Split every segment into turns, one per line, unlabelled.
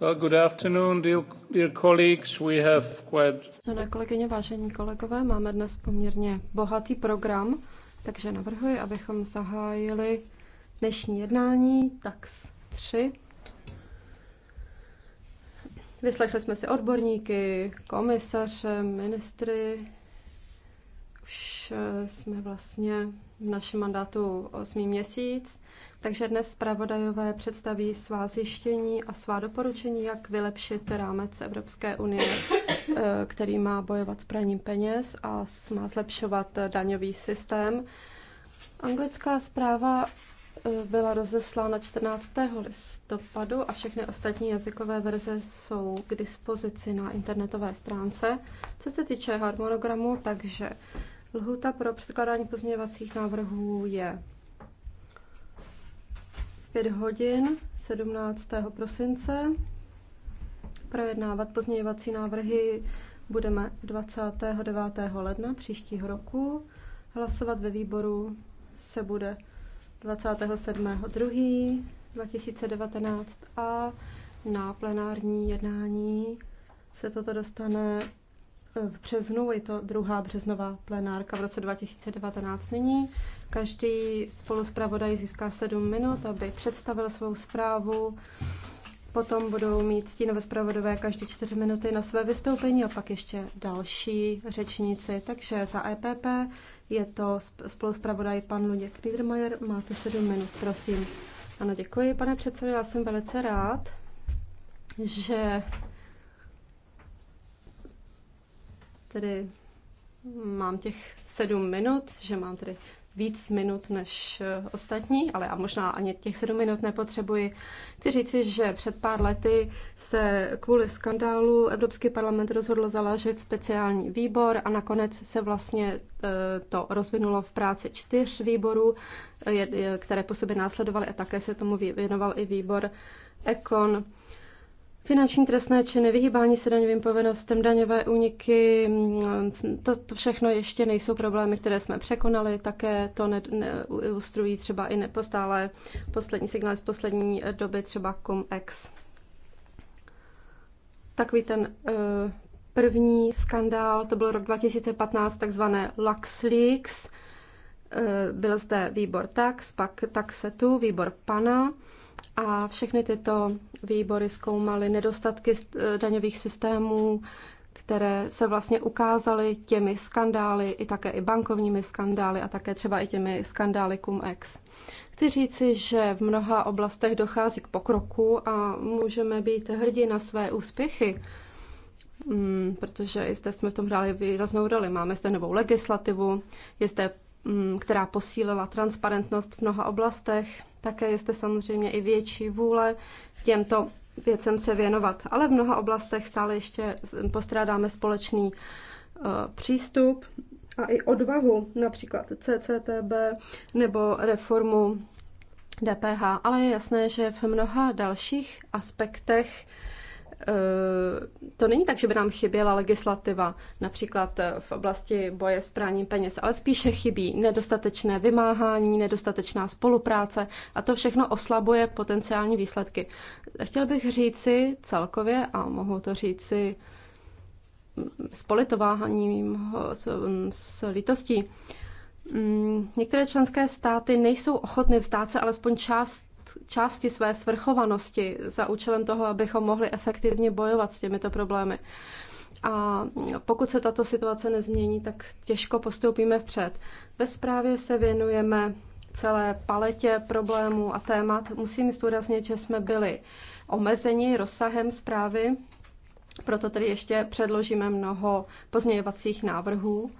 Well, good afternoon, dear colleagues. We have quite...
Vážené no, kolegyně, vážení kolegové, máme dnes poměrně bohatý program, takže navrhuji, abychom zahájili dnešní jednání TAX 3. Vyslechli jsme si odborníky, komisaře, ministry. Už eh, jsme vlastně v našem mandátu 8 měsíc. Takže dnes zpravodajové představí svá zjištění a svá doporučení, jak vylepšit rámec Evropské unie, eh, který má bojovat s praním peněz a má zlepšovat daňový systém. Anglická zpráva eh, byla rozeslána 14. listopadu a všechny ostatní jazykové verze jsou k dispozici na internetové stránce. Co se týče harmonogramu, takže lhuta pro předkládání pozměňovacích návrhů je 5 hodin 17. prosince projednávat pozměňovací návrhy budeme 29. ledna příštího roku. Hlasovat ve výboru se bude 27.2.2019 a na plenární jednání se toto dostane v březnu, je to druhá březnová plenárka v roce 2019 nyní. Každý spoluspravodaj získá sedm minut, aby představil svou zprávu. Potom budou mít stínové zpravodové každé čtyři minuty na své vystoupení a pak ještě další řečníci. Takže za EPP je to spoluspravodaj pan Luděk Niedermayer. Máte sedm minut, prosím. Ano, děkuji, pane předsedo, já jsem velice rád, že tedy mám těch sedm minut, že mám tedy víc minut než eh, ostatní, ale já možná ani těch sedm minut nepotřebuji. Chci říci, že před pár lety se kvůli skandálu Evropský parlament rozhodl založit speciální výbor a nakonec se vlastně eh, to rozvinulo v práci čtyř výborů, eh, které po sobě následovaly a také se tomu věnoval i výbor Econ. Finanční trestné činy, vyhýbání se daňovým povinnostem, daňové úniky, mm, to, to všechno ještě nejsou problémy, které jsme překonali. Také to ne, ne, ilustrují třeba i nepostále poslední signál z poslední eh, doby, třeba CumEx. Takový ten uh, první skandál, to byl rok 2015, takzvané LuxLeaks. Uh, byl zde výbor Tax, pak Taxetu, výbor PANA a všechny tyto výbory zkoumaly nedostatky daňových systémů, které se vlastně ukázaly těmi skandály, i také i bankovními skandály a také třeba i těmi skandály cum-ex. Chci říci, že v mnoha oblastech dochází k pokroku a můžeme být hrdí na své úspěchy, mm, protože i zde jsme v tom hráli výraznou roli. Máme zde novou legislativu, je zde, mm, která posílila transparentnost v mnoha oblastech. Také je zde samozřejmě i větší vůle těmto věcem se věnovat. Ale v mnoha oblastech stále ještě postrádáme společný eh, přístup a i odvahu, například CCTB nebo reformu DPH. Ale je jasné, že v mnoha dalších aspektech Eh, to není tak, že by nám chyběla legislativa, například eh, v oblasti boje s práním peněz, ale spíše chybí nedostatečné vymáhání, nedostatečná spolupráce a to všechno oslabuje potenciální výsledky. Chtěl bych říci celkově, a mohu to říci mm, s politováním, s, mm, s litostí, mm, Některé členské státy nejsou ochotny vzdát se alespoň část části své svrchovanosti za účelem toho, abychom mohli efektivně bojovat s těmito problémy. A pokud se tato situace nezmění, tak těžko postoupíme vpřed. Ve zprávě se věnujeme celé paletě problémů a témat. Musím zdůraznit, že jsme byli omezeni rozsahem zprávy, proto tedy ještě předložíme mnoho pozměňovacích návrhů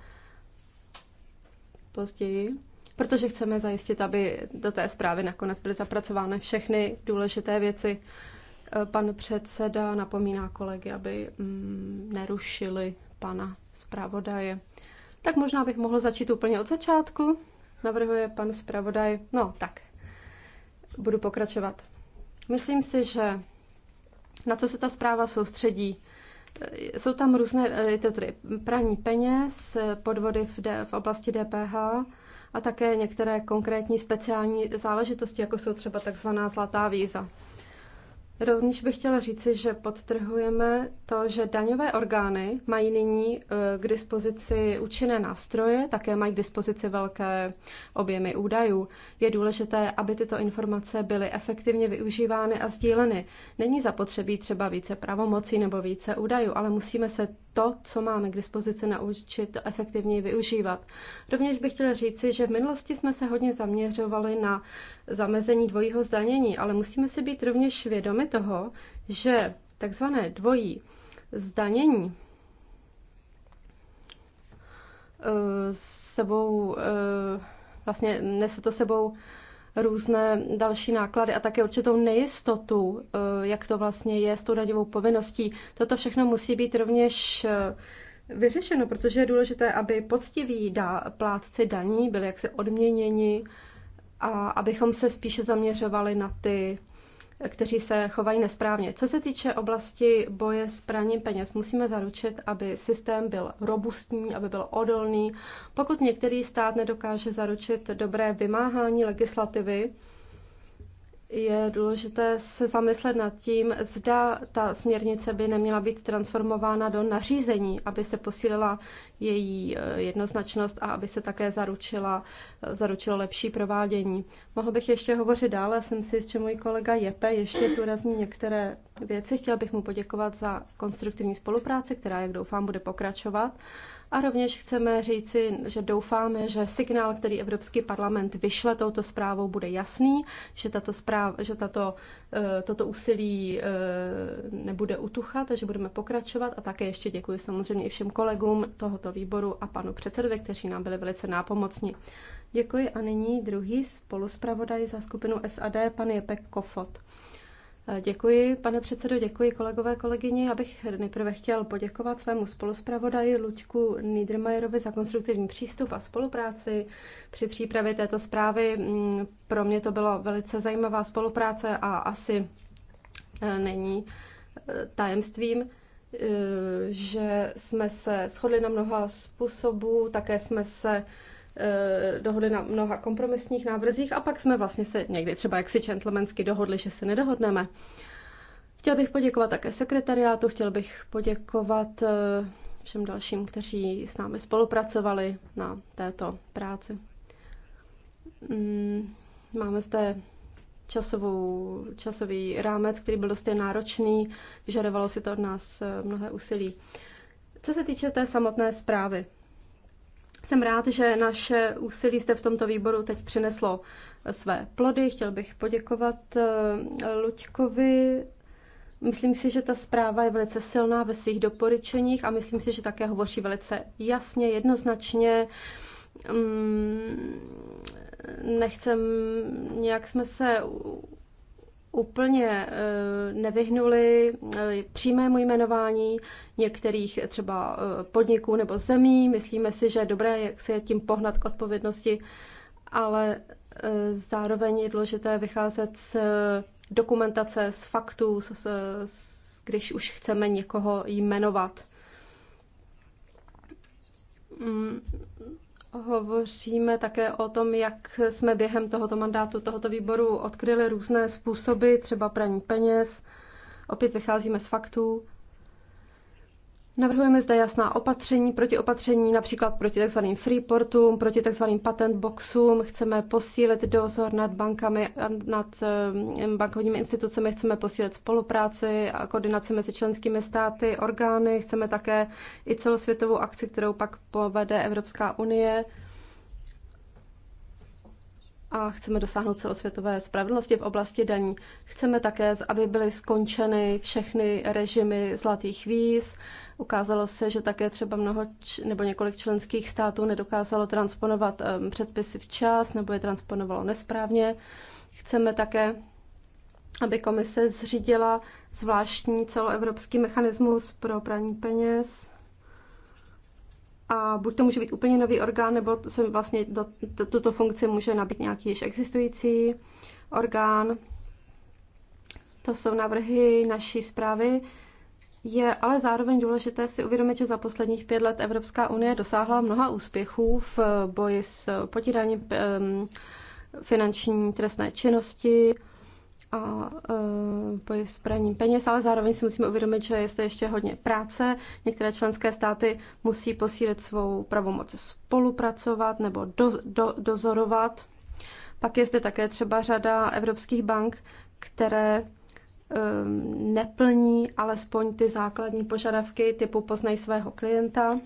později protože chceme zajistit, aby do té zprávy nakonec byly zapracovány všechny důležité věci. Eh, pan předseda napomíná kolegy, aby mm, nerušili pana zpravodaje. Tak možná bych mohl začít úplně od začátku, navrhuje pan zpravodaj. No tak, budu pokračovat. Myslím si, že na co se ta zpráva soustředí, eh, jsou tam různé, eh, je to tedy praní peněz, podvody v, v oblasti DPH, a také některé konkrétní speciální záležitosti, jako jsou třeba takzvaná zlatá víza. Rovněž bych chtěla říci, že podtrhujeme to, že daňové orgány mají nyní eh, k dispozici účinné nástroje, také mají k dispozici velké objemy údajů. Je důležité, aby tyto informace byly efektivně využívány a sdíleny. Není zapotřebí třeba více pravomocí nebo více údajů, ale musíme se to, co máme k dispozici, naučit efektivně využívat. Rovněž bych chtěla říci, že v minulosti jsme se hodně zaměřovali na zamezení dvojího zdanění, ale musíme si být rovněž vědomi toho, že takzvané dvojí zdanění eh, sebou eh, vlastně nese to sebou různé další náklady a také určitou nejistotu, eh, jak to vlastně je s tou daňovou povinností. Toto všechno musí být rovněž vyřešeno, protože je důležité, aby poctiví dá, plátci daní byli jaksi odměněni a abychom se spíše zaměřovali na ty kteří se chovají nesprávně. Co se týče oblasti boje s praním peněz, musíme zaručit, aby systém byl robustní, aby byl odolný. Pokud některý stát nedokáže zaručit dobré vymáhání legislativy, je důležité se zamyslet nad tím, zda ta směrnice by neměla být transformována do nařízení, aby se posílila její eh, jednoznačnost a aby se také zaručila, eh, zaručilo lepší provádění. Mohl bych ještě hovořit dále, Já jsem si s že můj kolega Jepe ještě zúrazní některé věci. Chtěl bych mu poděkovat za konstruktivní spolupráci, která, jak doufám, bude pokračovat. A rovněž chceme říci, že doufáme, že signál, který Evropský parlament vyšle touto zprávou, bude jasný, že, tato zpráv, že tato, eh, toto úsilí eh, nebude utuchat takže že budeme pokračovat. A také ještě děkuji samozřejmě i všem kolegům tohoto výboru a panu předsedovi, kteří nám byli velice nápomocni. Děkuji a nyní druhý spoluspravodaj za skupinu SAD, pan Jepek Kofot. Děkuji, pane předsedo, děkuji kolegové, kolegyni. Já bych nejprve chtěl poděkovat svému spoluspravodaji Luďku Niedermayerovi za konstruktivní přístup a spolupráci při přípravě této zprávy. Mm, pro mě to byla velice zajímavá spolupráce a asi e, není e, tajemstvím, e, že jsme se shodli na mnoha způsobů, také jsme se Eh, dohodli na mnoha kompromisních návrzích a pak jsme vlastně se někdy třeba jaksi gentlemansky dohodli, že se nedohodneme. Chtěl bych poděkovat také sekretariátu, chtěl bych poděkovat eh, všem dalším, kteří s námi spolupracovali na této práci. Mm, máme zde časovou, časový rámec, který byl dost náročný, vyžadovalo si to od nás eh, mnohé úsilí. Co se týče té samotné zprávy, jsem rád, že naše úsilí jste v tomto výboru teď přineslo eh, své plody. Chtěl bych poděkovat eh, Luďkovi. Myslím si, že ta zpráva je velice silná ve svých doporučeních a myslím si, že také hovoří velice jasně, jednoznačně. Mm, nechcem, nějak jsme se úplně eh, nevyhnuli eh, přímému jmenování některých třeba eh, podniků nebo zemí. Myslíme si, že je dobré, jak se tím pohnat k odpovědnosti, ale zároveň je důležité vycházet z dokumentace, z faktů, z, z, když už chceme někoho jmenovat mm, Hovoříme také o tom, jak jsme během tohoto mandátu, tohoto výboru odkryli různé způsoby, třeba praní peněz. Opět vycházíme z faktů. Navrhujeme zde jasná opatření, proti opatření, například proti tzv. freeportům, proti tzv. patent boxům. Chceme posílit dozor nad bankami, nad bankovními institucemi, chceme posílit spolupráci a koordinaci mezi členskými státy, orgány. Chceme také i celosvětovou akci, kterou pak povede Evropská unie. A chceme dosáhnout celosvětové spravedlnosti v oblasti daní. Chceme také, aby byly skončeny všechny režimy zlatých víz, Ukázalo se, že také třeba mnoho nebo několik členských států nedokázalo transponovat předpisy včas nebo je transponovalo nesprávně. Chceme také, aby komise zřídila zvláštní celoevropský mechanismus pro praní peněz. A buď to může být úplně nový orgán, nebo se vlastně do, to, tuto funkci může nabít nějaký již existující orgán. To jsou návrhy naší zprávy. Je ale zároveň důležité si uvědomit, že za posledních pět let Evropská unie dosáhla mnoha úspěchů v boji s potíráním finanční trestné činnosti a eh, boji s praním peněz, ale zároveň si musíme uvědomit, že je zde ještě hodně práce. Některé členské státy musí posílit svou pravomoc spolupracovat nebo do, do, dozorovat. Pak je zde také třeba řada evropských bank, které Ehm, neplní alespoň ty základní požadavky typu poznej svého klienta.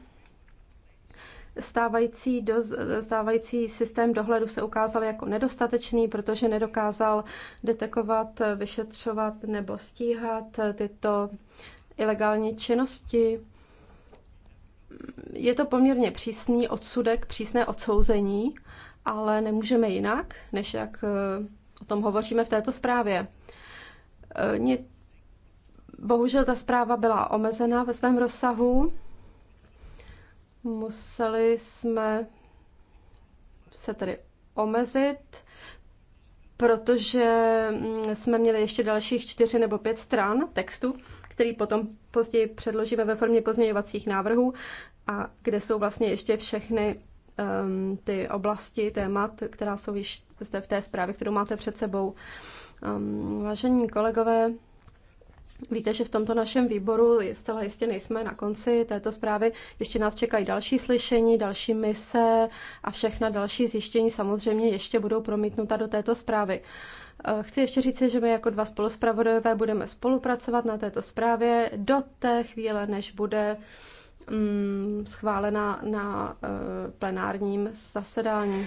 Stávající, do, stávající systém dohledu se ukázal jako nedostatečný, protože nedokázal detekovat, vyšetřovat nebo stíhat tyto ilegální činnosti. Je to poměrně přísný odsudek, přísné odsouzení, ale nemůžeme jinak, než jak eh, o tom hovoříme v této zprávě. Eh, bohužel ta zpráva byla omezená ve svém rozsahu. Museli jsme se tedy omezit, protože mm, jsme měli ještě dalších čtyři nebo pět stran textu, který potom později předložíme ve formě pozměňovacích návrhů a kde jsou vlastně ještě všechny um, ty oblasti, témat, která jsou již v té zprávě, kterou máte před sebou. Ehm, vážení kolegové, Víte, že v tomto našem výboru zcela jistě nejsme na konci této zprávy. Ještě nás čekají další slyšení, další mise a všechna další zjištění samozřejmě ještě budou promítnuta do této zprávy. Ehm, chci ještě říct, že my jako dva spoluspravodajové budeme spolupracovat na této zprávě do té chvíle, než bude mm, schválena na ehm, plenárním zasedání.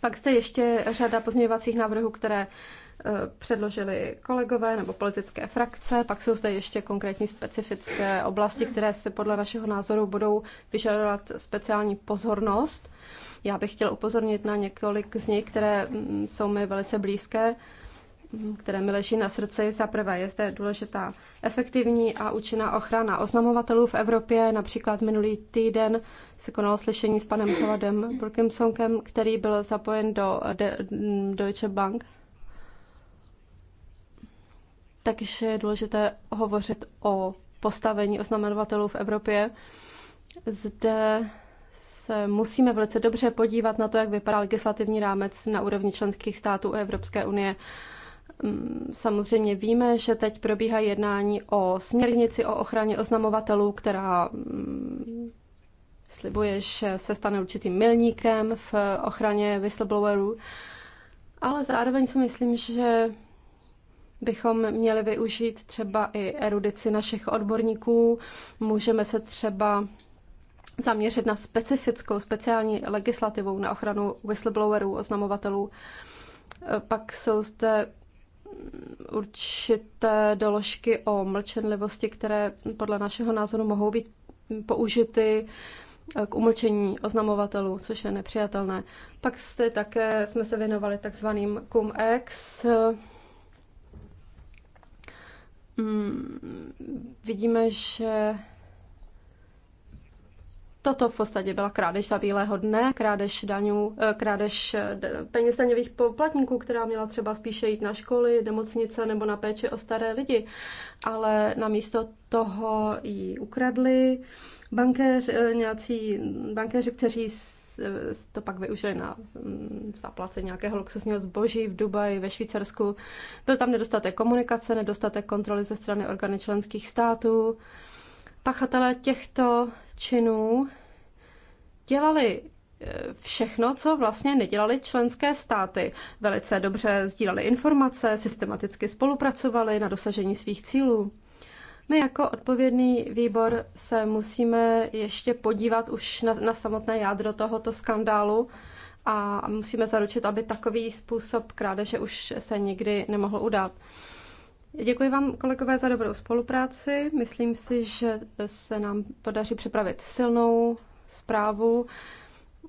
Pak zde ještě řada pozměňovacích návrhů, které eh, předložili kolegové nebo politické frakce, pak jsou zde ještě konkrétní specifické oblasti, které se podle našeho názoru budou vyžadovat speciální pozornost. Já bych chtěla upozornit na několik z nich, které mm, jsou mi velice blízké které mi leží na srdci. Za prvé je zde důležitá efektivní a účinná ochrana oznamovatelů v Evropě. Například minulý týden se konalo slyšení s panem Howardem Wilkinsonkem, který byl zapojen do De- Deutsche Bank. Takže je důležité hovořit o postavení oznamovatelů v Evropě. Zde se musíme velice dobře podívat na to, jak vypadá legislativní rámec na úrovni členských států Evropské unie. Mm, samozřejmě víme, že teď probíhá jednání o směrnici o ochraně oznamovatelů, která mm, slibuje, že se stane určitým milníkem v ochraně whistleblowerů. Ale zároveň si myslím, že bychom měli využít třeba i erudici našich odborníků. Můžeme se třeba zaměřit na specifickou, speciální legislativou na ochranu whistleblowerů, oznamovatelů. Pak jsou zde určité doložky o mlčenlivosti, které podle našeho názoru mohou být použity k umlčení oznamovatelů, což je nepřijatelné. Pak se také jsme se věnovali takzvaným cum-ex. Hmm, vidíme, že Toto v podstatě byla krádež za bílého dne, krádež daňů, eh, krádež eh, peněz daňových poplatníků, která měla třeba spíše jít na školy, nemocnice nebo na péči o staré lidi, ale namísto toho ji ukradli bankéři, eh, nějací bankéři, kteří to pak využili na mm, zaplacení nějakého luxusního zboží v Dubaji, ve Švýcarsku. Byl tam nedostatek komunikace, nedostatek kontroly ze strany orgány členských států pachatelé těchto činů dělali eh, všechno, co vlastně nedělali členské státy. Velice dobře sdíleli informace, systematicky spolupracovali na dosažení svých cílů. My jako odpovědný výbor se musíme ještě podívat už na, na samotné jádro tohoto skandálu a musíme zaručit, aby takový způsob krádeže už se nikdy nemohl udát. Děkuji vám, kolegové, za dobrou spolupráci. Myslím si, že se nám podaří připravit silnou zprávu.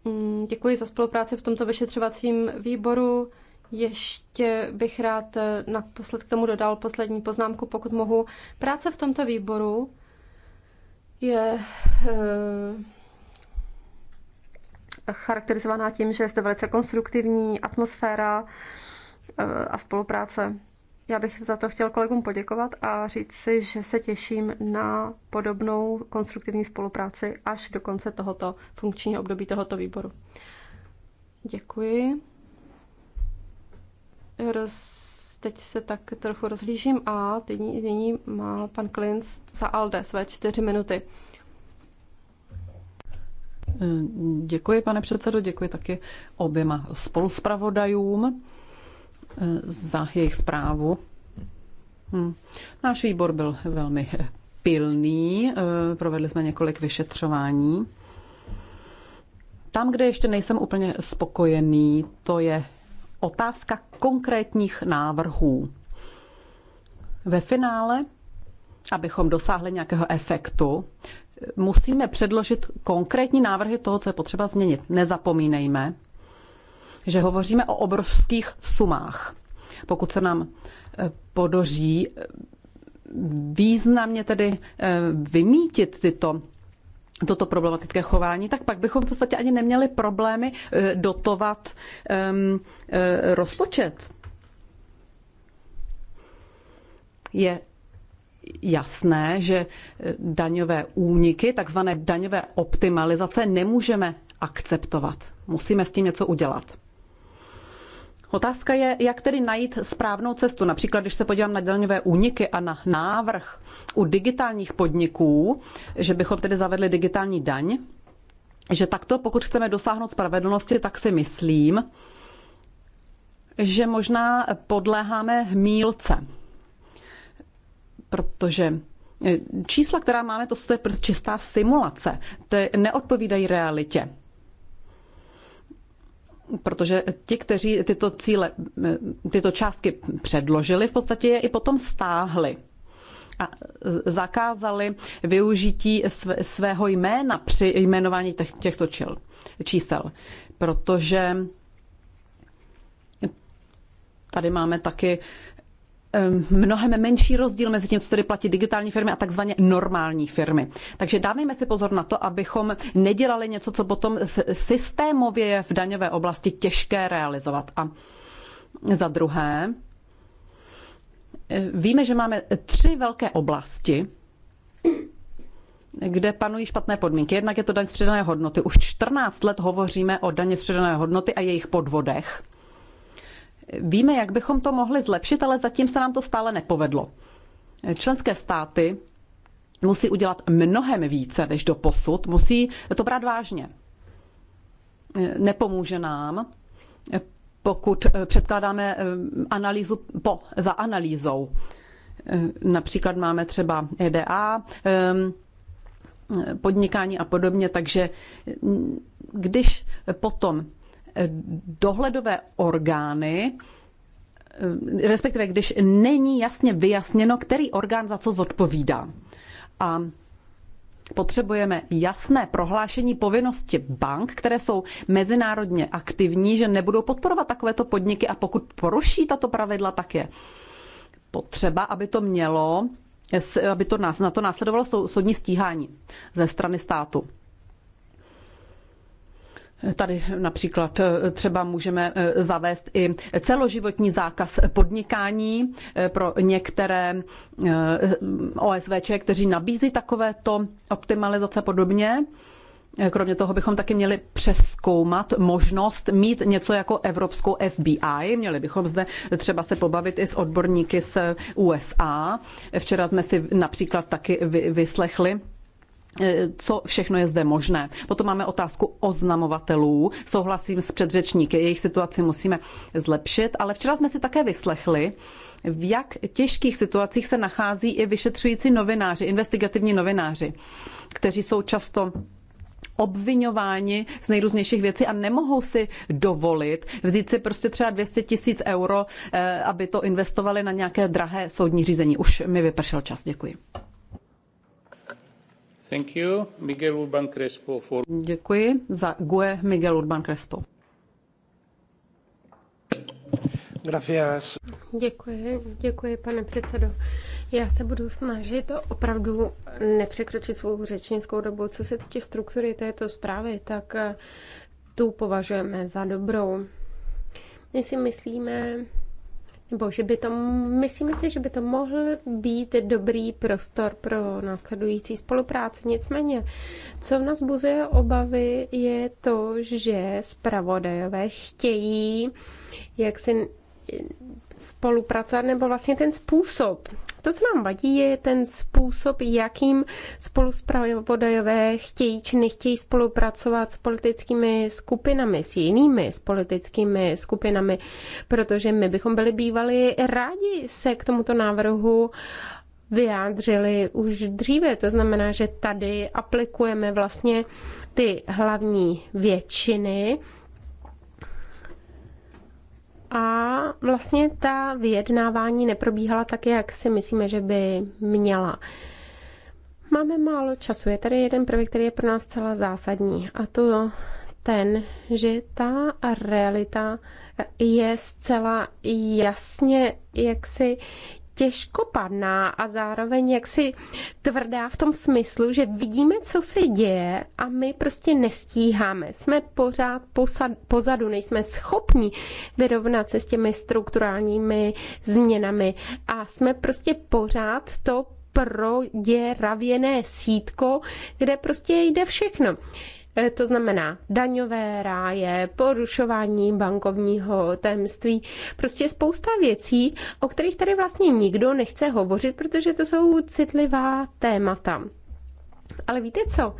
Mm, děkuji za spolupráci v tomto vyšetřovacím výboru. Ještě bych rád naposled k tomu dodal poslední poznámku, pokud mohu. Práce v tomto výboru je eh, charakterizovaná tím, že je zde velice konstruktivní atmosféra eh, a spolupráce. Já bych za to chtěl kolegům poděkovat a říct si, že se těším na podobnou konstruktivní spolupráci až do konce tohoto funkčního období tohoto výboru. Děkuji. Roz, teď se tak trochu rozhlížím a teď nyní má pan Klinc za Alde své čtyři minuty.
Děkuji, pane předsedo, děkuji taky oběma spoluspravodajům. Eh, za jejich zprávu. Hm. Náš výbor byl velmi eh, pilný, eh, provedli jsme několik vyšetřování. Tam, kde ještě nejsem úplně spokojený, to je otázka konkrétních návrhů. Ve finále, abychom dosáhli nějakého efektu, musíme předložit konkrétní návrhy toho, co je potřeba změnit. Nezapomínejme, že hovoříme o obrovských sumách. Pokud se nám eh, podaří eh, významně tedy eh, vymítit tyto toto problematické chování, tak pak bychom v podstatě ani neměli problémy dotovat um, rozpočet. Je jasné, že daňové úniky, takzvané daňové optimalizace, nemůžeme akceptovat. Musíme s tím něco udělat. Otázka je, jak tedy najít správnou cestu. Například, když se podívám na daňové úniky a na návrh u digitálních podniků, že bychom tedy zavedli digitální daň, že takto, pokud chceme dosáhnout spravedlnosti, tak si myslím, že možná podléháme mílce. Protože eh, čísla, která máme, to je prostě čistá simulace. Ty neodpovídají realitě protože ti, kteří tyto cíle, tyto částky předložili, v podstatě je i potom stáhli a zakázali využití svého jména při jmenování těchto čil, čísel, protože tady máme taky Ehm, mnohem menší rozdíl mezi tím, co tady platí digitální firmy a takzvaně normální firmy. Takže dávejme si pozor na to, abychom nedělali něco, co potom systémově je v daňové oblasti těžké realizovat. A za druhé, eh, víme, že máme tři velké oblasti, kde panují špatné podmínky. Jednak je to daň z přidané hodnoty. Už 14 let hovoříme o daně z přidané hodnoty a jejich podvodech. Víme, jak bychom to mohli zlepšit, ale zatím se nám to stále nepovedlo. Členské státy musí udělat mnohem více než do posud, musí to brát vážně. Nepomůže nám, pokud předkládáme eh, analýzu po, za analýzou. Eh, například máme třeba EDA, eh, podnikání a podobně, takže mm, když potom dohledové orgány, respektive když není jasně vyjasněno, který orgán za co zodpovídá. A potřebujeme jasné prohlášení povinnosti bank, které jsou mezinárodně aktivní, že nebudou podporovat takovéto podniky a pokud poruší tato pravidla, tak je potřeba, aby to mělo, aby to na to následovalo soudní stíhání ze strany státu. Tady například eh, třeba můžeme eh, zavést i celoživotní zákaz podnikání eh, pro některé OSVČ, kteří nabízí takovéto optimalizace podobně. Kromě toho bychom taky měli přeskoumat možnost mít něco jako evropskou FBI. Měli bychom zde třeba se pobavit i s odborníky z USA. Včera jsme si například taky vyslechli Eh, co všechno je zde možné. Potom máme otázku oznamovatelů. Souhlasím s předřečníky, jejich situaci musíme zlepšit, ale včera jsme si také vyslechli, v jak těžkých situacích se nachází i vyšetřující novináři, investigativní novináři, kteří jsou často obvinováni z nejrůznějších věcí a nemohou si dovolit vzít si prostě třeba 200 tisíc euro, eh, aby to investovali na nějaké drahé soudní řízení. Už mi vypršel čas, děkuji. Děkuji za GUE Miguel Urban Crespo.
Děkuji, děkuji, pane předsedo. Já se budu snažit opravdu nepřekročit svou řečnickou dobu. Co se týče struktury této zprávy, tak tu považujeme za dobrou. My si myslíme, nebo že by to, myslíme si, že by to mohl být dobrý prostor pro následující spolupráci. Nicméně, co v nás buzuje obavy, je to, že zpravodajové chtějí, jak si spolupracovat, nebo vlastně ten způsob. To, co nám vadí, je ten způsob, jakým spoluspravodajové chtějí či nechtějí spolupracovat s politickými skupinami, s jinými s politickými skupinami, protože my bychom byli bývali rádi se k tomuto návrhu vyjádřili už dříve. To znamená, že tady aplikujeme vlastně ty hlavní většiny, a vlastně ta vyjednávání neprobíhala tak, jak si myslíme, že by měla. Máme málo času. Je tady jeden prvek, který je pro nás celá zásadní a to ten, že ta realita je zcela jasně jak si těžkopadná a zároveň jaksi tvrdá v tom smyslu, že vidíme, co se děje a my prostě nestíháme. Jsme pořád posad, pozadu, nejsme schopni vyrovnat se s těmi strukturálními změnami a jsme prostě pořád to proděravěné sítko, kde prostě jde všechno. Eh, to znamená daňové ráje, porušování bankovního tajemství, prostě spousta věcí, o kterých tady vlastně nikdo nechce hovořit, protože to jsou citlivá témata. Ale víte co?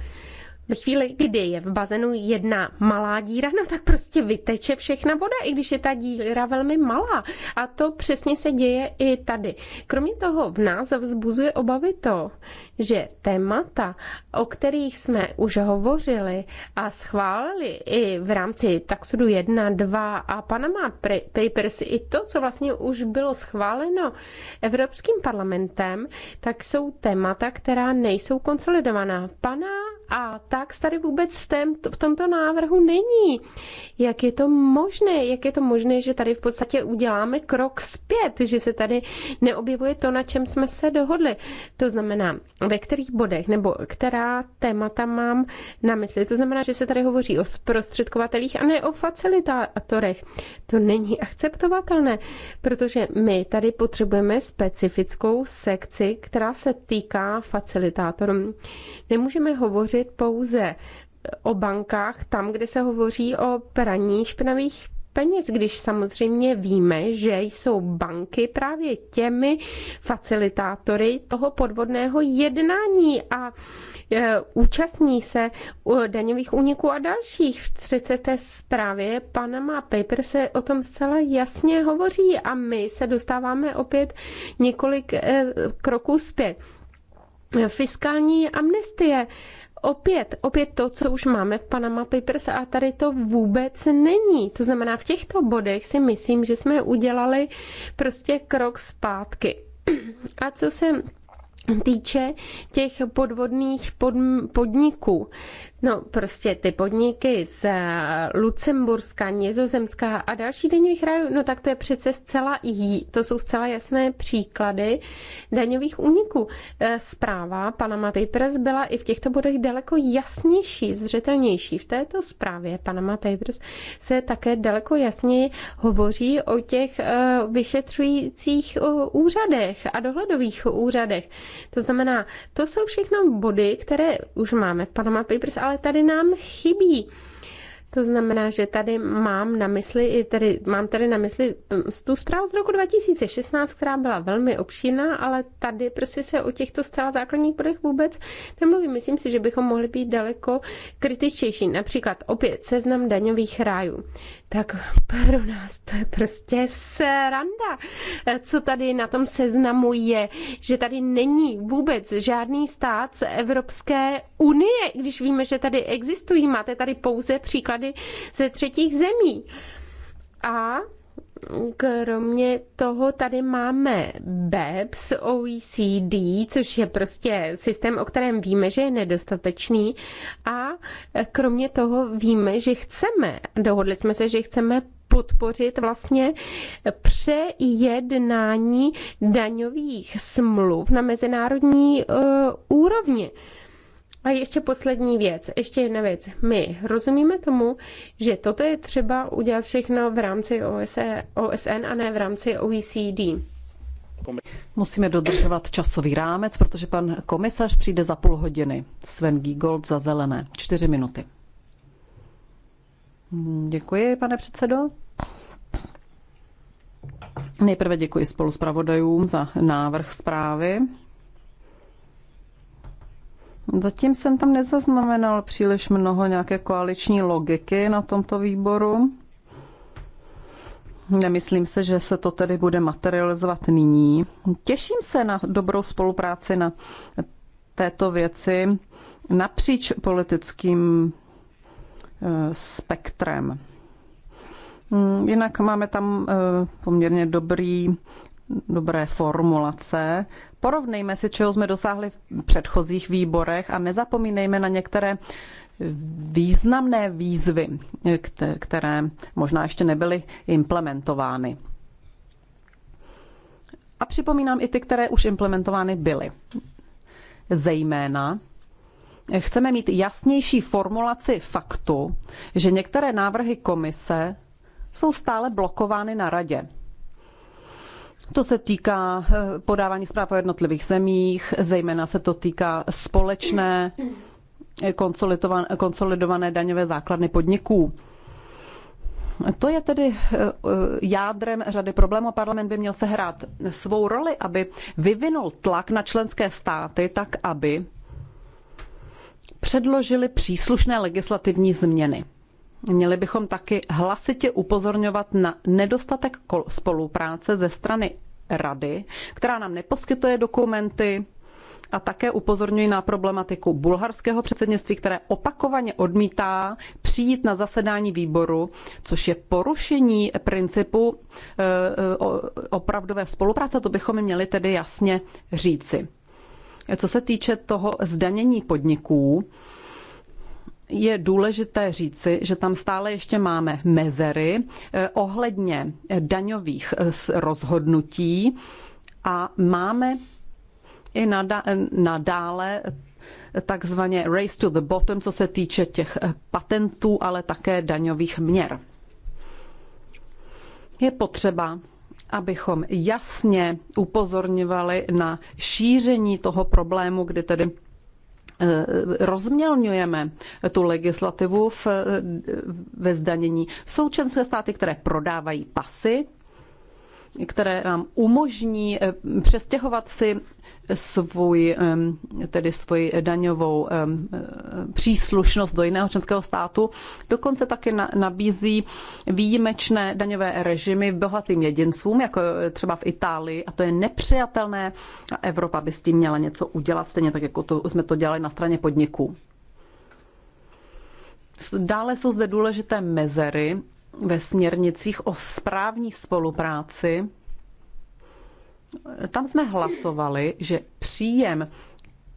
ve chvíli, kdy je v bazénu jedna malá díra, no tak prostě vyteče všechna voda, i když je ta díra velmi malá. A to přesně se děje i tady. Kromě toho v nás vzbuzuje obavy to, že témata, o kterých jsme už hovořili a schválili i v rámci Taxudu 1, 2 a Panama Papers, i to, co vlastně už bylo schváleno Evropským parlamentem, tak jsou témata, která nejsou konsolidovaná. Pana a ta tax tady vůbec v, tém, v tomto návrhu není. Jak je to možné? Jak je to možné, že tady v podstatě uděláme krok zpět, že se tady neobjevuje to, na čem jsme se dohodli? To znamená, ve kterých bodech nebo která témata mám na mysli. To znamená, že se tady hovoří o zprostředkovatelích a ne o facilitátorech. To není akceptovatelné, protože my tady potřebujeme specifickou sekci, která se týká facilitátorů. Nemůžeme hovořit pouze pouze o bankách tam, kde se hovoří o praní špinavých peněz, když samozřejmě víme, že jsou banky právě těmi facilitátory toho podvodného jednání a e, účastní se daňových úniků a dalších. V 30. zprávě Panama Paper se o tom zcela jasně hovoří a my se dostáváme opět několik e, kroků zpět. Fiskální amnestie opět, opět to, co už máme v Panama Papers a tady to vůbec není. To znamená, v těchto bodech si myslím, že jsme udělali prostě krok zpátky. A co se týče těch podvodných pod, podniků, No prostě ty podniky z Lucemburska, Nizozemska a další daňových rájů, no tak to je přece zcela, to jsou zcela jasné příklady daňových úniků. E, zpráva Panama Papers byla i v těchto bodech daleko jasnější, zřetelnější. V této zprávě Panama Papers se také daleko jasněji hovoří o těch e, vyšetřujících úřadech a dohledových úřadech. To znamená, to jsou všechno body, které už máme v Panama Papers, ale ale tady nám chybí. To znamená, že tady mám na mysli, tady, mám tady na mysli hm, tu zprávu z roku 2016, která byla velmi obšírná, ale tady prostě se o těchto zcela základních bodech vůbec nemluví. Myslím si, že bychom mohli být daleko kritičtější. Například opět seznam daňových rájů tak pro nás to je prostě sranda. E, co tady na tom seznamu je, že tady není vůbec žádný stát z Evropské unie, když víme, že tady existují. Máte tady pouze příklady ze třetích zemí. A Kromě toho tady máme BEPS, OECD, což je prostě systém, o kterém víme, že je nedostatečný a kromě toho víme, že chceme, dohodli jsme se, že chceme podpořit vlastně přejednání daňových smluv na mezinárodní uh, úrovni. A ještě poslední věc, ještě jedna věc. My rozumíme tomu, že toto je třeba udělat všechno v rámci OSN e, a ne v rámci OECD.
Musíme dodržovat časový rámec, protože pan komisař přijde za půl hodiny. Sven Giegold za zelené. Čtyři minuty. Hmm, děkuji, pane předsedo. Nejprve děkuji spolu zpravodajům za návrh zprávy. Zatím jsem tam nezaznamenal příliš mnoho nějaké koaliční logiky na tomto výboru. Nemyslím se, že se to tedy bude materializovat nyní. Těším se na dobrou spolupráci na této věci napříč politickým eh, spektrem. Mm, jinak máme tam eh, poměrně dobrý dobré formulace. Porovnejme si, čeho jsme dosáhli v předchozích výborech a nezapomínejme na některé významné výzvy, které možná ještě nebyly implementovány. A připomínám i ty, které už implementovány byly. Zejména chceme mít jasnější formulaci faktu, že některé návrhy komise jsou stále blokovány na radě. To se týká eh, podávání zpráv o jednotlivých zemích, zejména se to týká společné eh, konsolidované daňové základny podniků. To je tedy eh, jádrem řady problémů. Parlament by měl sehrát svou roli, aby vyvinul tlak na členské státy tak, aby předložili příslušné legislativní změny. Měli bychom taky hlasitě upozorňovat na nedostatek spolupráce ze strany rady, která nám neposkytuje dokumenty a také upozorňuji na problematiku bulharského předsednictví, které opakovaně odmítá přijít na zasedání výboru, což je porušení principu eh, eh, opravdové spolupráce. To bychom měli tedy jasně říci. Co se týče toho zdanění podniků, je důležité říci, že tam stále ještě máme mezery eh, ohledně eh, daňových eh, rozhodnutí a máme i nadále takzvaně race to the bottom, co se týče těch patentů, ale také daňových měr. Je potřeba, abychom jasně upozorňovali na šíření toho problému, kdy tedy Eh, rozmělňujeme tu legislativu v, eh, ve zdanění. Jsou členské státy, které prodávají pasy, které vám umožní eh, přestěhovat si svůj, tedy svoji daňovou eh, příslušnost do jiného členského státu. Dokonce taky nabízí výjimečné daňové režimy bohatým jedincům, jako eh, třeba v Itálii, a to je nepřijatelné. Evropa by s tím měla něco udělat, stejně tak, jako to, jsme to dělali na straně podniků. Dále jsou zde důležité mezery ve směrnicích o správní spolupráci, tam jsme hlasovali, že příjem,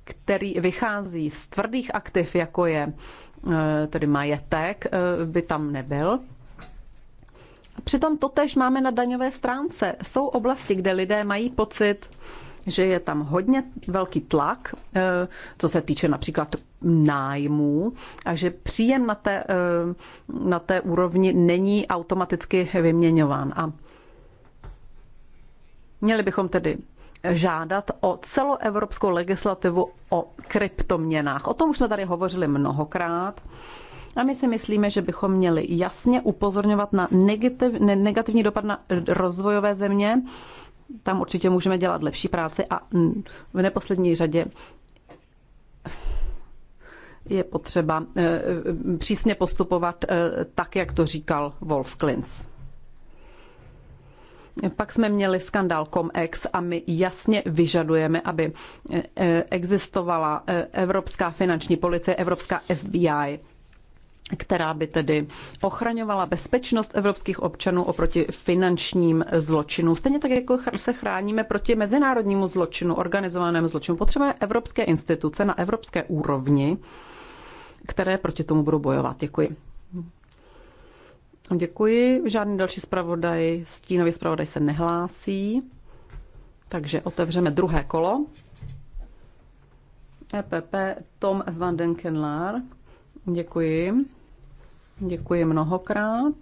který vychází z tvrdých aktiv, jako je eh, tedy majetek, eh, by tam nebyl. Přitom totež máme na daňové stránce. Jsou oblasti, kde lidé mají pocit, že je tam hodně velký tlak, eh, co se týče například nájmů, takže příjem na té, eh, na té úrovni není automaticky vyměňován. A měli bychom tedy žádat o celoevropskou legislativu o kryptoměnách. O tom už jsme tady hovořili mnohokrát. A my si myslíme, že bychom měli jasně upozorňovat na negativ, negativní dopad na rozvojové země. Tam určitě můžeme dělat lepší práci a v neposlední řadě je potřeba eh, eh, přísně postupovat eh, tak, jak to říkal Wolf Klins. Pak jsme měli skandál ComEx a my jasně vyžadujeme, aby existovala Evropská finanční policie, Evropská FBI, která by tedy ochraňovala bezpečnost evropských občanů oproti finančním zločinům. Stejně tak, jako se chráníme proti mezinárodnímu zločinu, organizovanému zločinu. Potřebujeme evropské instituce na evropské úrovni, které proti tomu budou bojovat. Děkuji. Děkuji. Žádný další zpravodaj, stínový zpravodaj se nehlásí. Takže otevřeme druhé kolo. EPP Tom van den Kenlar. Děkuji. Děkuji mnohokrát.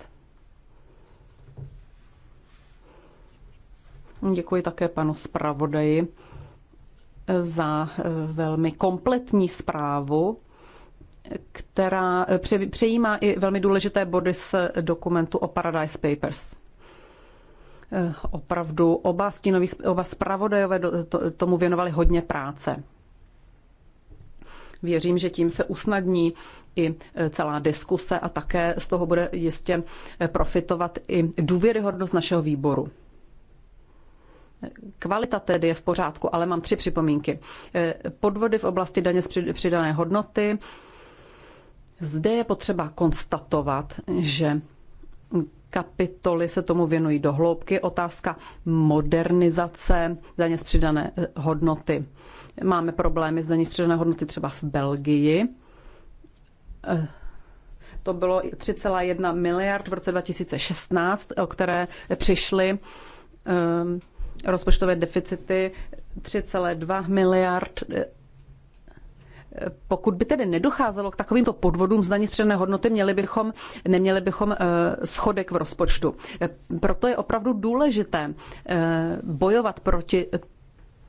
Děkuji také panu zpravodaji za e, velmi kompletní zprávu která eh, přejímá i velmi důležité body z dokumentu o Paradise Papers. Eh, opravdu oba, stínoví, oba spravodajové tomu věnovali hodně práce. Věřím, že tím se usnadní i eh, celá diskuse a také z toho bude jistě profitovat i důvěryhodnost našeho výboru. Kvalita tedy je v pořádku, ale mám tři připomínky. Podvody v oblasti daně z přidané hodnoty, zde je potřeba konstatovat, že kapitoly se tomu věnují do hloubky. Otázka modernizace daně z přidané hodnoty. Máme problémy s daní z přidané hodnoty třeba v Belgii. Eh, to bylo 3,1 miliard v roce 2016, o které přišly eh, rozpočtové deficity 3,2 miliard eh, pokud by tedy nedocházelo k takovýmto podvodům z daní hodnoty, měli bychom, neměli bychom eh, schodek v rozpočtu. Proto je opravdu důležité eh, bojovat proti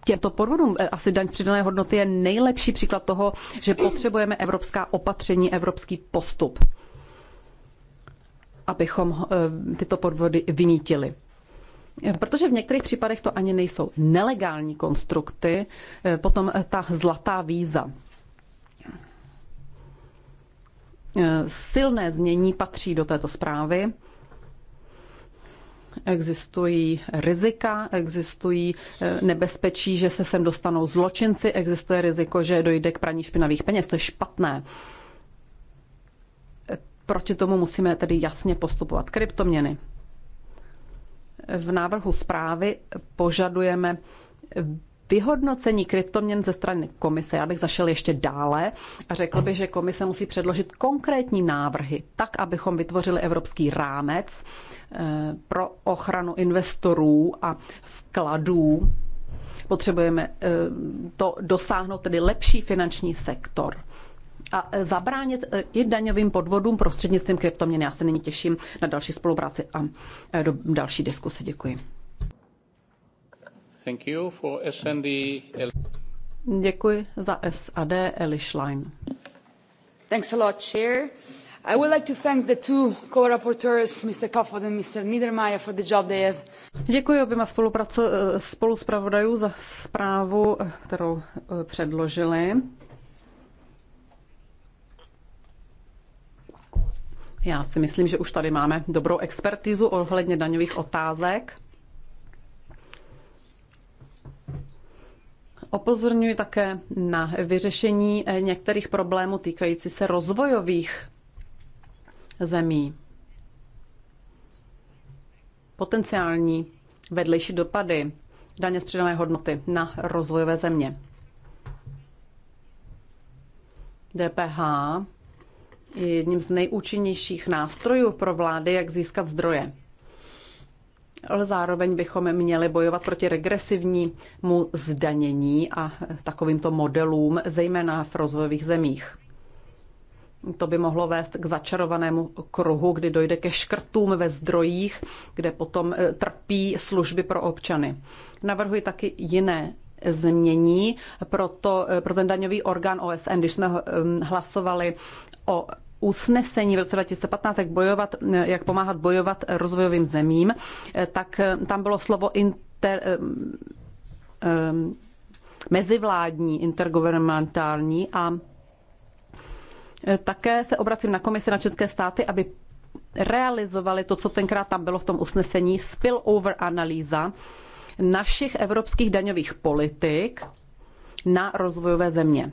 těmto podvodům. Eh, asi daň z přidané hodnoty je nejlepší příklad toho, že potřebujeme evropská opatření, evropský postup, abychom tyto podvody vynítili. Protože v některých případech to ani nejsou nelegální konstrukty, potom ta zlatá víza. Eh, silné znění patří do této zprávy. Existují rizika, existují eh, nebezpečí, že se sem dostanou zločinci, existuje riziko, že dojde k praní špinavých peněz. To je špatné. Proti tomu musíme tedy jasně postupovat. Kryptoměny. V návrhu zprávy požadujeme vyhodnocení kryptoměn ze strany komise. Já bych zašel ještě dále a řekl bych, že komise musí předložit konkrétní návrhy, tak, abychom vytvořili evropský rámec eh, pro ochranu investorů a vkladů. Potřebujeme eh, to dosáhnout, tedy lepší finanční sektor a eh, zabránit i daňovým podvodům prostřednictvím kryptoměn. Já se nyní těším na další spolupráci a do další diskuse. Děkuji. Děkuji za SAD Eli Schlein. Thanks a lot, Chair. I would like to thank the two co-rapporteurs, Mr. Kofod and Mr. Niedermayer, for the job they have. Děkuji oběma eh, spoluspravodajů za zprávu, eh, kterou eh, předložili. Já si myslím, že už tady máme dobrou expertizu ohledně daňových otázek. Opozorňuji také na vyřešení eh, některých problémů týkající se rozvojových zemí. Potenciální vedlejší dopady daně z přidané hodnoty na rozvojové země. DPH je jedním z nejúčinnějších nástrojů pro vlády, jak získat zdroje ale zároveň bychom měli bojovat proti regresivnímu zdanění a takovýmto modelům, zejména v rozvojových zemích. To by mohlo vést k začarovanému kruhu, kdy dojde ke škrtům ve zdrojích, kde potom eh, trpí služby pro občany. Navrhuji taky jiné změní pro, to, eh, pro ten daňový orgán OSN, když jsme hm, hlasovali o usnesení v roce 2015, jak, bojovat, jak pomáhat bojovat rozvojovým zemím, eh, tak eh, tam bylo slovo inter, um, mezivládní, intergovernmentální a také se obracím na komisi na České státy, aby realizovali to, co tenkrát tam bylo v tom usnesení, spillover analýza našich evropských daňových politik na rozvojové země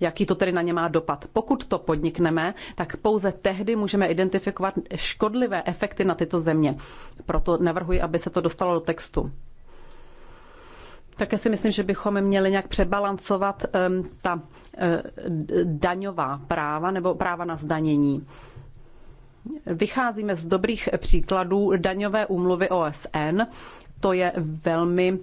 jaký to tedy na ně má dopad. Pokud to podnikneme, tak pouze tehdy můžeme identifikovat škodlivé efekty na tyto země. Proto navrhuji, aby se to dostalo do textu. Také si myslím, že bychom měli nějak přebalancovat um, ta uh, daňová práva nebo práva na zdanění. Vycházíme z dobrých příkladů daňové úmluvy OSN. To je velmi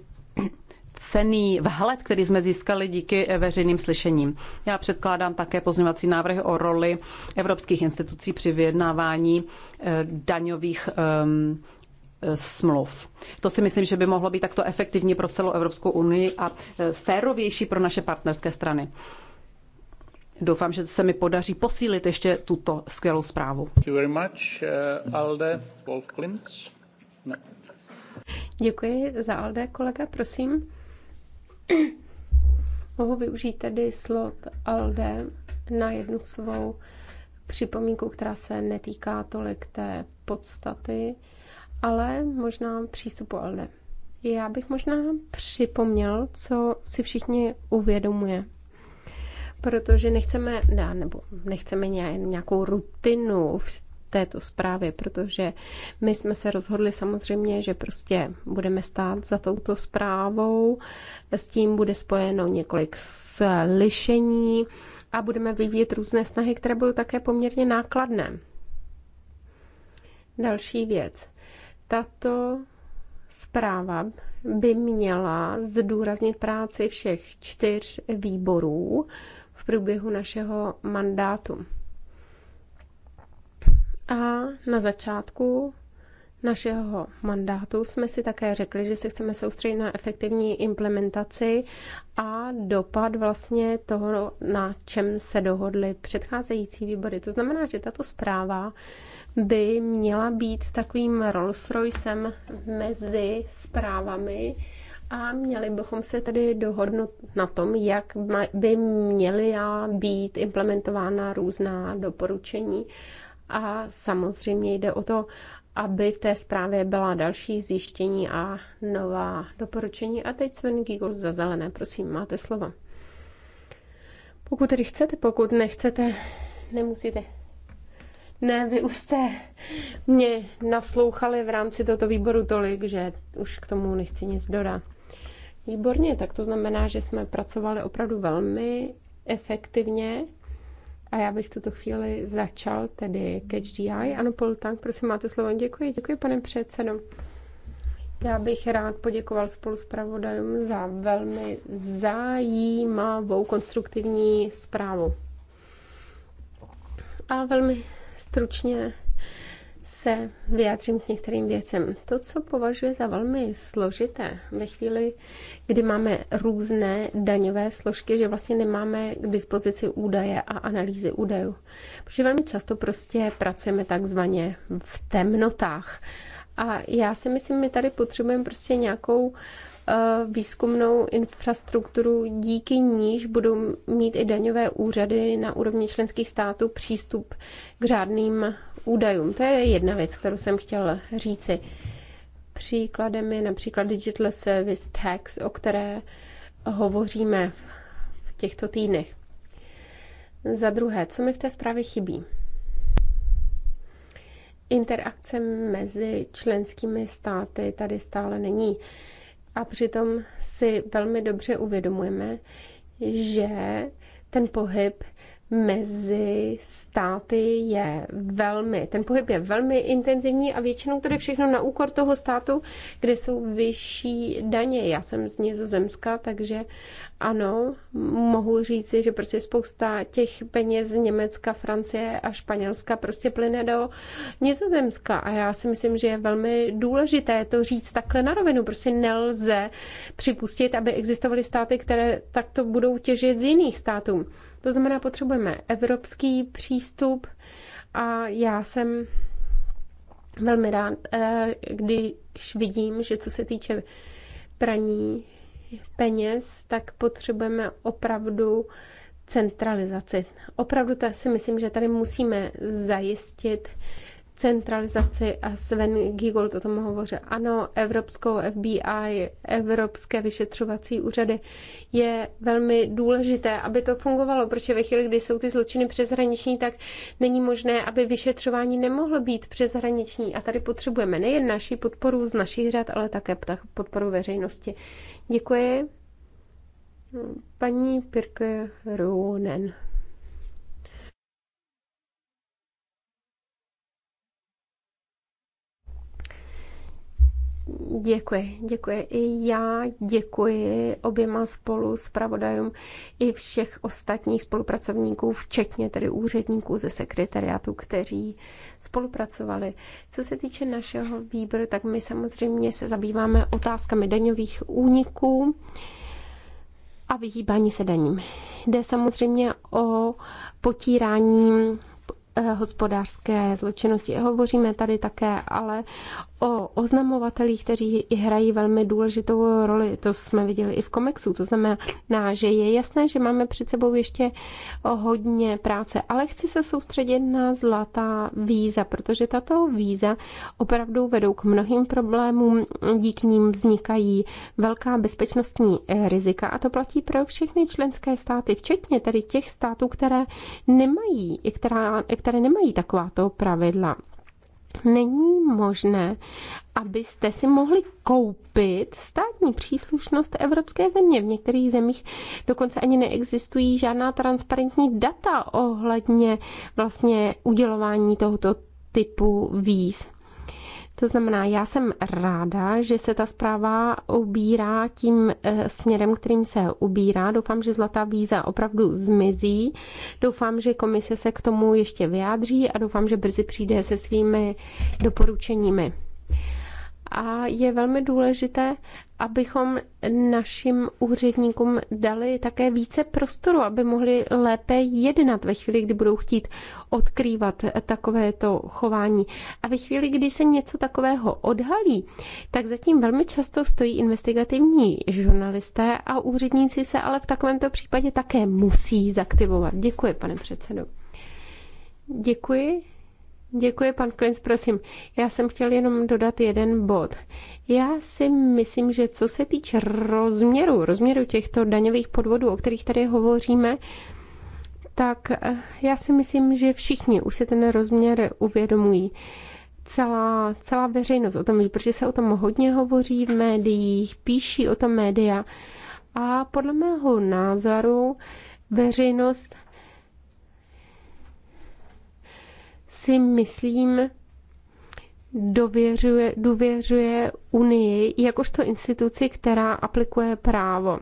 cený vhled, který jsme získali díky eh, veřejným slyšením. Já předkládám také pozměvací návrhy o roli evropských institucí při vyjednávání eh, daňových ehm, eh, smluv. To si myslím, že by mohlo být takto efektivní pro celou Evropskou unii a férovější pro naše partnerské strany. Doufám, že se mi podaří posílit ještě tuto skvělou zprávu.
No.
Děkuji za Alde, kolega, prosím. Mohu využít tedy slot ALDE na jednu svou připomínku, která se netýká tolik té podstaty, ale možná přístupu ALDE. Já bych možná připomněl, co si všichni uvědomuje. Protože nechceme, ne, nebo nechceme nějakou rutinu v této zprávě, protože my jsme se rozhodli samozřejmě, že prostě budeme stát za touto zprávou. S tím bude spojeno několik slyšení a budeme vyvíjet různé snahy, které budou také poměrně nákladné. Další věc. Tato zpráva by měla zdůraznit práci všech čtyř výborů v průběhu našeho mandátu. A na začátku našeho mandátu jsme si také řekli, že se chceme soustředit na efektivní implementaci a dopad vlastně toho, na čem se dohodly předcházející výbory. To znamená, že tato zpráva by měla být takovým Rolls Roycem mezi zprávami a měli bychom se tedy dohodnout na tom, jak by měly být implementována různá doporučení a samozřejmě jde o to, aby v té zprávě byla další zjištění a nová doporučení. A teď Sven Gigol za zelené, prosím, máte slovo. Pokud tedy chcete, pokud nechcete, nemusíte. Ne, vy už jste mě naslouchali v rámci tohoto výboru tolik, že už k tomu nechci nic dodat. Výborně, tak to znamená, že jsme pracovali opravdu velmi efektivně a já bych tuto chvíli začal tedy ke DI. Ano, Tank, prosím, máte slovo. Děkuji, děkuji, pane předsedo. Já bych rád poděkoval spolu s pravodajům za velmi zajímavou konstruktivní zprávu. A velmi stručně se vyjádřím k některým věcem. To, co považuji za velmi složité ve chvíli, kdy máme různé daňové složky, že vlastně nemáme k dispozici údaje a analýzy údajů. Protože velmi často prostě pracujeme takzvaně v temnotách. A já si myslím, my tady potřebujeme prostě nějakou eh, výzkumnou infrastrukturu, díky níž budou mít i daňové úřady na úrovni členských států přístup k řádným údajům. To je jedna věc, kterou jsem chtěla říci. Příkladem je například Digital Service Tax, o které hovoříme v těchto týdnech. Za druhé, co mi v té zprávě chybí? Interakce mezi členskými státy tady stále není. A přitom si velmi dobře uvědomujeme, že ten pohyb mezi státy je velmi, ten pohyb je velmi intenzivní a většinou to jde všechno na úkor toho státu, kde jsou vyšší daně. Já jsem z Nizozemska, takže ano, mohu říci, že prostě spousta těch peněz z Německa, Francie a Španělska prostě plyne do Nizozemska a já si myslím, že je velmi důležité to říct takhle na rovinu. Prostě nelze připustit, aby existovaly státy, které takto budou těžit z jiných států. To znamená, potřebujeme evropský přístup a já jsem velmi rád, eh, když vidím, že co se týče praní peněz, tak potřebujeme opravdu centralizaci. Opravdu to si myslím, že tady musíme zajistit centralizaci a Sven Giegold o tom hovořil. Ano, Evropskou FBI, Evropské vyšetřovací úřady je velmi důležité, aby to fungovalo, protože ve chvíli, kdy jsou ty zločiny přeshraniční, tak není možné, aby vyšetřování nemohlo být přeshraniční. A tady potřebujeme nejen naši podporu z našich řad, ale také podporu veřejnosti. Děkuji. Paní Pirke Runen. Děkuji, děkuji. I já děkuji oběma spolu s pravodajům i všech ostatních spolupracovníků, včetně tedy úředníků ze sekretariátu, kteří spolupracovali. Co se týče našeho výboru, tak my samozřejmě se zabýváme otázkami daňových úniků a vyhýbání se daním. Jde samozřejmě o potírání Eh, hospodářské zločinnosti. Hovoříme tady také ale o oznamovatelích, kteří hrají velmi důležitou roli. To jsme viděli i v komexu. To znamená, že je jasné, že máme před sebou ještě hodně práce, ale chci se soustředit na zlatá víza, protože tato víza opravdu vedou k mnohým problémům. Díky ním vznikají velká bezpečnostní rizika a to platí pro všechny členské státy, včetně tedy těch států, které nemají, která, které nemají takováto pravidla. Není možné, abyste si mohli koupit státní příslušnost evropské země. V některých zemích dokonce ani neexistují žádná transparentní data ohledně vlastně udělování tohoto typu víz. To znamená, já jsem ráda, že se ta zpráva ubírá tím eh, směrem, kterým se ubírá. Doufám, že zlatá víza opravdu zmizí. Doufám, že komise se k tomu ještě vyjádří a doufám, že brzy přijde se svými doporučeními a je velmi důležité, abychom našim úředníkům dali také více prostoru, aby mohli lépe jednat ve chvíli, kdy budou chtít odkrývat takovéto chování. A ve chvíli, kdy se něco takového odhalí, tak zatím velmi často stojí investigativní žurnalisté a úředníci se ale v takovémto případě také musí zaktivovat. Děkuji, pane předsedo. Děkuji. Děkuji, pan Klins, prosím. Já jsem chtěl jenom dodat jeden bod. Já si myslím, že co se týče rozměru, rozměru těchto daňových podvodů, o kterých tady hovoříme, tak eh, já si myslím, že všichni už si ten rozměr uvědomují. Celá, celá veřejnost o tom ví, protože se o tom hodně hovoří v médiích, píší o tom média. A podle mého názoru veřejnost si myslím, dověřuje, důvěřuje Unii jakožto instituci, která aplikuje právo.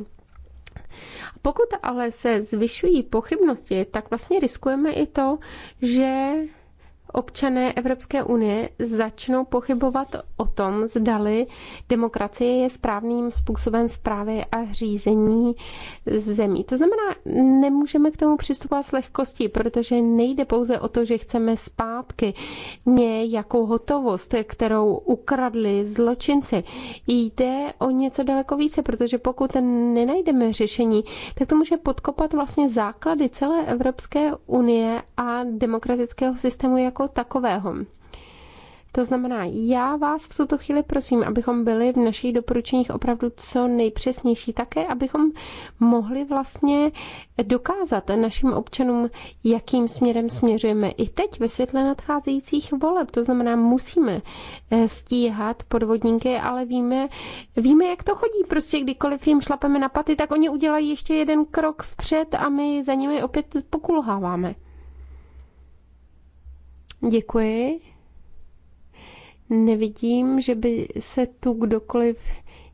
Pokud ale se zvyšují pochybnosti, tak vlastně riskujeme i to, že občané Evropské unie začnou pochybovat o tom, zdali demokracie je správným způsobem zprávy a řízení zemí. To znamená, nemůžeme k tomu přistupovat s lehkostí, protože nejde pouze o to, že chceme zpátky nějakou hotovost, kterou ukradli zločinci. Jde o něco daleko více, protože pokud nenajdeme řešení, tak to může podkopat vlastně základy celé Evropské unie a demokratického systému jako jako takového. To znamená, já vás v tuto chvíli prosím, abychom byli v našich doporučeních opravdu co nejpřesnější, také abychom mohli vlastně dokázat našim občanům, jakým směrem směřujeme i teď ve světle nadcházejících voleb. To znamená, musíme eh, stíhat podvodníky, ale víme, víme, jak to chodí. Prostě kdykoliv jim šlapeme na paty, tak oni udělají ještě jeden krok vpřed a my za nimi opět pokulháváme. Děkuji. Nevidím, že by se tu kdokoliv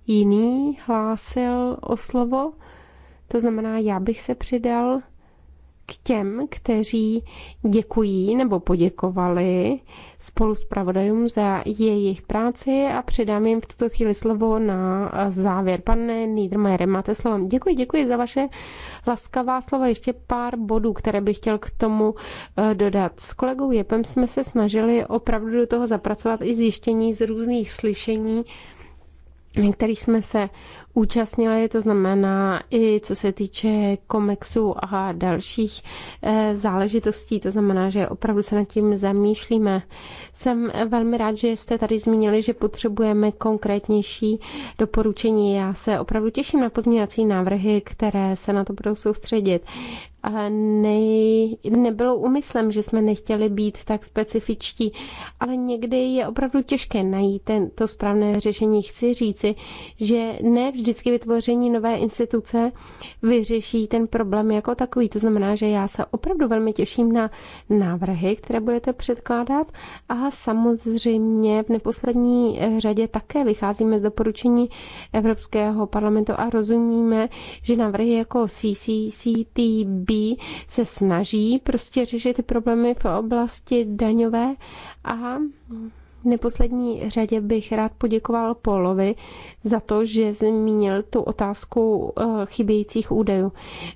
jiný hlásil o slovo. To znamená, já bych se přidal k těm, kteří děkují nebo poděkovali spolu s pravodajům za jejich práci a předám jim v tuto chvíli slovo na závěr. Pane Niedermayere, máte slovo. Děkuji, děkuji za vaše laskavá slova. Ještě pár bodů, které bych chtěl k tomu eh, dodat. S kolegou Jepem jsme se snažili opravdu do toho zapracovat i zjištění z různých slyšení, kterých jsme se účastnili, to znamená i co se týče komexu a dalších eh, záležitostí, to znamená, že opravdu se nad tím zamýšlíme. Jsem velmi rád, že jste tady zmínili, že potřebujeme konkrétnější doporučení. Já se opravdu těším na pozměňovací návrhy, které se na to budou soustředit ne, nebylo úmyslem, že jsme nechtěli být tak specifičtí, ale někdy je opravdu těžké najít ten, to správné řešení. Chci říci, že ne vždycky vytvoření nové instituce vyřeší ten problém jako takový. To znamená, že já se opravdu velmi těším na návrhy, které budete předkládat a samozřejmě v neposlední řadě také vycházíme z doporučení Evropského parlamentu a rozumíme, že návrhy jako CCCTB kteří se snaží prostě řešit ty problémy v oblasti daňové a neposlední řadě bych rád poděkoval Polovi za to, že zmínil tu otázku eh, chybějících údajů.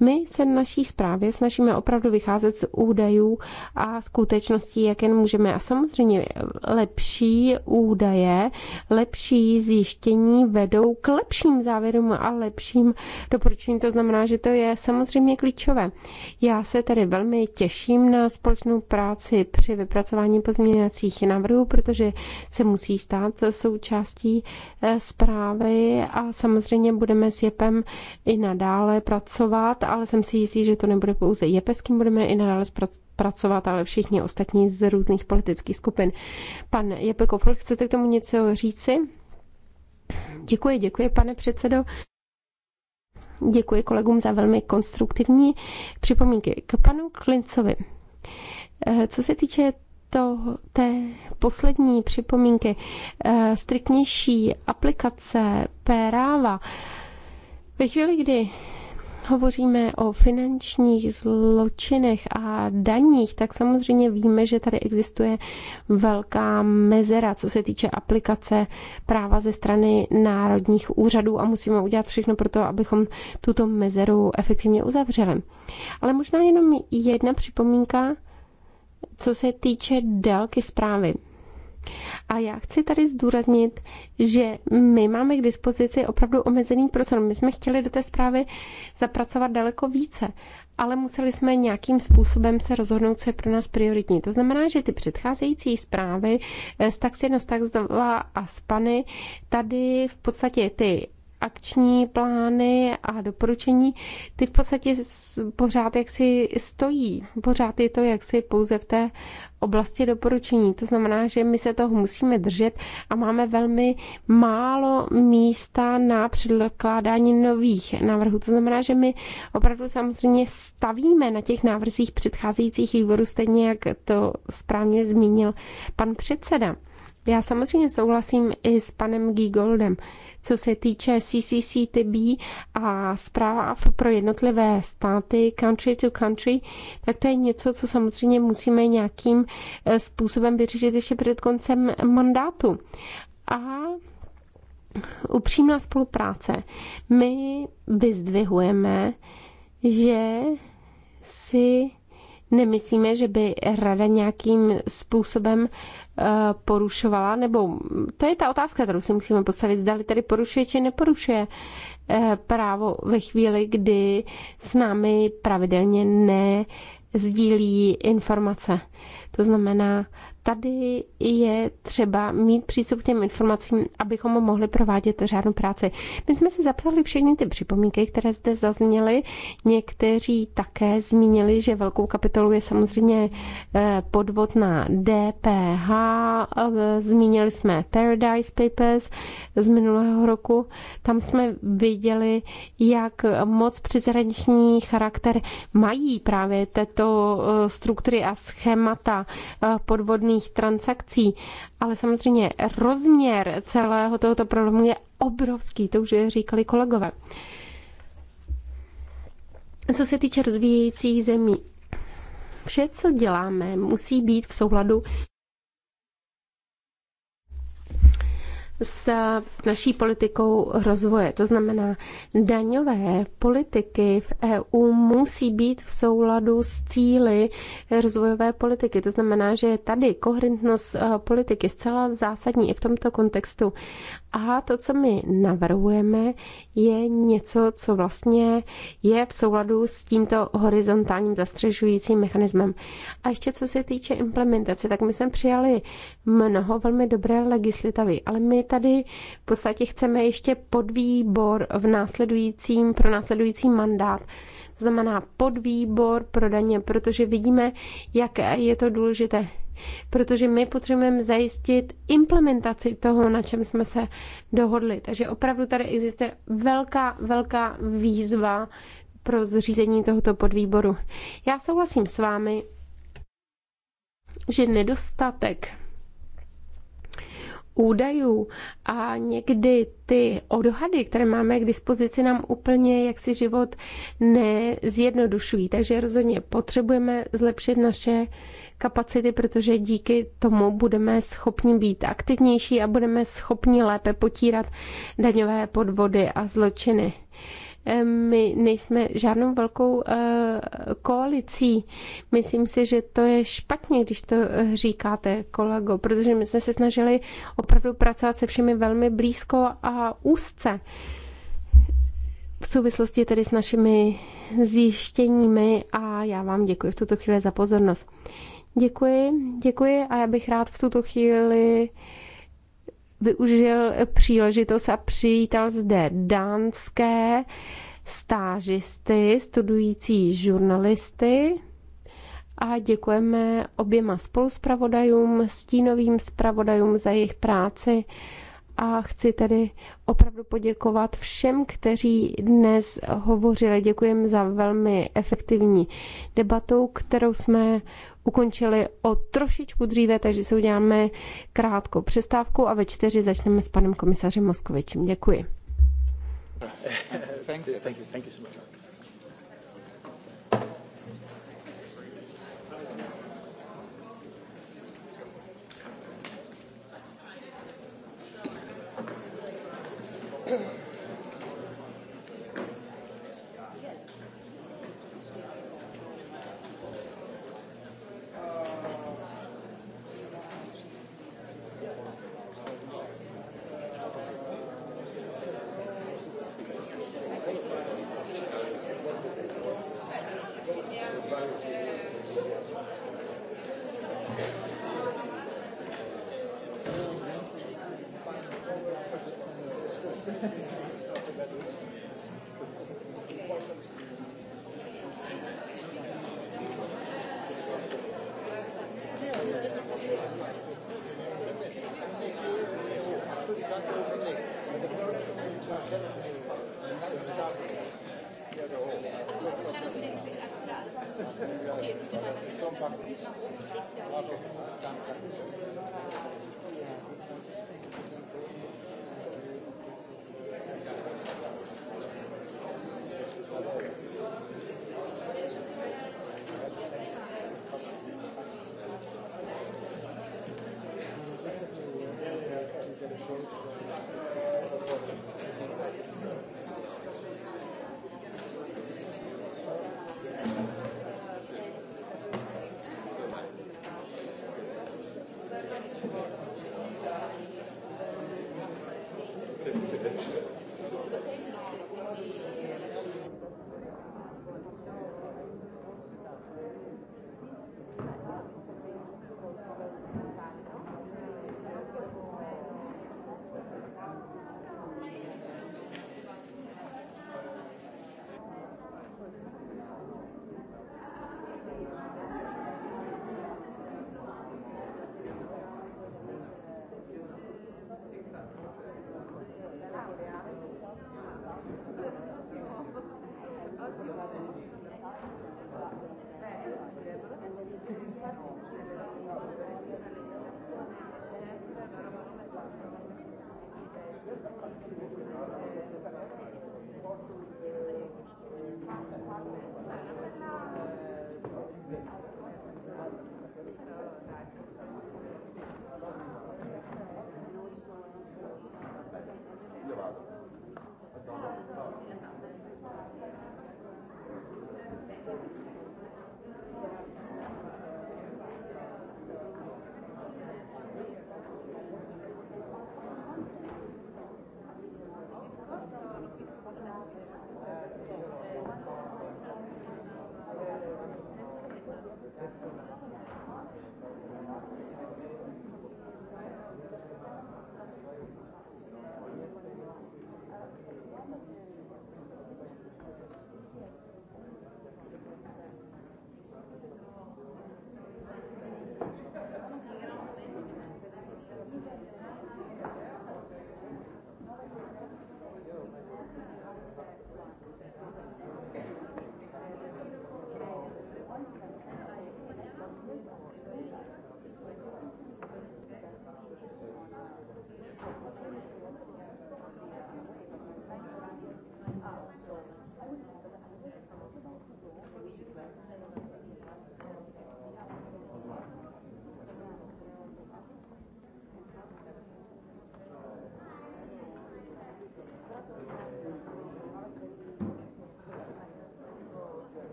My se v naší zprávě snažíme opravdu vycházet z údajů a skutečností, jak jen můžeme. A samozřejmě lepší údaje, lepší zjištění vedou k lepším závěrům a lepším doporučením. To znamená, že to je samozřejmě klíčové. Já se tedy velmi těším na společnou práci při vypracování pozměňovacích návrhů, protože se musí stát součástí eh, zprávy a samozřejmě budeme s JEPem i nadále pracovat, ale jsem si jistý, že to nebude pouze JEPe, s kým budeme i nadále pracovat, ale všichni ostatní z různých politických skupin. Pan Jepe Kofl, chcete k tomu něco říci? Děkuji, děkuji, pane předsedo. Děkuji kolegům za velmi konstruktivní připomínky k panu Klincovi. Eh, co se týče to, té poslední připomínky, eh, striktnější aplikace práva, ve chvíli, kdy hovoříme o finančních zločinech a daních, tak samozřejmě víme, že tady existuje velká mezera, co se týče aplikace práva ze strany národních úřadů a musíme udělat všechno pro to, abychom tuto mezeru efektivně uzavřeli. Ale možná jenom jedna připomínka co se týče délky zprávy. A já chci tady zdůraznit, že my máme k dispozici opravdu omezený prostor. My jsme chtěli do té zprávy zapracovat daleko více, ale museli jsme nějakým způsobem se rozhodnout, co je pro nás prioritní. To znamená, že ty předcházející zprávy eh, z taxi z tax a Pany, tady v podstatě ty akční plány a doporučení, ty v podstatě pořád jaksi stojí. Pořád je to jaksi pouze v té oblasti doporučení. To znamená, že my se toho musíme držet a máme velmi málo místa na předkládání nových návrhů. To znamená, že my opravdu samozřejmě stavíme na těch návrzích předcházejících výborů, stejně jak to správně zmínil pan předseda. Já samozřejmě souhlasím i s panem Gigoldem co se týče CCCTB a zpráv pro jednotlivé státy, country to country, tak to je něco, co samozřejmě musíme nějakým eh, způsobem vyřešit ještě před koncem mandátu. A upřímná spolupráce. My vyzdvihujeme, že si nemyslíme, že by rada nějakým způsobem Eh, porušovala, nebo to je ta otázka, kterou si musíme postavit, zda tedy porušuje či neporušuje eh, právo ve chvíli, kdy s námi pravidelně ne sdílí informace. To znamená, tady je třeba mít přístup k těm informacím, abychom mohli provádět řádnou práci. My jsme si zapsali všechny ty připomínky, které zde zazněly. Někteří také zmínili, že velkou kapitolu je samozřejmě eh, podvod na DPH. Eh, zmínili jsme Paradise Papers z minulého roku. Tam jsme viděli, jak moc přizraniční charakter mají právě tyto eh, struktury a schémata podvodný obchodních transakcí, ale samozřejmě rozměr celého tohoto problému je obrovský, to už říkali kolegové. Co se týče rozvíjejících zemí, vše, co děláme, musí být v souladu s naší politikou rozvoje. To znamená, daňové politiky v EU musí být v souladu s cíly rozvojové politiky. To znamená, že je tady koherentnost eh, politiky zcela zásadní i v tomto kontextu. A to, co my navrhujeme, je něco, co vlastně je v souladu s tímto horizontálním zastřežujícím mechanismem. A ještě co se týče implementace, tak my jsme přijali mnoho velmi dobré legislativy, ale my tady v podstatě chceme ještě podvýbor v následujícím, pro následující mandát znamená podvýbor pro daně, protože vidíme, jak je to důležité protože my potřebujeme zajistit implementaci toho, na čem jsme se dohodli. Takže opravdu tady existuje velká, velká výzva pro zřízení tohoto podvýboru. Já souhlasím s vámi, že nedostatek údajů a někdy ty odhady, které máme k dispozici, nám úplně jak si život nezjednodušují. Takže rozhodně potřebujeme zlepšit naše kapacity, protože díky tomu budeme schopni být aktivnější a budeme schopni lépe potírat daňové podvody a zločiny my nejsme žádnou velkou eh, koalicí. Myslím si, že to je špatně, když to eh, říkáte, kolego, protože my jsme se snažili opravdu pracovat se všemi velmi blízko a úzce. V souvislosti tedy s našimi zjištěními a já vám děkuji v tuto chvíli za pozornost. Děkuji, děkuji a já bych rád v tuto chvíli využil příležitost a přivítal zde dánské stážisty, studující žurnalisty. A děkujeme oběma spoluspravodajům, stínovým spravodajům za jejich práci. A chci tedy opravdu poděkovat všem, kteří dnes hovořili. Děkujeme za velmi efektivní debatu, kterou jsme ukončili o trošičku dříve, takže si uděláme krátkou přestávku a ve čtyři začneme s panem komisařem Moskovičem. Děkuji.
you. Thank you. Thank you so much.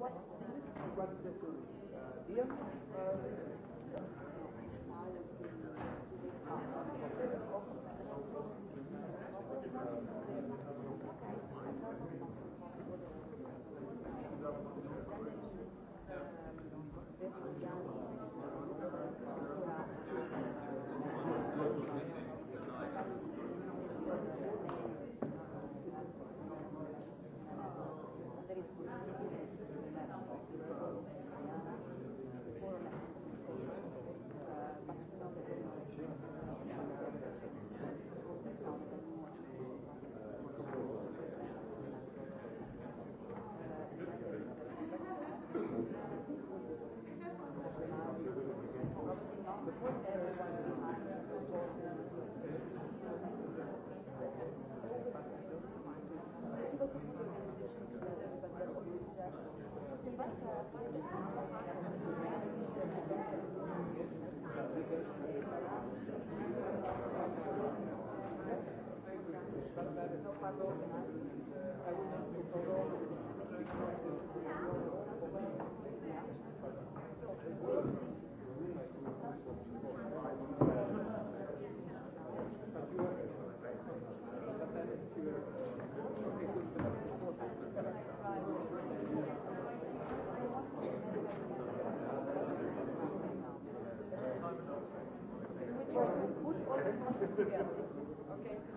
What, what the, uh, Thank you.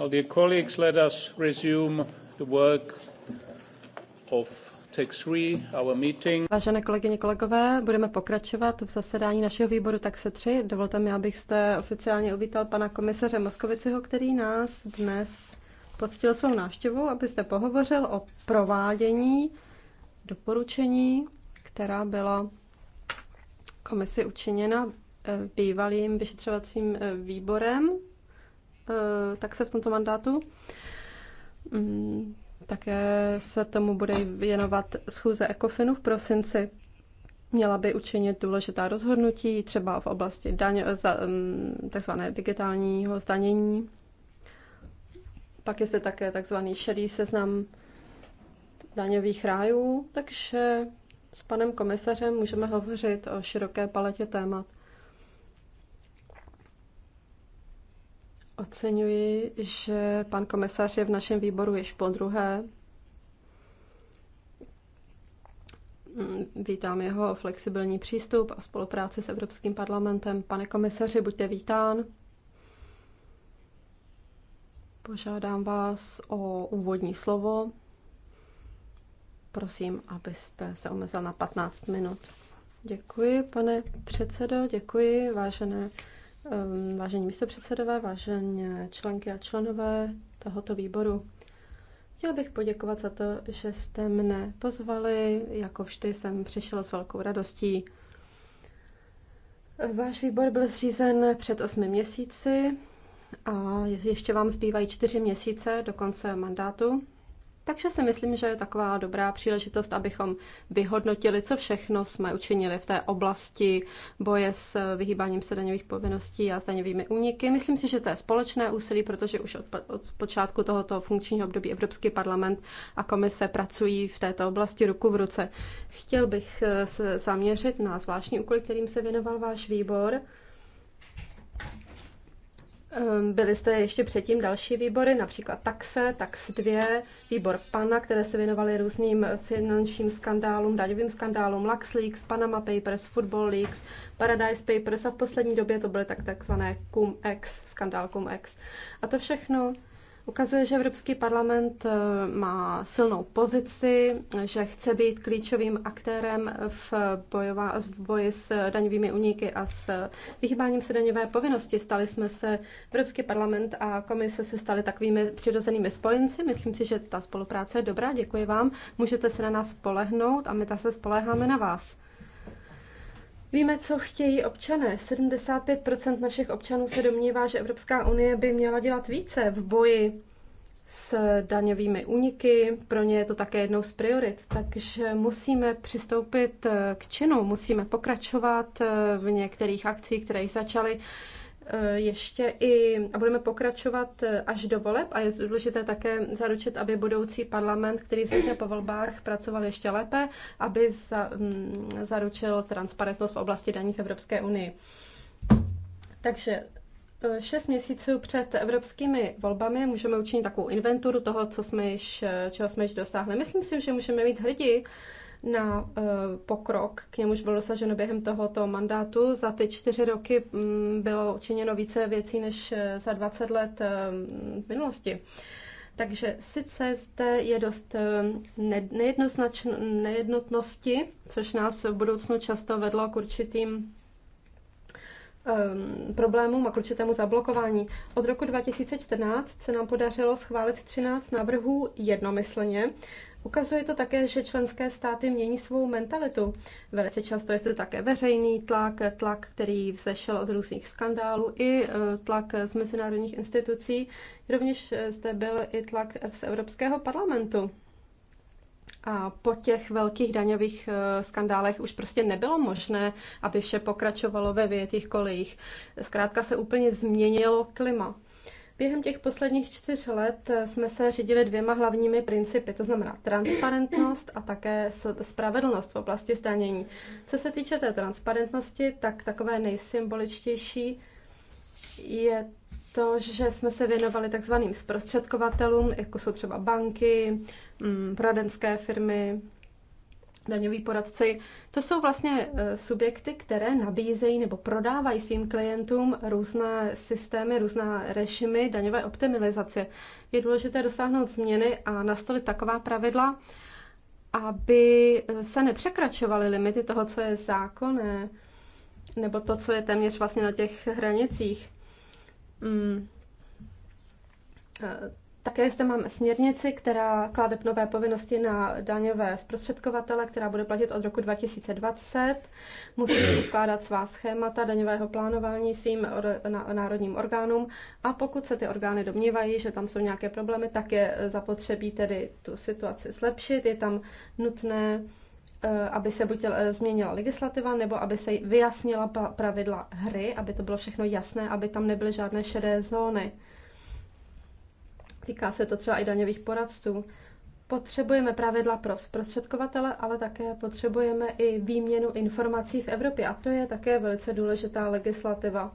Now, dear colleagues, let us resume the work of Tech 3, our meeting.
Vážené kolegyně, kolegové, budeme pokračovat v zasedání našeho výboru Taxe 3. Dovolte mi, abych jste oficiálně uvítal pana komisaře Moskoviciho, který nás dnes poctil svou návštěvou, abyste pohovořil o provádění doporučení, která byla komisi učiněna eh, bývalým vyšetřovacím eh, výborem Eh, tak se v tomto mandátu. Mm, také se tomu bude věnovat schůze ECOFINu v prosinci. Měla by učinit důležitá rozhodnutí, třeba v oblasti daně eh, mm, tzv. digitálního zdanění. Pak je zde také tzv. šedý seznam daňových rájů, takže s panem komisařem můžeme hovořit o široké paletě témat. Oceňuji, že pan komisař je v našem výboru již po druhé. Mm, vítám jeho flexibilní přístup a spolupráci s Evropským parlamentem. Pane komisaři, buďte vítán. Požádám vás o úvodní slovo. Prosím, abyste se omezil na 15 minut. Děkuji, pane předsedo, děkuji, vážené Ehm, vážení místopředsedové, vážení členky a členové tohoto výboru, chtěla bych poděkovat za to, že jste mne pozvali. Jako vždy jsem přišla s velkou radostí. Váš výbor byl zřízen před osmi měsíci a ještě vám zbývají čtyři měsíce do konce mandátu. Takže si myslím, že je taková dobrá příležitost, abychom vyhodnotili, co všechno jsme učinili v té oblasti boje s vyhýbáním se daňových povinností a s daňovými úniky. Myslím si, že to je společné úsilí, protože už od, od počátku tohoto funkčního období Evropský parlament a komise pracují v této oblasti ruku v ruce. Chtěl bych eh, se zaměřit na zvláštní úkol, kterým se věnoval váš výbor. Ehm, byly jste ještě předtím další výbory, například Taxe, Tax 2, výbor PANA, které se věnovaly různým finančním skandálům, daňovým skandálům, LuxLeaks, Panama Papers, Football Leaks, Paradise Papers a v poslední době to byly tak takzvané cum-ex, skandál cum-ex. A to všechno ukazuje, že Evropský parlament eh, má silnou pozici, že chce být klíčovým aktérem v, bojová, v boji s daňovými uniky a s vyhýbáním se daňové povinnosti. Stali jsme se, Evropský parlament a komise se staly takovými přirozenými spojenci. Myslím si, že ta spolupráce je dobrá. Děkuji vám. Můžete se na nás spolehnout a my ta se spoleháme na vás. Víme, co chtějí občané. 75% našich občanů se domnívá, že Evropská unie by měla dělat více v boji s daňovými úniky. Pro ně je to také jednou z priorit. Takže musíme přistoupit k činu, musíme pokračovat v některých akcích, které již začaly. Eh, ještě i, a budeme pokračovat eh, až do voleb a je důležité také zaručit, aby budoucí parlament, který vznikne po volbách, pracoval ještě lépe, aby za, m, mm, zaručil transparentnost v oblasti daní v Evropské unii. Takže eh, Šest měsíců před evropskými volbami můžeme učinit takovou inventuru toho, co jsme již, čeho jsme již dosáhli. Myslím si, že můžeme mít hrdí na eh, pokrok, k němuž bylo dosaženo během tohoto mandátu. Za ty čtyři roky mm, bylo učiněno více věcí než eh, za 20 let eh, v minulosti. Takže sice zde je dost nejednotnosti, což nás v budoucnu často vedlo k určitým ehm, problémům a k určitému zablokování. Od roku 2014 se nám podařilo schválit 13 návrhů jednomyslně. Ukazuje to také, že členské státy mění svou mentalitu. Velice často je to také veřejný tlak, tlak, který vzešel od různých skandálů, i eh, tlak z mezinárodních institucí. Rovněž eh, zde byl i tlak z Evropského parlamentu. A po těch velkých daňových eh, skandálech už prostě nebylo možné, aby vše pokračovalo ve větých kolejích. Zkrátka se úplně změnilo klima. Během těch posledních čtyř let eh, jsme se řídili dvěma hlavními principy, to znamená transparentnost a také spravedlnost v oblasti zdanění. Co se týče té transparentnosti, tak takové nejsymboličtější je to, že jsme se věnovali takzvaným zprostředkovatelům, jako jsou třeba banky, mm, poradenské firmy, daňoví poradci, to jsou vlastně e, subjekty, které nabízejí nebo prodávají svým klientům různé systémy, různá režimy daňové optimalizace. Je důležité dosáhnout změny a nastolit taková pravidla, aby e, se nepřekračovaly limity toho, co je zákonné, nebo to, co je téměř vlastně na těch hranicích. Hmm. Také zde máme směrnici, která klade nové povinnosti na daňové zprostředkovatele, která bude platit od roku 2020. Musí předkládat svá schémata daňového plánování svým or, na, národním orgánům a pokud se ty orgány domnívají, že tam jsou nějaké problémy, tak je zapotřebí tedy tu situaci zlepšit. Je tam nutné, eh, aby se buď eh, změnila legislativa, nebo aby se vyjasnila pravidla hry, aby to bylo všechno jasné, aby tam nebyly žádné šedé zóny týká se to třeba i daňových poradců. Potřebujeme pravidla pro zprostředkovatele, ale také potřebujeme i výměnu informací v Evropě a to je také velice důležitá legislativa.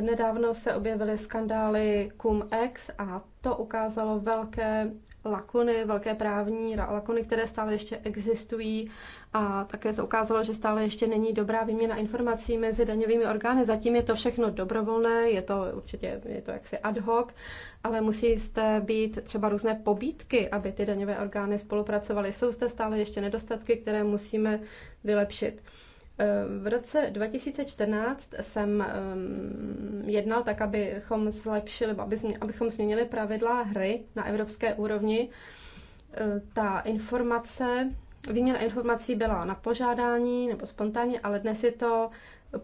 Nedávno se objevily skandály cum ex a to ukázalo velké Lakony, velké právní lakony, které stále ještě existují a také se ukázalo, že stále ještě není dobrá výměna informací mezi daňovými orgány. Zatím je to všechno dobrovolné, je to určitě je to jaksi ad hoc, ale musí zde být třeba různé pobídky, aby ty daňové orgány spolupracovaly. Jsou zde stále ještě nedostatky, které musíme vylepšit. Ehm, v roce 2014 jsem ehm, jednal tak, abychom zlepšili, abychom změnili pravidla hry na evropské úrovni. Ehm, ta informace, výměna informací byla na požádání nebo spontánně, ale dnes je to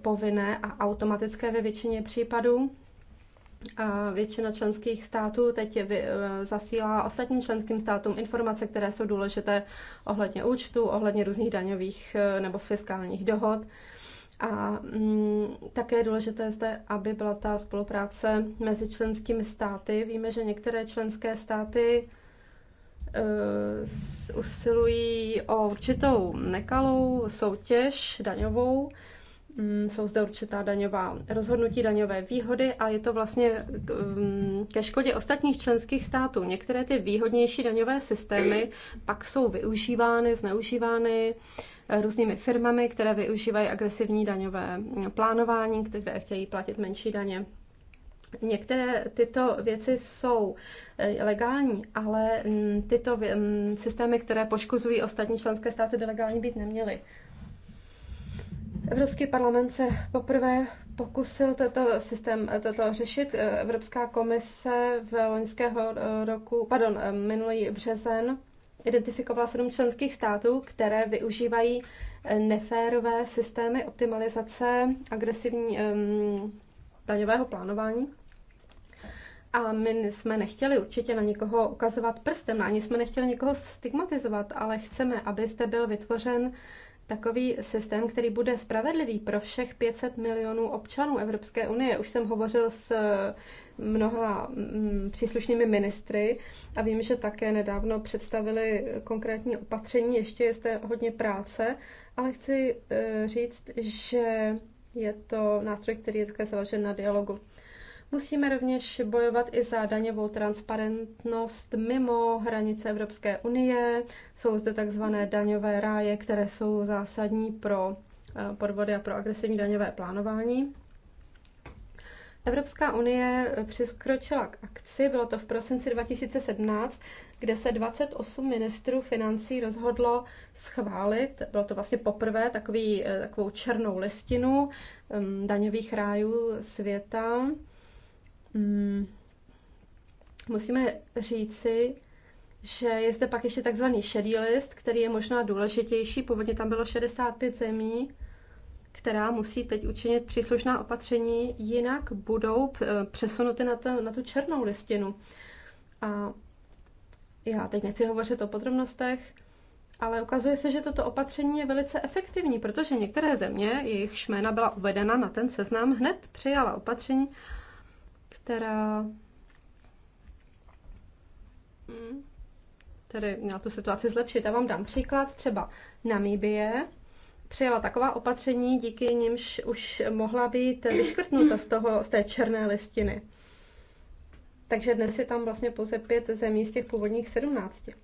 povinné a automatické ve většině případů. A většina členských států teď je, e, zasílá ostatním členským státům informace, které jsou důležité ohledně účtu, ohledně různých daňových e, nebo fiskálních dohod. A mm, také je důležité zde, aby byla ta spolupráce mezi členskými státy. Víme, že některé členské státy e, usilují o určitou nekalou soutěž daňovou, Mm, jsou zde určitá daňová rozhodnutí, daňové výhody a je to vlastně mm, ke škodě ostatních členských států. Některé ty výhodnější daňové systémy pak jsou využívány, zneužívány eh, různými firmami, které využívají agresivní daňové mm, plánování, které chtějí platit menší daně. Některé tyto věci jsou eh, legální, ale tyto systémy, které poškozují ostatní členské státy, by legální být neměly. Evropský parlament se poprvé pokusil toto systém, toto řešit. Evropská komise v loňského roku, pardon, minulý březen identifikovala sedm členských států, které využívají neférové systémy optimalizace agresivní um, daňového plánování. A my jsme nechtěli určitě na nikoho ukazovat prstem, ani jsme nechtěli nikoho stigmatizovat, ale chceme, aby zde byl vytvořen takový systém, který bude spravedlivý pro všech 500 milionů občanů Evropské unie. Už jsem hovořil s eh, mnoha mm, příslušnými ministry a vím, že také nedávno představili konkrétní opatření, ještě je zde hodně práce, ale chci eh, říct, že je to nástroj, který je také založen na dialogu. Musíme rovněž bojovat i za daňovou transparentnost mimo hranice Evropské unie. Jsou zde takzvané daňové ráje, které jsou zásadní pro eh, podvody a pro agresivní daňové plánování. Evropská unie eh, přiskročila k akci, bylo to v prosinci 2017, kde se 28 ministrů financí rozhodlo schválit, bylo to vlastně poprvé, takový, eh, takovou černou listinu ehm, daňových rájů světa. Mm, musíme říci, že je zde pak ještě takzvaný šedý list, který je možná důležitější. Původně tam bylo 65 zemí, která musí teď učinit příslušná opatření, jinak budou eh, přesunuty na, ten, na tu černou listinu. A já teď nechci hovořit o podrobnostech, ale ukazuje se, že toto opatření je velice efektivní, protože některé země, jejich jména byla uvedena na ten seznam, hned přijala opatření která hmm. Tady měla tu situaci zlepšit. Já vám dám příklad, třeba Namíbie přijala taková opatření, díky nimž už mohla být vyškrtnuta z, toho, z té černé listiny. Takže dnes je tam vlastně pouze pět zemí z těch původních sedmnácti.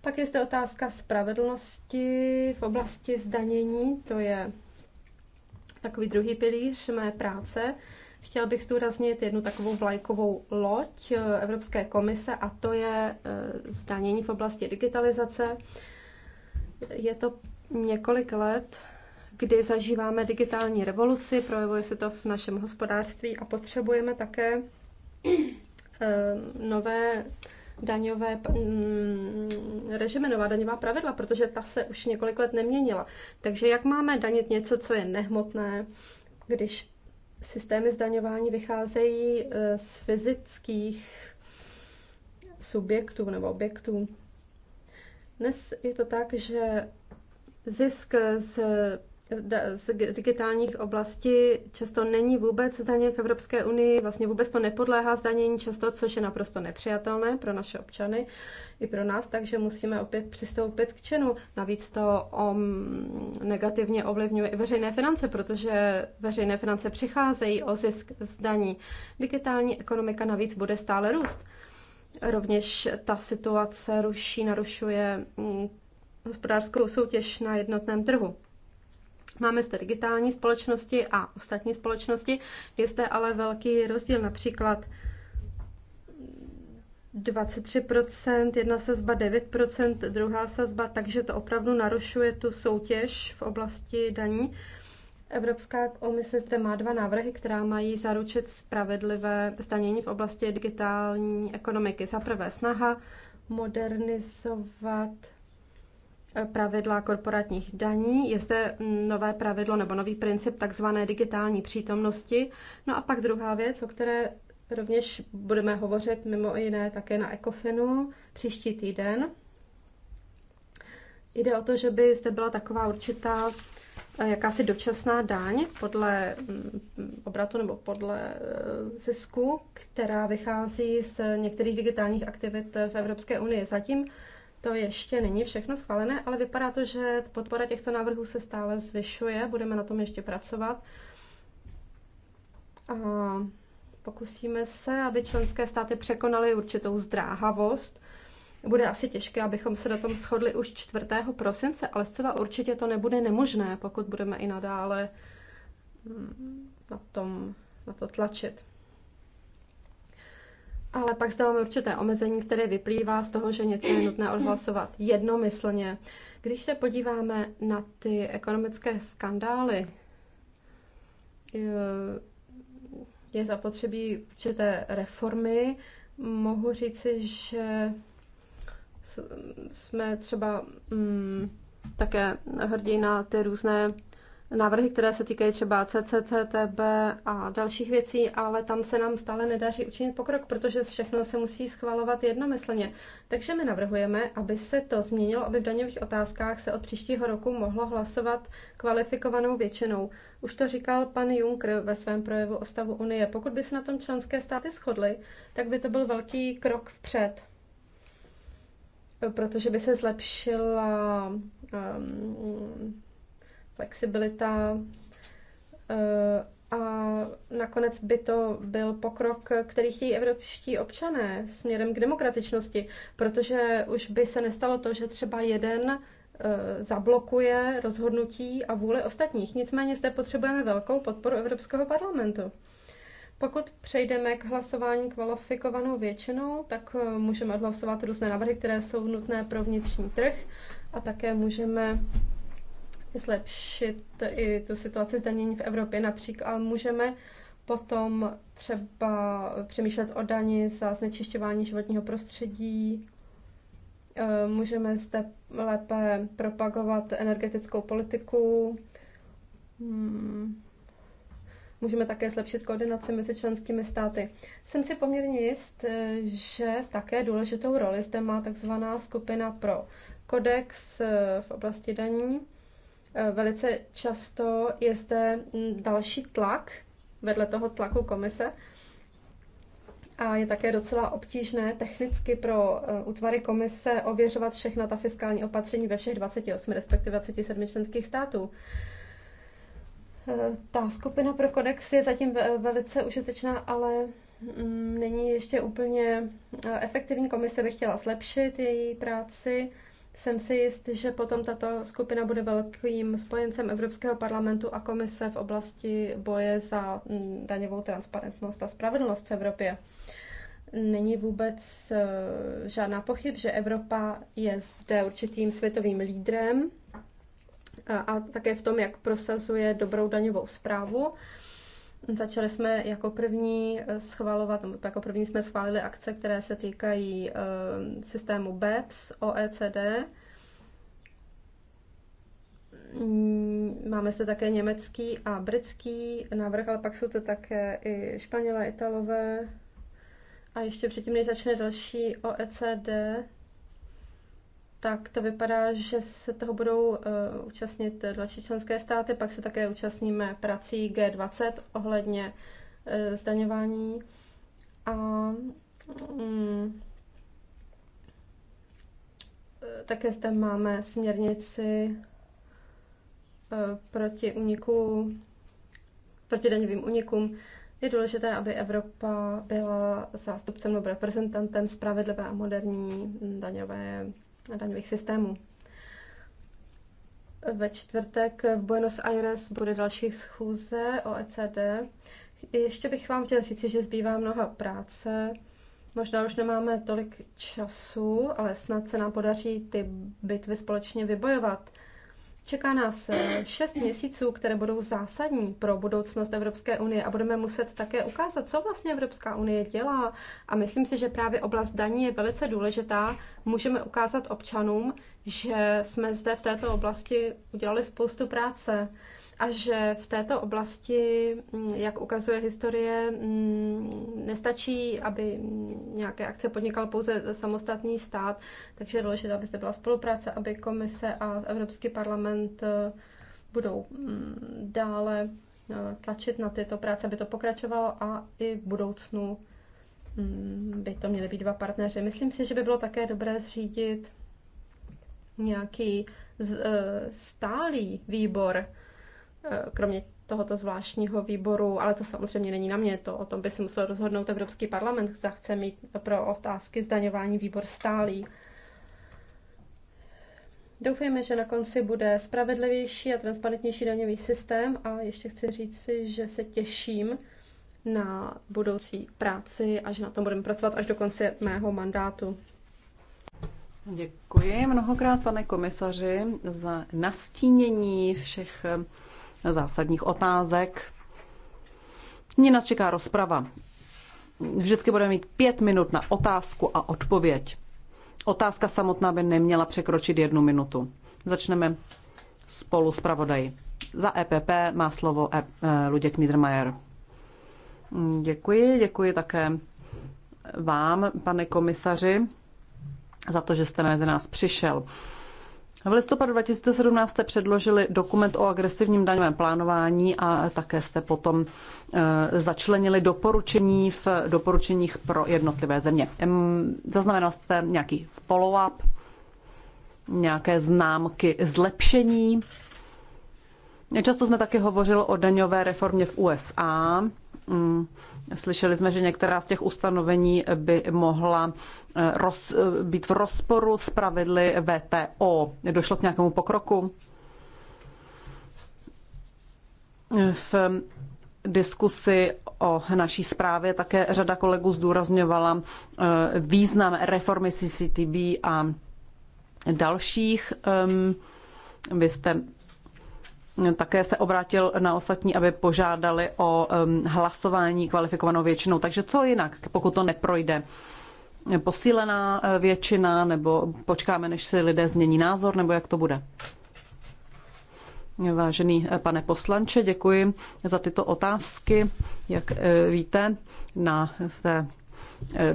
Pak je zde otázka spravedlnosti v oblasti zdanění, to je takový druhý pilíř mé práce. Chtěl bych zdůraznit jednu takovou vlajkovou loď eh, Evropské komise a to je eh, zdanění v oblasti digitalizace. Je to několik let, kdy zažíváme digitální revoluci, projevuje se to v našem hospodářství a potřebujeme také eh, nové daňové mm, režimy, nová daňová pravidla, protože ta se už několik let neměnila. Takže jak máme danit něco, co je nehmotné, když systémy zdaňování vycházejí eh, z fyzických subjektů nebo objektů. Dnes je to tak, že zisk z z digitálních oblastí často není vůbec zdaněn v Evropské unii, vlastně vůbec to nepodléhá zdanění často, což je naprosto nepřijatelné pro naše občany i pro nás, takže musíme opět přistoupit k činu. Navíc to om, um, negativně ovlivňuje i veřejné finance, protože veřejné finance přicházejí o zisk zdaní. Digitální ekonomika navíc bude stále růst. Rovněž ta situace ruší, narušuje mm, hospodářskou soutěž na jednotném trhu. Máme zde digitální společnosti a ostatní společnosti. Je zde ale velký rozdíl. Například 23%, jedna sazba 9%, druhá sazba, takže to opravdu narušuje tu soutěž v oblasti daní. Evropská komise zde má dva návrhy, která mají zaručit spravedlivé zdanění v oblasti digitální ekonomiky. Za prvé snaha modernizovat Eh, pravidla korporátních daní, je zde mm, nové pravidlo nebo nový princip takzvané digitální přítomnosti. No a pak druhá věc, o které rovněž budeme hovořit mimo jiné také na Ecofinu příští týden. Jde o to, že by zde byla taková určitá eh, jakási dočasná daň podle mm, obratu nebo podle eh, zisku, která vychází z některých digitálních aktivit v Evropské unii. Zatím to ještě není všechno schválené, ale vypadá to, že podpora těchto návrhů se stále zvyšuje, budeme na tom ještě pracovat. A pokusíme se, aby členské státy překonaly určitou zdráhavost. Bude asi těžké, abychom se na tom shodli už 4. prosince, ale zcela určitě to nebude nemožné, pokud budeme i nadále mm, na, tom, na to tlačit. Ale pak zde máme určité omezení, které vyplývá z toho, že něco je nutné odhlasovat jednomyslně. Když se podíváme na ty ekonomické skandály, eh, je zapotřebí určité reformy. Mohu říci, že jsme třeba mm, také hrdí na ty různé návrhy, které se týkají třeba CCCTB a dalších věcí, ale tam se nám stále nedaří učinit pokrok, protože všechno se musí schvalovat jednomyslně. Takže my navrhujeme, aby se to změnilo, aby v daňových otázkách se od příštího roku mohlo hlasovat kvalifikovanou většinou. Už to říkal pan Juncker ve svém projevu o stavu Unie. Pokud by se na tom členské státy shodly, tak by to byl velký krok vpřed protože by se zlepšila um, flexibilita eh, a nakonec by to byl pokrok, který chtějí evropští občané směrem k demokratičnosti, protože už by se nestalo to, že třeba jeden eh, zablokuje rozhodnutí a vůli ostatních. Nicméně zde potřebujeme velkou podporu Evropského parlamentu. Pokud přejdeme k hlasování kvalifikovanou většinou, tak eh, můžeme odhlasovat různé návrhy, které jsou nutné pro vnitřní trh a také můžeme zlepšit i tu situaci zdanění v Evropě například, ale můžeme potom třeba přemýšlet o dani za znečišťování životního prostředí, eh, můžeme zde lépe propagovat energetickou politiku, hmm. můžeme také zlepšit koordinaci mezi členskými státy. Jsem si poměrně jist, eh, že také důležitou roli zde má takzvaná skupina pro kodex eh, v oblasti daní. Eh, velice často je zde mm, další tlak vedle toho tlaku komise a je také docela obtížné technicky pro eh, útvary komise ověřovat všechna ta fiskální opatření ve všech 28, respektive 27 členských států. Eh, ta skupina pro kodex je zatím velice užitečná, ale mm, není ještě úplně efektivní. Komise by chtěla zlepšit její práci. Jsem si jist, že potom tato skupina bude velkým spojencem Evropského parlamentu a komise v oblasti boje za mm, daňovou transparentnost a spravedlnost v Evropě. Není vůbec eh, žádná pochyb, že Evropa je zde určitým světovým lídrem eh, a také v tom, jak prosazuje dobrou daňovou zprávu Začali jsme jako první eh, schvalovat, nebo jako první jsme schválili akce, které se týkají eh, systému BEPS OECD. Mm, máme se také německý a britský návrh, ale pak jsou to také i Španělé, Italové. A ještě předtím, než začne další OECD, tak to vypadá, že se toho budou eh, účastnit další členské státy, pak se také účastníme prací G20 ohledně eh, zdaňování. A um, také zde máme směrnici proti uniku, proti daňovým unikům. Je důležité, aby Evropa byla zástupcem nebo reprezentantem spravedlivé a moderní mm, daňové daňových systémů. Ve čtvrtek v Buenos Aires bude další schůze OECD. Ještě bych vám chtěl říct, že zbývá mnoha práce. Možná už nemáme tolik času, ale snad se nám podaří ty bitvy společně vybojovat. Čeká nás eh, šest měsíců, které budou zásadní pro budoucnost Evropské unie a budeme muset také ukázat, co vlastně Evropská unie dělá. A myslím si, že právě oblast daní je velice důležitá. Můžeme ukázat občanům, že jsme zde v této oblasti udělali spoustu práce a že v této oblasti, mm, jak ukazuje historie, mm, nestačí, aby nějaké akce podnikal pouze samostatný stát, takže je důležité, aby zde byla spolupráce, aby komise a Evropský parlament eh, budou mm, dále eh, tlačit na tyto práce, aby to pokračovalo a i v budoucnu by to měly být dva partneři. Myslím si, že by bylo také dobré zřídit nějaký eh, stálý výbor Eh, kromě tohoto zvláštního výboru, ale to samozřejmě není na mě, to o tom by si musel rozhodnout Evropský parlament, zda chce mít pro otázky zdaňování výbor stálý. Doufujeme, že na konci bude spravedlivější a transparentnější daňový systém a ještě chci říct si, že se těším na budoucí práci a že na tom budeme pracovat až do konce mého mandátu.
Děkuji mnohokrát, pane komisaři, za nastínění všech zásadních otázek. Nyní nás čeká rozprava. Vždycky budeme mít pět minut na otázku a odpověď. Otázka samotná by neměla překročit jednu minutu. Začneme spolu s pravodají. Za EPP má slovo e- eh, Luděk Niedermayer. Děkuji, děkuji také vám, pane komisaři, za to, že jste mezi nás přišel. V listopadu 2017 jste předložili dokument o agresivním daňovém plánování a také jste potom eh, začlenili doporučení v doporučeních pro jednotlivé země. Zaznamenal jste nějaký follow-up, nějaké známky zlepšení. Často jsme také hovořili o daňové reformě v USA. Mm, Slyšeli jsme, že některá z těch ustanovení by mohla eh, roz, eh, být v rozporu s pravidly VTO. Došlo k nějakému pokroku? V diskusi o naší zprávě také řada kolegů zdůrazňovala eh, význam reformy CCTB a dalších. Ehm, vy jste také se obrátil na ostatní, aby požádali o hlasování kvalifikovanou většinou. Takže co jinak, pokud to neprojde? Posílená eh, většina, nebo počkáme, než si lidé změní názor, nebo jak to bude? Vážený eh, pane poslanče, děkuji za tyto otázky. Jak eh, víte, na té Eh,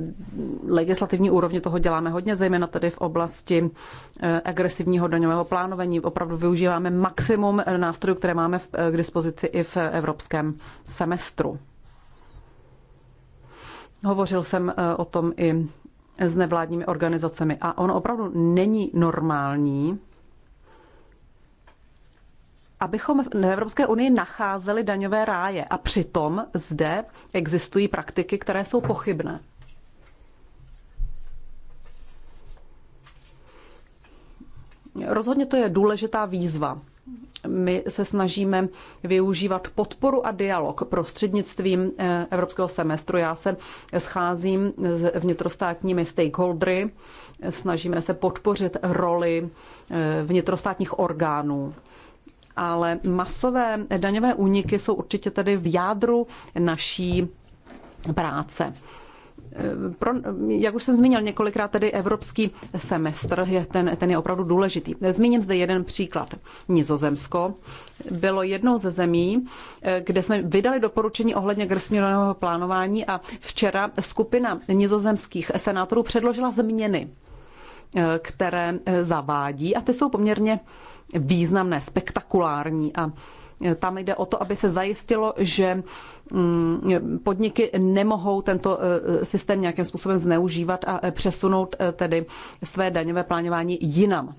legislativní úrovni toho děláme hodně, zejména tady v oblasti eh, agresivního daňového plánování. Opravdu využíváme maximum nástrojů, které máme eh, k dispozici i v evropském semestru. Hovořil jsem o tom i s nevládními organizacemi a ono opravdu není normální, abychom v Evropské unii nacházeli daňové ráje a přitom zde existují praktiky, které jsou pochybné. Rozhodně to je důležitá výzva. My se snažíme využívat podporu a dialog prostřednictvím eh, evropského semestru. Já se scházím s vnitrostátními stakeholdery, snažíme se podpořit roli eh, vnitrostátních orgánů. Ale masové daňové úniky jsou určitě tedy v jádru naší práce. Eh, pro, jak už jsem zmínil několikrát, tedy evropský semestr, je ten, ten je opravdu důležitý. Zmíním zde jeden příklad. Nizozemsko bylo jednou ze zemí, eh, kde jsme vydali doporučení ohledně grstňového plánování a včera skupina nizozemských senátorů předložila změny eh, které zavádí a ty jsou poměrně významné, spektakulární a tam jde o to, aby se zajistilo, že mm, podniky nemohou tento e, systém nějakým způsobem zneužívat a e, přesunout e, tedy své daňové plánování jinam.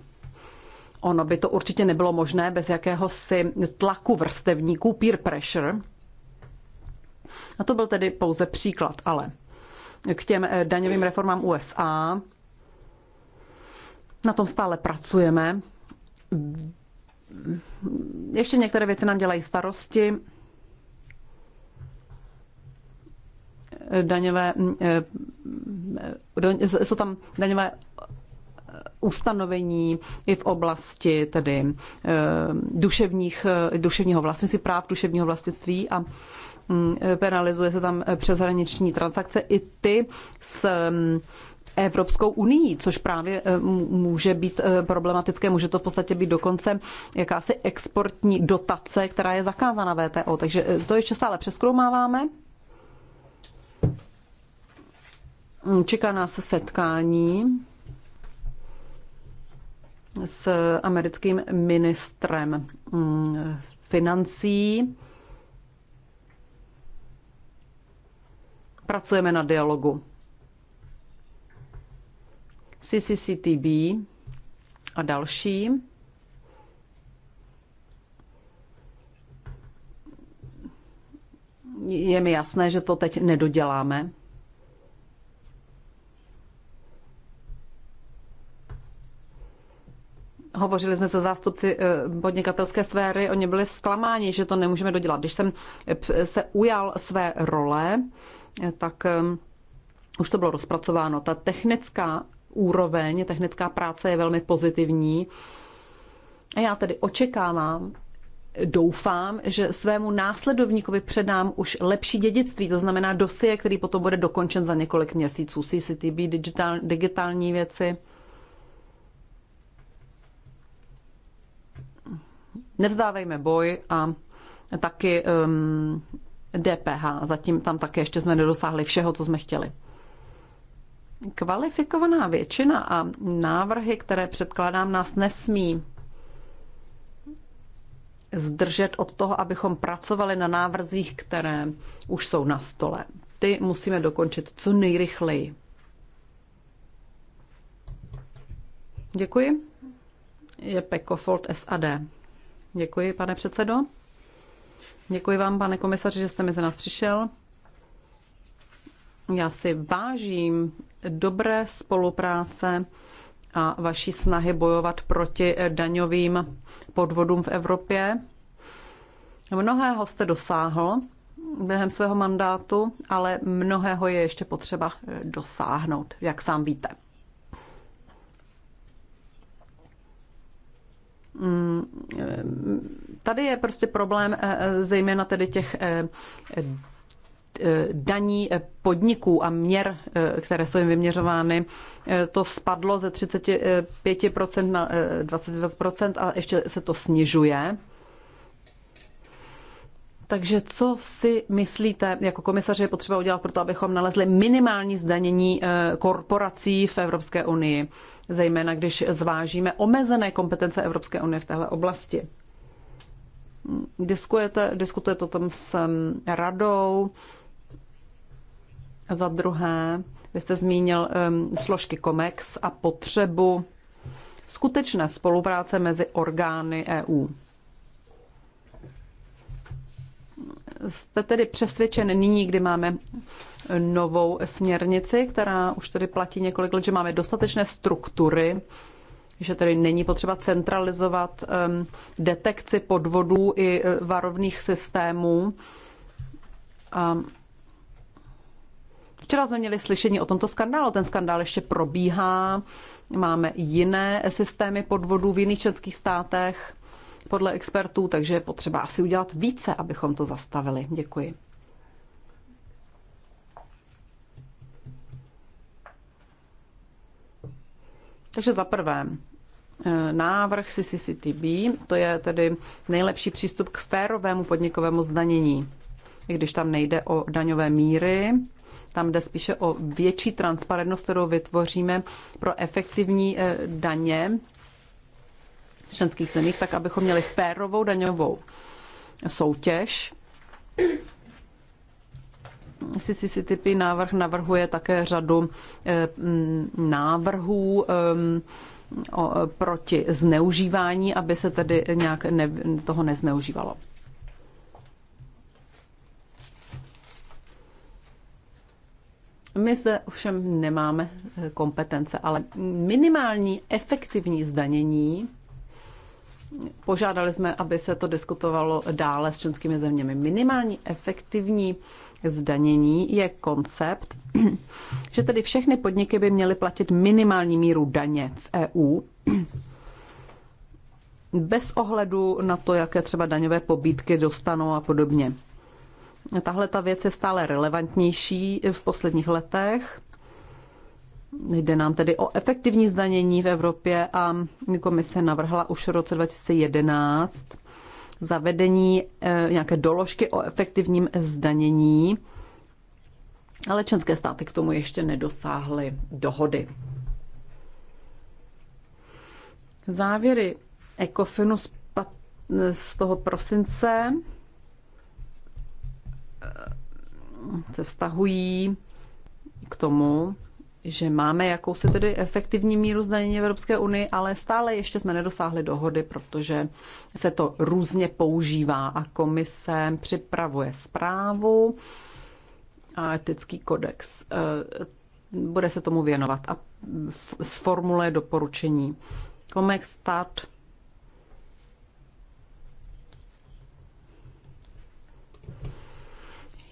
Ono by to určitě nebylo možné bez jakéhosi tlaku vrstevníků, peer pressure. A to byl tedy pouze příklad, ale k těm daňovým reformám USA. Na tom stále pracujeme ještě některé věci nám dělají starosti. Daňové, eh, eh, jsou tam daňové ustanovení i v oblasti tedy eh, duševních, duševního vlastnictví, práv duševního vlastnictví a mm, penalizuje se tam přeshraniční transakce i ty s mm, Evropskou unii, což právě eh, může být eh, problematické, může to v podstatě být dokonce jakási exportní dotace, která je zakázána VTO. Takže eh, to ještě stále přeskoumáváme. Mm, čeká nás setkání s americkým ministrem mm, financí. Pracujeme na dialogu. CCCTB a další. Je mi jasné, že to teď nedoděláme. Hovořili jsme se zástupci eh, podnikatelské sféry, oni byli zklamáni, že to nemůžeme dodělat. Když jsem eh, se ujal své role, eh, tak už to bylo rozpracováno. Ta technická úroveň. Technická práce je velmi pozitivní. A já tedy očekávám, doufám, že svému následovníkovi předám už lepší dědictví, to znamená dosie, který potom bude dokončen za několik měsíců, CCTV, digital, digitální věci. Nevzdávejme boj a taky um, DPH. Zatím tam také ještě jsme nedosáhli všeho, co jsme chtěli kvalifikovaná většina a návrhy, které předkládám, nás nesmí zdržet od toho, abychom pracovali na návrzích, které už jsou na stole. Ty musíme dokončit co nejrychleji. Děkuji. Je Pekofold SAD. Děkuji, pane předsedo. Děkuji vám, pane komisaři, že jste mezi nás přišel. Já si vážím dobré spolupráce a vaší snahy bojovat proti daňovým podvodům v Evropě. Mnohého jste dosáhl během svého mandátu, ale mnohého je ještě potřeba eh, dosáhnout, jak sám víte. Mm, eh, tady je prostě problém eh, zejména tedy těch Eh, daní eh, podniků a měr, eh, které jsou jim vyměřovány, to spadlo ze 35% na 22% a ještě se to snižuje. Takže co si myslíte, jako komisaři je potřeba udělat pro to, abychom nalezli minimální zdanění korporací v Evropské unii, zejména když zvážíme omezené kompetence Evropské unie v téhle oblasti? Hm, diskujete, diskutujete o tom s mm, radou, za druhé, vy jste zmínil um, složky COMEX a potřebu skutečné spolupráce mezi orgány EU. Jste tedy přesvědčen nyní, kdy máme novou směrnici, která už tedy platí několik let, že máme dostatečné struktury, že tedy není potřeba centralizovat um, detekci podvodů i e, varovných systémů. A um, Včera jsme měli slyšení o tomto skandálu, ten skandál ještě probíhá, máme jiné systémy podvodů v jiných českých státech podle expertů, takže je potřeba asi udělat více, abychom to zastavili. Děkuji. Takže za prvé, eh, návrh CCCTB, to je tedy nejlepší přístup k férovému podnikovému zdanění, i když tam nejde o daňové míry, tam jde spíše o větší transparentnost, kterou vytvoříme pro efektivní eh, daně v členských zemích, tak abychom měli férovou daňovou soutěž. CCCTP návrh navrhuje také řadu eh, návrhů eh, proti zneužívání, aby se tedy nějak toho nezneužívalo. My zde ovšem nemáme eh, kompetence, ale minimální efektivní zdanění Požádali jsme, aby se to diskutovalo dále s členskými zeměmi. Minimální efektivní zdanění je koncept, že tedy všechny podniky by měly platit minimální míru daně v EU bez ohledu na to, jaké třeba daňové pobídky dostanou a podobně. Tahle ta věc je stále relevantnější v posledních letech. Jde nám tedy o efektivní zdanění v Evropě a komise navrhla už v roce 2011 zavedení eh, nějaké doložky o efektivním zdanění, ale členské státy k tomu ještě nedosáhly dohody. Závěry ECOFINu z toho prosince se vztahují k tomu, že máme jakousi tedy efektivní míru zdanění Evropské unii, ale stále ještě jsme nedosáhli dohody, protože se to různě používá a komise připravuje zprávu a etický kodex. Eh, bude se tomu věnovat a sformuluje doporučení. Comex Start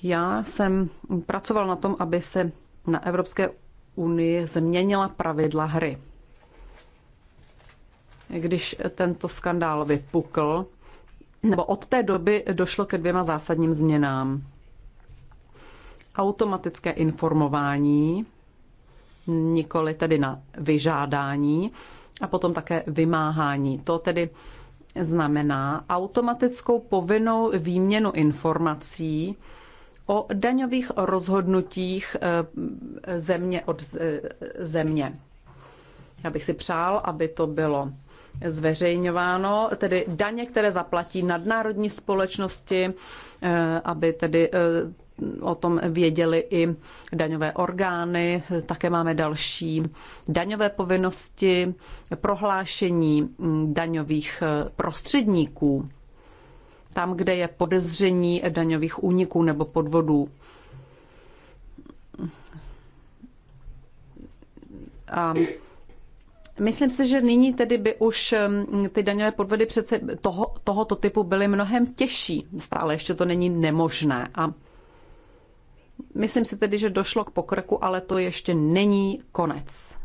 Já jsem pracoval na tom, aby se na Evropské unii změnila pravidla hry. Když tento skandál vypukl, nebo od té doby došlo ke dvěma zásadním změnám. Automatické informování, nikoli tedy na vyžádání, a potom také vymáhání. To tedy znamená automatickou povinnou výměnu informací o daňových rozhodnutích eh, země od eh, země. Já bych si přál, aby to bylo zveřejňováno, tedy daně, které zaplatí nadnárodní společnosti, eh, aby tedy o tom věděli i daňové orgány. Také máme další daňové povinnosti, prohlášení mm, daňových prostředníků tam, kde je podezření daňových úniků nebo podvodů. A Myslím si, že nyní tedy by už um, ty daňové podvody přece toho, tohoto typu byly mnohem těžší. Stále ještě to není nemožné. A myslím si tedy, že došlo k pokroku, ale to ještě není konec.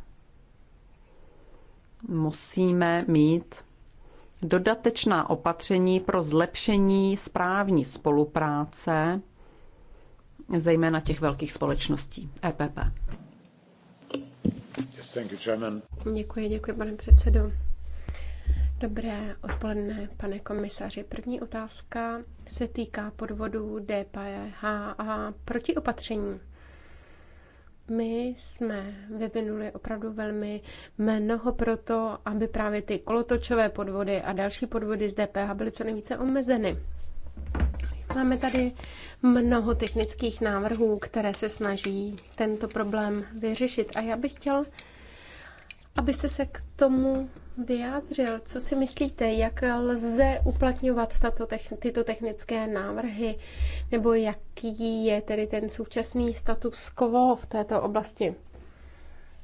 Musíme mít dodatečná opatření pro zlepšení správní spolupráce, zejména těch velkých společností EPP.
Yes, thank you,
Děkuji, děkuji,
pane předsedo. Dobré odpoledne, pane komisaři. První otázka se týká podvodu DPH a protiopatření my jsme vyvinuli opravdu velmi mnoho pro to, aby právě ty kolotočové podvody a další podvody z DPH byly co nejvíce omezeny. Máme tady mnoho technických návrhů, které se snaží tento problém vyřešit. A já bych chtěl, abyste se k tomu vyjádřil. Co si myslíte, jak lze uplatňovat tato techn- tyto technické návrhy, nebo jaký je tedy ten současný status quo v této oblasti?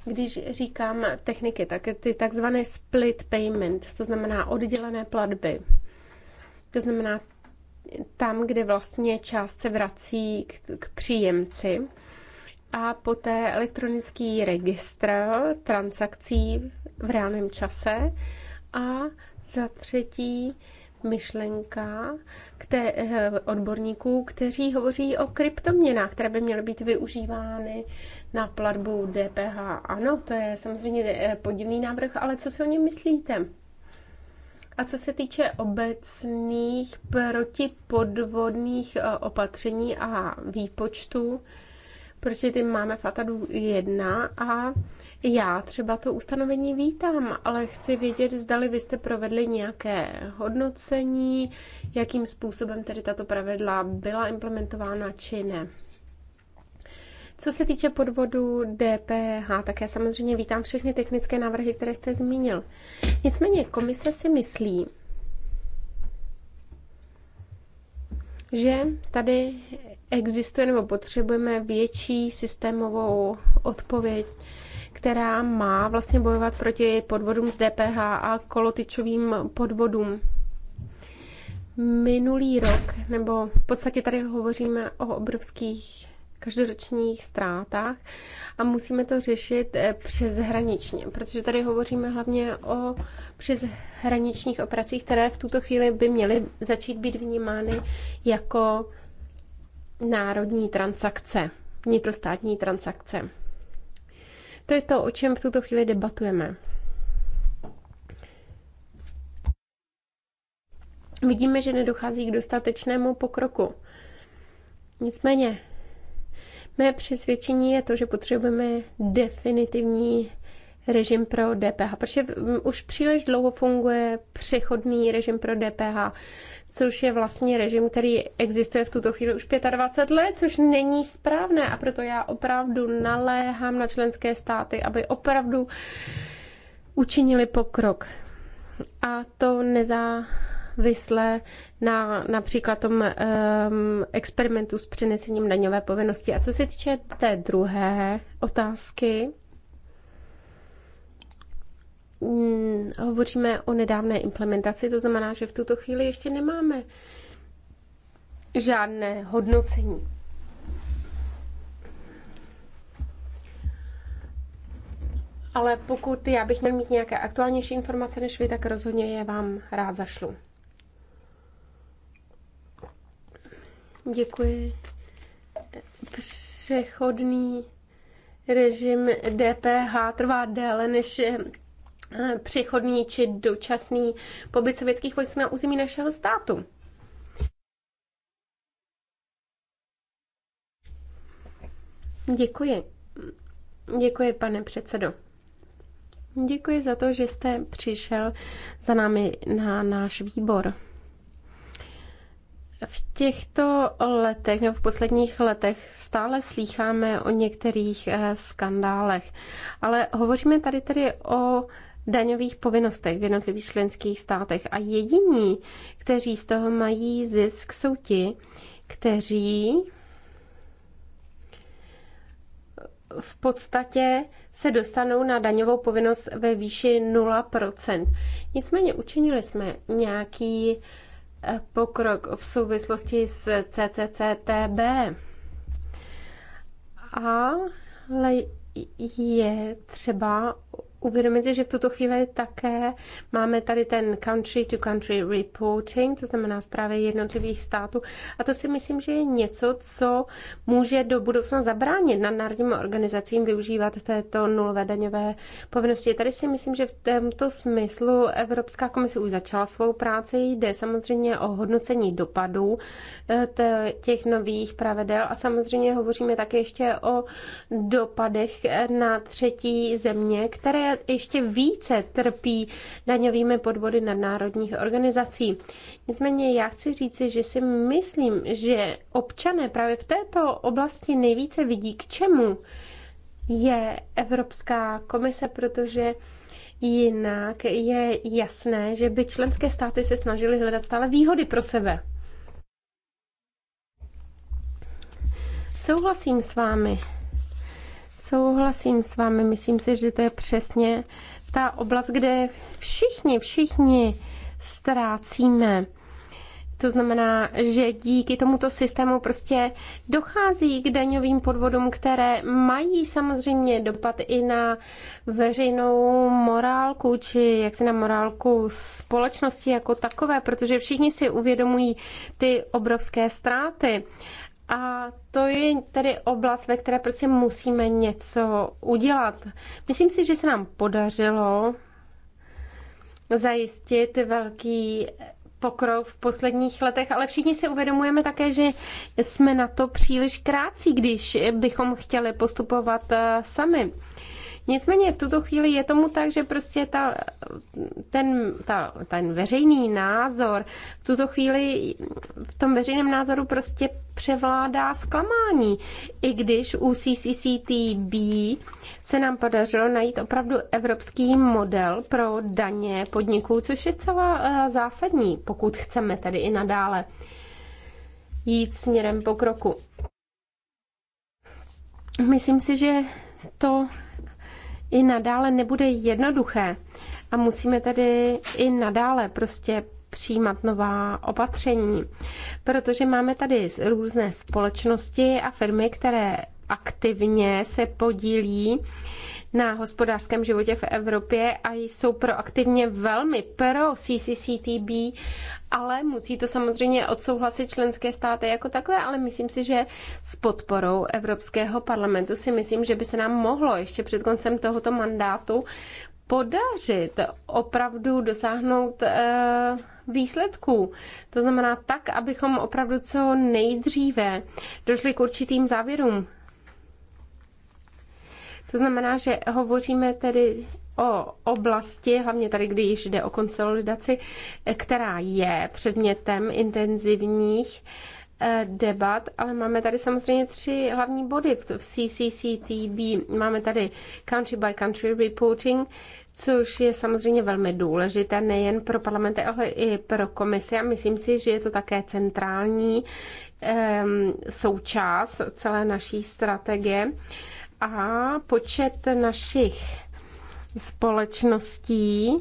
Když říkám techniky, tak ty takzvané split payment, to znamená oddělené platby. To znamená tam, kde vlastně část se vrací k, k příjemci a poté elektronický registr transakcí v reálném čase a za třetí myšlenka k té, eh, odborníků, kteří hovoří o kryptoměnách, které by měly být využívány na platbu DPH. Ano, to je samozřejmě eh, podivný návrh, ale co si o něm myslíte? A co se týče obecných protipodvodných eh, opatření a výpočtů, protože ty máme v ATADu a já třeba to ustanovení vítám, ale chci vědět, zdali vy jste provedli nějaké hodnocení, jakým způsobem tedy tato pravidla byla implementována či ne. Co se týče podvodu DPH, tak já samozřejmě vítám všechny technické návrhy, které jste zmínil. Nicméně komise si myslí, že tady existuje nebo potřebujeme větší systémovou odpověď, která má vlastně bojovat proti podvodům z DPH a kolotyčovým podvodům. Minulý rok, nebo v podstatě tady hovoříme o obrovských každoročních ztrátách a musíme to řešit eh, přeshraničně, protože tady hovoříme hlavně o přeshraničních operacích, které v tuto chvíli by měly začít být vnímány jako národní transakce, vnitrostátní transakce. To je to, o čem v tuto chvíli debatujeme. Vidíme, že nedochází k dostatečnému pokroku. Nicméně, mé přesvědčení je to, že potřebujeme definitivní režim pro DPH, protože už příliš dlouho funguje přechodný režim pro DPH což je vlastně režim, který existuje v tuto chvíli už 25 let, což není správné a proto já opravdu naléhám na členské státy, aby opravdu učinili pokrok. A to nezá, vysle na například tom um, experimentu s přenesením daňové povinnosti. A co se týče té druhé otázky, Mm, hovoříme o nedávné implementaci, to znamená, že v tuto chvíli ještě nemáme žádné hodnocení. Ale pokud já bych měl mít nějaké aktuálnější informace než vy, tak rozhodně je vám rád zašlu. Děkuji. Přechodný režim DPH trvá déle než přechodný či dočasný pobyt sovětských vojsk na území našeho státu. Děkuji. Děkuji, pane předsedo. Děkuji za to, že jste přišel za námi na náš výbor. V těchto letech nebo v posledních letech stále slýcháme o některých eh, skandálech, ale hovoříme tady tedy o daňových povinnostech v jednotlivých členských státech. A jediní, kteří z toho mají zisk, jsou ti, kteří v podstatě se dostanou na daňovou povinnost ve výši 0%. Nicméně učinili jsme nějaký eh, pokrok v souvislosti s CCCTB. Ale je třeba uvědomit si, že v tuto chvíli také máme tady ten country to country reporting, to znamená zprávy jednotlivých států. A to si myslím, že je něco, co může do budoucna zabránit nadnárodním organizacím využívat této nulové daňové povinnosti. Tady si myslím, že v tomto smyslu Evropská komise už začala svou práci. Jde samozřejmě o hodnocení dopadů eh, těch nových pravidel a samozřejmě hovoříme také ještě o dopadech eh, na třetí země, které ještě více trpí daňovými podvody nadnárodních organizací. Nicméně já chci říci, že si myslím, že občané právě v této oblasti nejvíce vidí, k čemu je Evropská komise, protože jinak je jasné, že by členské státy se snažily hledat stále výhody pro sebe. Souhlasím s vámi souhlasím s vámi. Myslím si, že to je přesně ta oblast, kde všichni, všichni ztrácíme. To znamená, že díky tomuto systému prostě dochází k daňovým podvodům, které mají samozřejmě dopad i na veřejnou morálku, či jak se na morálku společnosti jako takové, protože všichni si uvědomují ty obrovské ztráty. A to je tedy oblast, ve které prostě musíme něco udělat. Myslím si, že se nám podařilo zajistit velký pokrok v posledních letech, ale všichni si uvědomujeme také, že jsme na to příliš krátcí, když bychom chtěli postupovat eh, sami. Nicméně v tuto chvíli je tomu tak, že prostě ta, ten, ta, ten veřejný názor, v tuto chvíli v tom veřejném názoru prostě převládá zklamání. I když u CCCTB se nám podařilo najít opravdu evropský model pro daně podniků, což je celá eh, zásadní, pokud chceme tedy i nadále jít směrem pokroku. Myslím si, že to i nadále nebude jednoduché a musíme tedy i nadále prostě přijímat nová opatření, protože máme tady různé společnosti a firmy, které aktivně se podílí na hospodářském životě v Evropě a jsou proaktivně velmi pro CCCTB, ale musí to samozřejmě odsouhlasit členské státy jako takové, ale myslím si, že s podporou Evropského parlamentu si myslím, že by se nám mohlo ještě před koncem tohoto mandátu podařit opravdu dosáhnout eh, výsledků. To znamená tak, abychom opravdu co nejdříve došli k určitým závěrům to znamená, že hovoříme tedy o oblasti, hlavně tady, když jde o konsolidaci, která je předmětem intenzivních eh, debat, ale máme tady samozřejmě tři hlavní body v CCCTB. Máme tady country by country reporting, což je samozřejmě velmi důležité nejen pro parlamenty, ale i pro komisi a myslím si, že je to také centrální ehm, součást celé naší strategie a počet našich společností.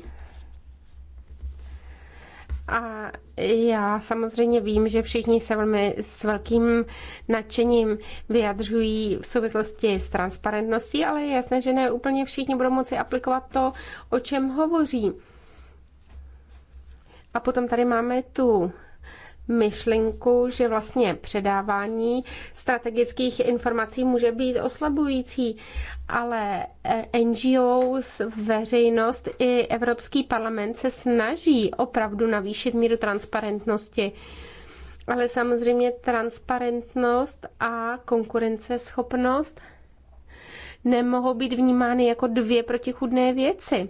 A já samozřejmě vím, že všichni se velmi s velkým nadšením vyjadřují v souvislosti s transparentností, ale je jasné, že ne úplně všichni budou moci aplikovat to, o čem hovoří. A potom tady máme tu myšlenku, že vlastně předávání strategických informací může být oslabující, ale eh, NGOs, veřejnost i Evropský parlament se snaží opravdu navýšit míru transparentnosti. Ale samozřejmě transparentnost a konkurenceschopnost nemohou být vnímány jako dvě protichudné věci.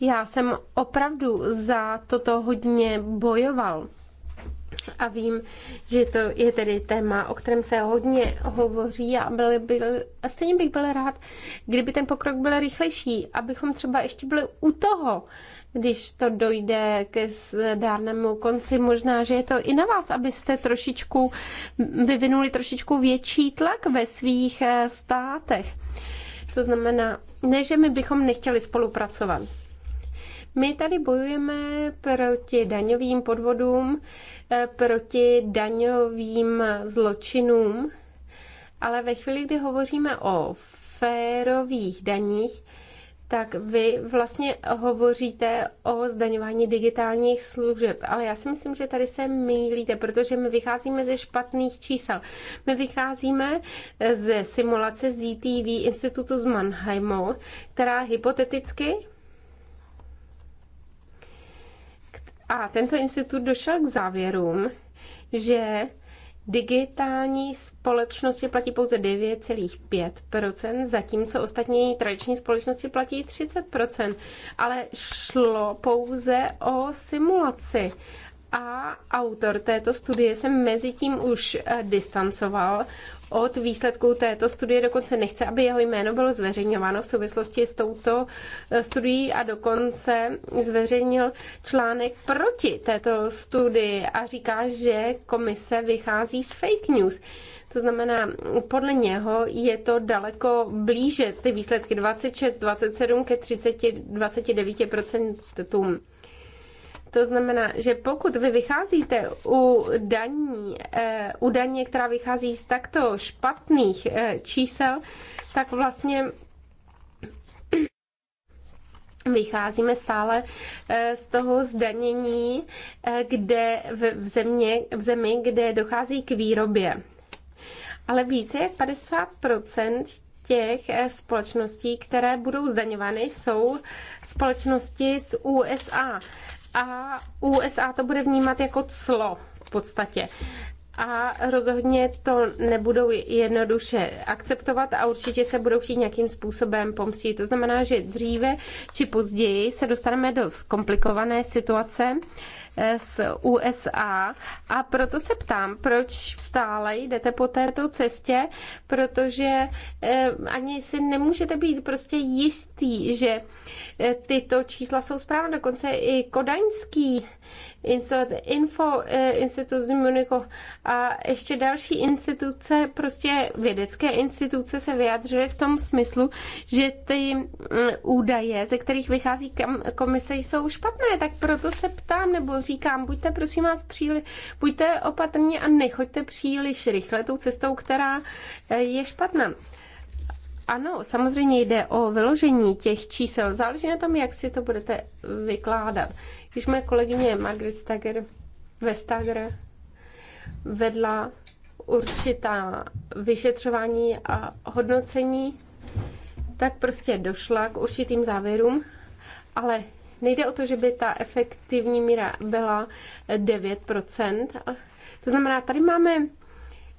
Já jsem opravdu za toto hodně bojoval. A vím, že to je tedy téma, o kterém se hodně hovoří a, byl, byl, a stejně bych byl rád, kdyby ten pokrok byl rychlejší, abychom třeba ještě byli u toho, když to dojde ke zdárnému konci. Možná, že je to i na vás, abyste trošičku vyvinuli trošičku větší tlak ve svých eh, státech. To znamená, ne, že my bychom nechtěli spolupracovat, my tady bojujeme proti daňovým podvodům, eh, proti daňovým zločinům, ale ve chvíli, kdy hovoříme o férových daních, tak vy vlastně hovoříte o zdaňování digitálních služeb, ale já si myslím, že tady se mýlíte, protože my vycházíme ze špatných čísel. My vycházíme eh, ze simulace ZTV e Institutu z Mannheimu, která hypoteticky A tento institut došel k závěrům, že digitální společnosti platí pouze 9,5%, zatímco ostatní tradiční společnosti platí 30%, ale šlo pouze o simulaci a autor této studie se mezi tím už eh, distancoval od výsledků této studie, dokonce nechce, aby jeho jméno bylo zveřejňováno v souvislosti s touto eh, studií a dokonce zveřejnil článek proti této studii a říká, že komise vychází z fake news. To znamená, podle něho je to daleko blíže ty výsledky 26, 27 ke 30, 29 to znamená, že pokud vy vycházíte u daní, eh, u daně, která vychází z takto špatných eh, čísel, tak vlastně vycházíme stále eh, z toho zdanění, kde v, země, v zemi, kde dochází k výrobě. Ale více jak 50 těch společností, které budou zdaňovány, jsou společnosti z USA a USA to bude vnímat jako clo v podstatě a rozhodně to nebudou jednoduše akceptovat a určitě se budou chtít nějakým způsobem pomstit. To znamená, že dříve či později se dostaneme do komplikované situace z eh, USA a proto se ptám, proč stále jdete po této cestě, protože eh, ani si nemůžete být prostě jistý, že Eh, tyto čísla jsou správná. Dokonce i kodaňský institut, Info eh, institut z Muniko a ještě další instituce, prostě vědecké instituce se vyjádřily v tom smyslu, že ty mm, údaje, ze kterých vychází komise, jsou špatné. Tak proto se ptám nebo říkám, buďte prosím vás příliš, buďte opatrní a nechoďte příliš rychle tou cestou, která eh, je špatná. Ano, samozřejmě jde o vyložení těch čísel. Záleží na tom, jak si to budete vykládat. Když moje kolegyně Margaret Stager, Vestager vedla určitá vyšetřování a hodnocení, tak prostě došla k určitým závěrům, ale nejde o to, že by ta efektivní míra byla 9%. To znamená, tady máme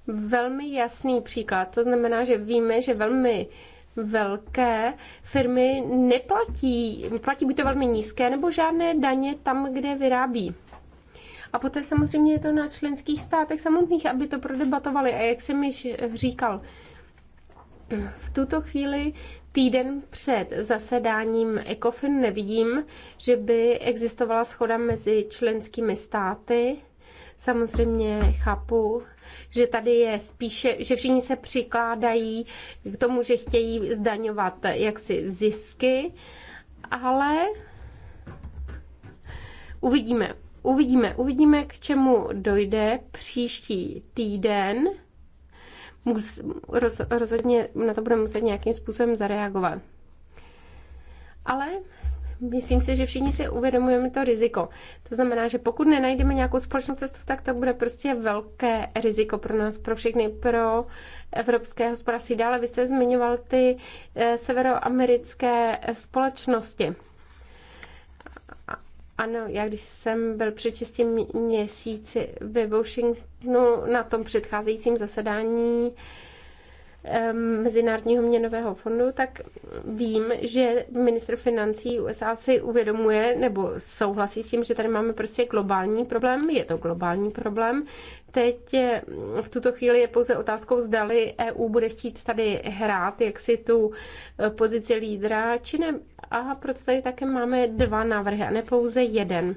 velmi jasný příklad. To znamená, že víme, že velmi velké firmy neplatí, platí buď to velmi nízké nebo žádné daně tam, kde vyrábí. A poté samozřejmě je to na členských státech samotných, aby to prodebatovali. A jak jsem již říkal, v tuto chvíli týden před zasedáním ECOFIN nevidím, že by existovala schoda mezi členskými státy. Samozřejmě chápu, že tady je spíše, že všichni se přikládají k tomu, že chtějí zdaňovat jaksi zisky, ale uvidíme. Uvidíme, uvidíme, k čemu dojde příští týden. Mus, roz, rozhodně na to budeme muset nějakým způsobem zareagovat. Ale myslím si, že všichni si uvědomujeme to riziko. To znamená, že pokud nenajdeme nějakou společnou cestu, tak to bude prostě velké riziko pro nás, pro všechny, pro evropské hospodářství. Dále vy jste zmiňoval ty eh, severoamerické společnosti. Ano, já když jsem byl před šesti měsíci ve Washingtonu na tom předcházejícím zasedání, Mezinárodního měnového fondu, tak vím, že minister financí USA si uvědomuje nebo souhlasí s tím, že tady máme prostě globální problém. Je to globální problém. Teď je, eh, v tuto chvíli je pouze otázkou, zdali EU bude chtít tady hrát, jak si tu eh, pozici lídra, či ne. A proto tady také máme dva návrhy, a ne pouze jeden.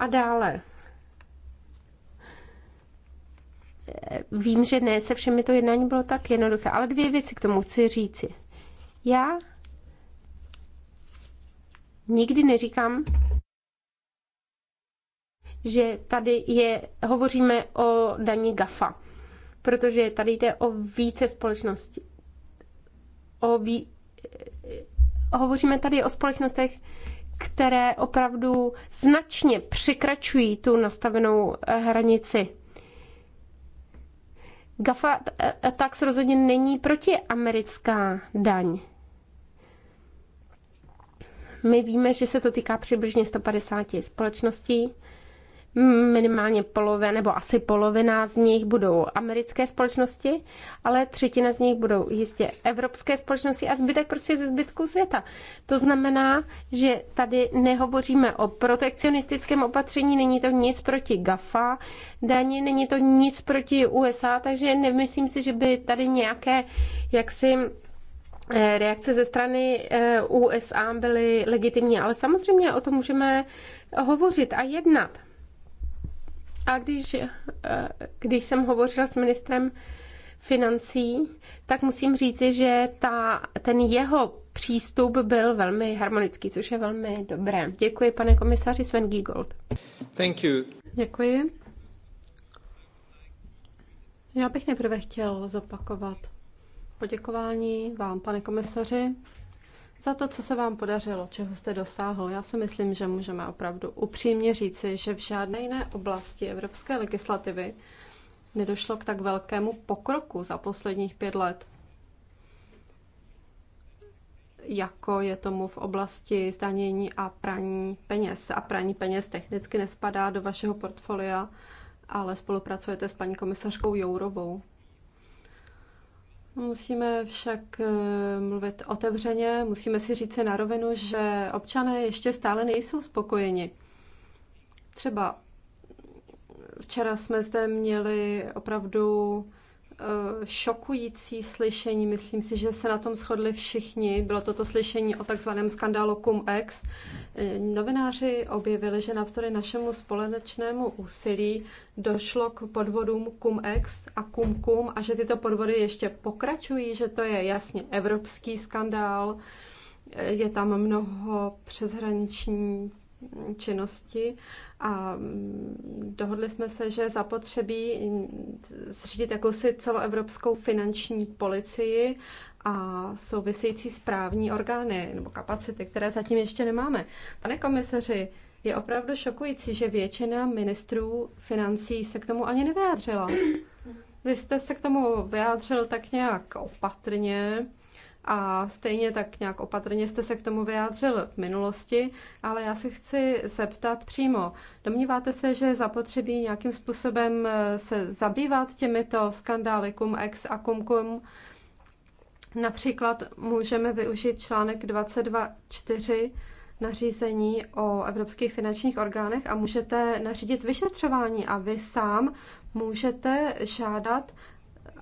A dále vím, že ne se všemi to jednání bylo tak jednoduché, ale dvě věci k tomu chci říci. Já nikdy neříkám, že tady je, hovoříme o daní GAFA, protože tady jde o více společností. O ví, hovoříme tady o společnostech, které opravdu značně překračují tu nastavenou hranici. GAFA e, e, tax rozhodně není protiamerická daň. My víme, že se to týká přibližně 150 společností minimálně polovina nebo asi polovina z nich budou americké společnosti, ale třetina z nich budou jistě evropské společnosti a zbytek prostě ze zbytku světa. To znamená, že tady nehovoříme o protekcionistickém opatření, není to nic proti GAFA, daní, není to nic proti USA, takže nemyslím si, že by tady nějaké jaksi eh, reakce ze strany eh, USA byly legitimní, ale samozřejmě o tom můžeme hovořit a jednat. A když, eh, když jsem hovořila s ministrem financí, tak musím říci, že ta, ten jeho přístup byl velmi harmonický, což je velmi dobré. Děkuji, pane komisaři Sven Giegold. Thank you. Děkuji.
Já bych nejprve chtěl zopakovat poděkování vám, pane komisaři, za to, co se vám podařilo, čeho jste dosáhl. Já si myslím, že můžeme opravdu upřímně říci, že v žádné jiné oblasti evropské legislativy nedošlo k tak velkému pokroku za posledních pět let, jako je tomu v oblasti zdanění a praní peněz. A praní peněz technicky nespadá do vašeho portfolia, ale spolupracujete s paní komisařkou Jourovou. Musíme však eh, mluvit otevřeně, musíme si říct na rovinu, že občané ještě stále nejsou spokojeni. Třeba včera jsme zde měli opravdu Eh, šokující slyšení. Myslím si, že se na tom shodli všichni. Bylo toto slyšení o takzvaném skandálu Cum-Ex. Eh, novináři objevili, že navzdory našemu společnému úsilí došlo k podvodům Cum-Ex a Cum-Cum a že tyto podvody ještě pokračují, že to je jasně evropský skandál. Eh, je tam mnoho přeshraniční činnosti a mm, dohodli jsme se, že zapotřebí mm, zřídit jakousi celoevropskou finanční policii a související správní orgány nebo kapacity, které zatím ještě nemáme. Pane komisaři, je opravdu šokující, že většina ministrů financí se k tomu ani nevyjádřila. Vy jste se k tomu vyjádřil tak nějak opatrně, a stejně tak nějak opatrně jste se k tomu vyjádřil v minulosti, ale já se chci zeptat přímo. Domníváte se, že zapotřebí nějakým způsobem eh, se zabývat těmito skandály cum ex a cum cum? Například můžeme využít článek 22.4 nařízení o evropských finančních orgánech a můžete nařídit vyšetřování a vy sám můžete žádat,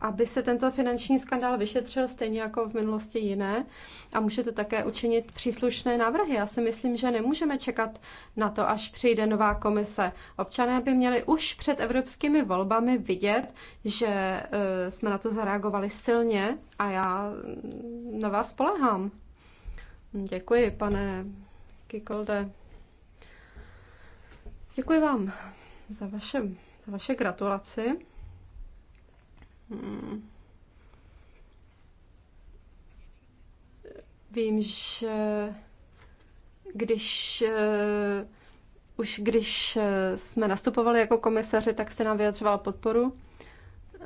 aby se tento finanční skandál vyšetřil stejně jako v minulosti jiné a můžete také učinit příslušné návrhy. Já si myslím, že nemůžeme čekat na to, až přijde nová komise. Občané by měli už před evropskými volbami vidět, že eh, jsme na to zareagovali silně a já na vás spolehám. Děkuji, pane Kikolde. Děkuji vám za vaše, za vaše gratulaci. Hmm. Vím, že když eh, už když eh, jsme nastupovali jako komisaři, tak jste nám vyjadřoval podporu.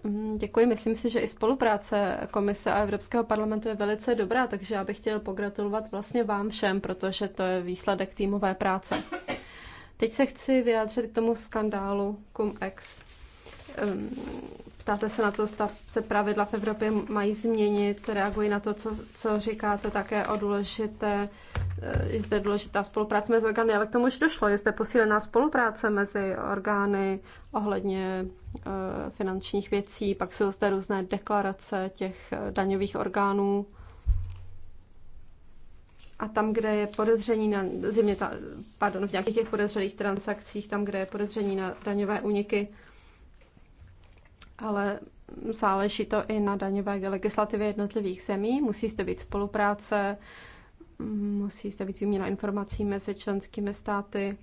Hmm, děkuji, myslím si, že i spolupráce Komise a Evropského parlamentu je velice dobrá, takže já bych chtěl pogratulovat vlastně vám všem, protože to je výsledek týmové práce. Teď se chci vyjádřit k tomu skandálu cum -ex. Ehm, Ptáte se na to, zda se pravidla v Evropě mají změnit, reagují na to, co, co říkáte také o důležité, eh, je zde důležitá spolupráce mezi orgány, ale k tomu už došlo, je zde posílená spolupráce mezi orgány ohledně eh, finančních věcí, pak jsou zde různé deklarace těch eh, daňových orgánů. A tam, kde je podezření na zimě, pardon, v nějakých těch podezřelých transakcích, tam, kde je podezření na daňové úniky, ale záleží to i na daňové legislativě jednotlivých zemí. Musí zde být spolupráce, musí zde být výměna informací mezi členskými státy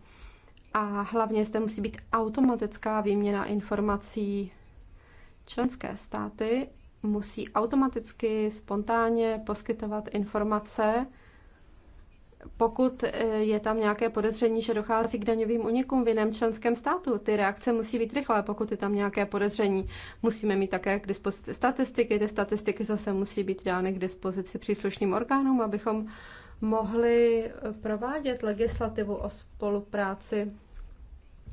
a hlavně zde musí být automatická výměna informací. Členské státy musí automaticky spontánně poskytovat informace pokud e, je tam nějaké podezření, že dochází k daňovým unikům v jiném členském státu, ty reakce musí být rychlé, pokud je tam nějaké podezření. Musíme mít také k dispozici statistiky, ty statistiky zase musí být dány k dispozici příslušným orgánům, abychom mohli provádět legislativu o spolupráci.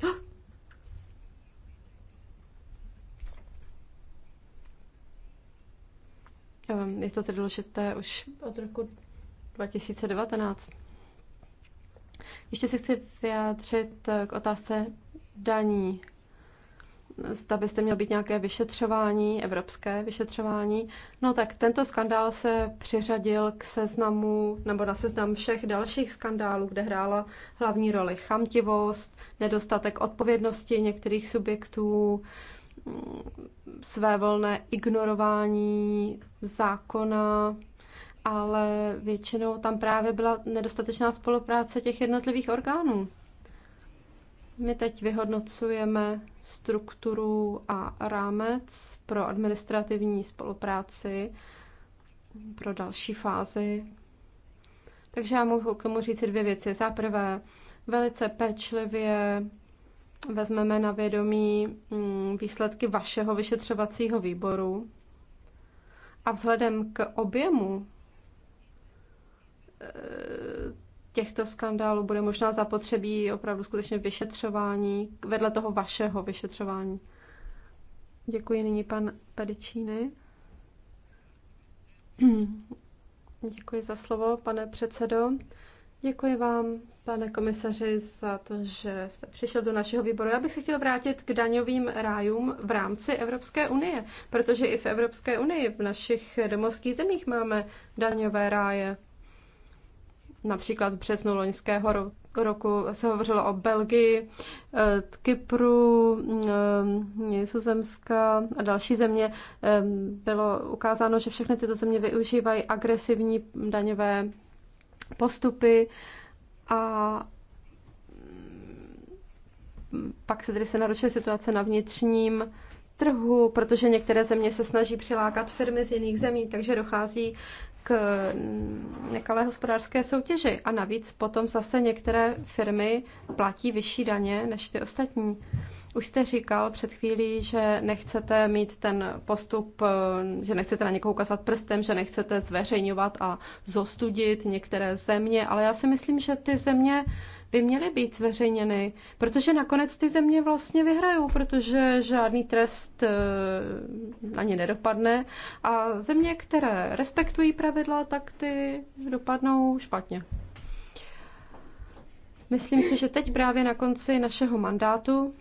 Je to tedy důležité už od roku 2019. Ještě se chci vyjádřit eh, k otázce daní. Zda byste měl být nějaké vyšetřování, evropské vyšetřování. No tak tento skandál se přiřadil k seznamu, nebo na seznam všech dalších skandálů, kde hrála hlavní roli chamtivost, nedostatek odpovědnosti některých subjektů, mm, svévolné ignorování zákona, ale většinou tam právě byla nedostatečná spolupráce těch jednotlivých orgánů. My teď vyhodnocujeme strukturu a rámec pro administrativní spolupráci pro další fázi. Takže já mohu k tomu říct dvě věci. Za prvé, velice pečlivě vezmeme na vědomí mm, výsledky vašeho vyšetřovacího výboru a vzhledem k objemu těchto skandálů bude možná zapotřebí opravdu skutečně vyšetřování, vedle toho vašeho vyšetřování. Děkuji nyní pan Pedicíny. Děkuji za slovo, pane předsedo. Děkuji vám, pane komisaři, za to, že jste přišel do našeho výboru. Já bych se chtěl vrátit k daňovým rájům v rámci Evropské unie, protože i v Evropské unii, v našich domovských zemích máme daňové ráje. Například v březnu loňského roku se hovořilo o Belgii, eh, Kypru, eh, Nizozemska a další země. Ehm, bylo ukázáno, že všechny tyto země využívají agresivní daňové postupy a pak se tedy se narušuje situace na vnitřním trhu, protože některé země se snaží přilákat firmy z jiných zemí, takže dochází k nekalé hospodářské soutěži. A navíc potom zase některé firmy platí vyšší daně než ty ostatní. Už jste říkal před chvílí, že nechcete mít ten postup, eh, že nechcete na někoho ukazovat prstem, že nechcete zveřejňovat a zostudit některé země, ale já si myslím, že ty země by měly být zveřejněny, protože nakonec ty země vlastně vyhrajou, protože žádný trest eh, ani nedopadne a země, které respektují pravidla, tak ty dopadnou špatně. Myslím si, že teď právě na konci našeho mandátu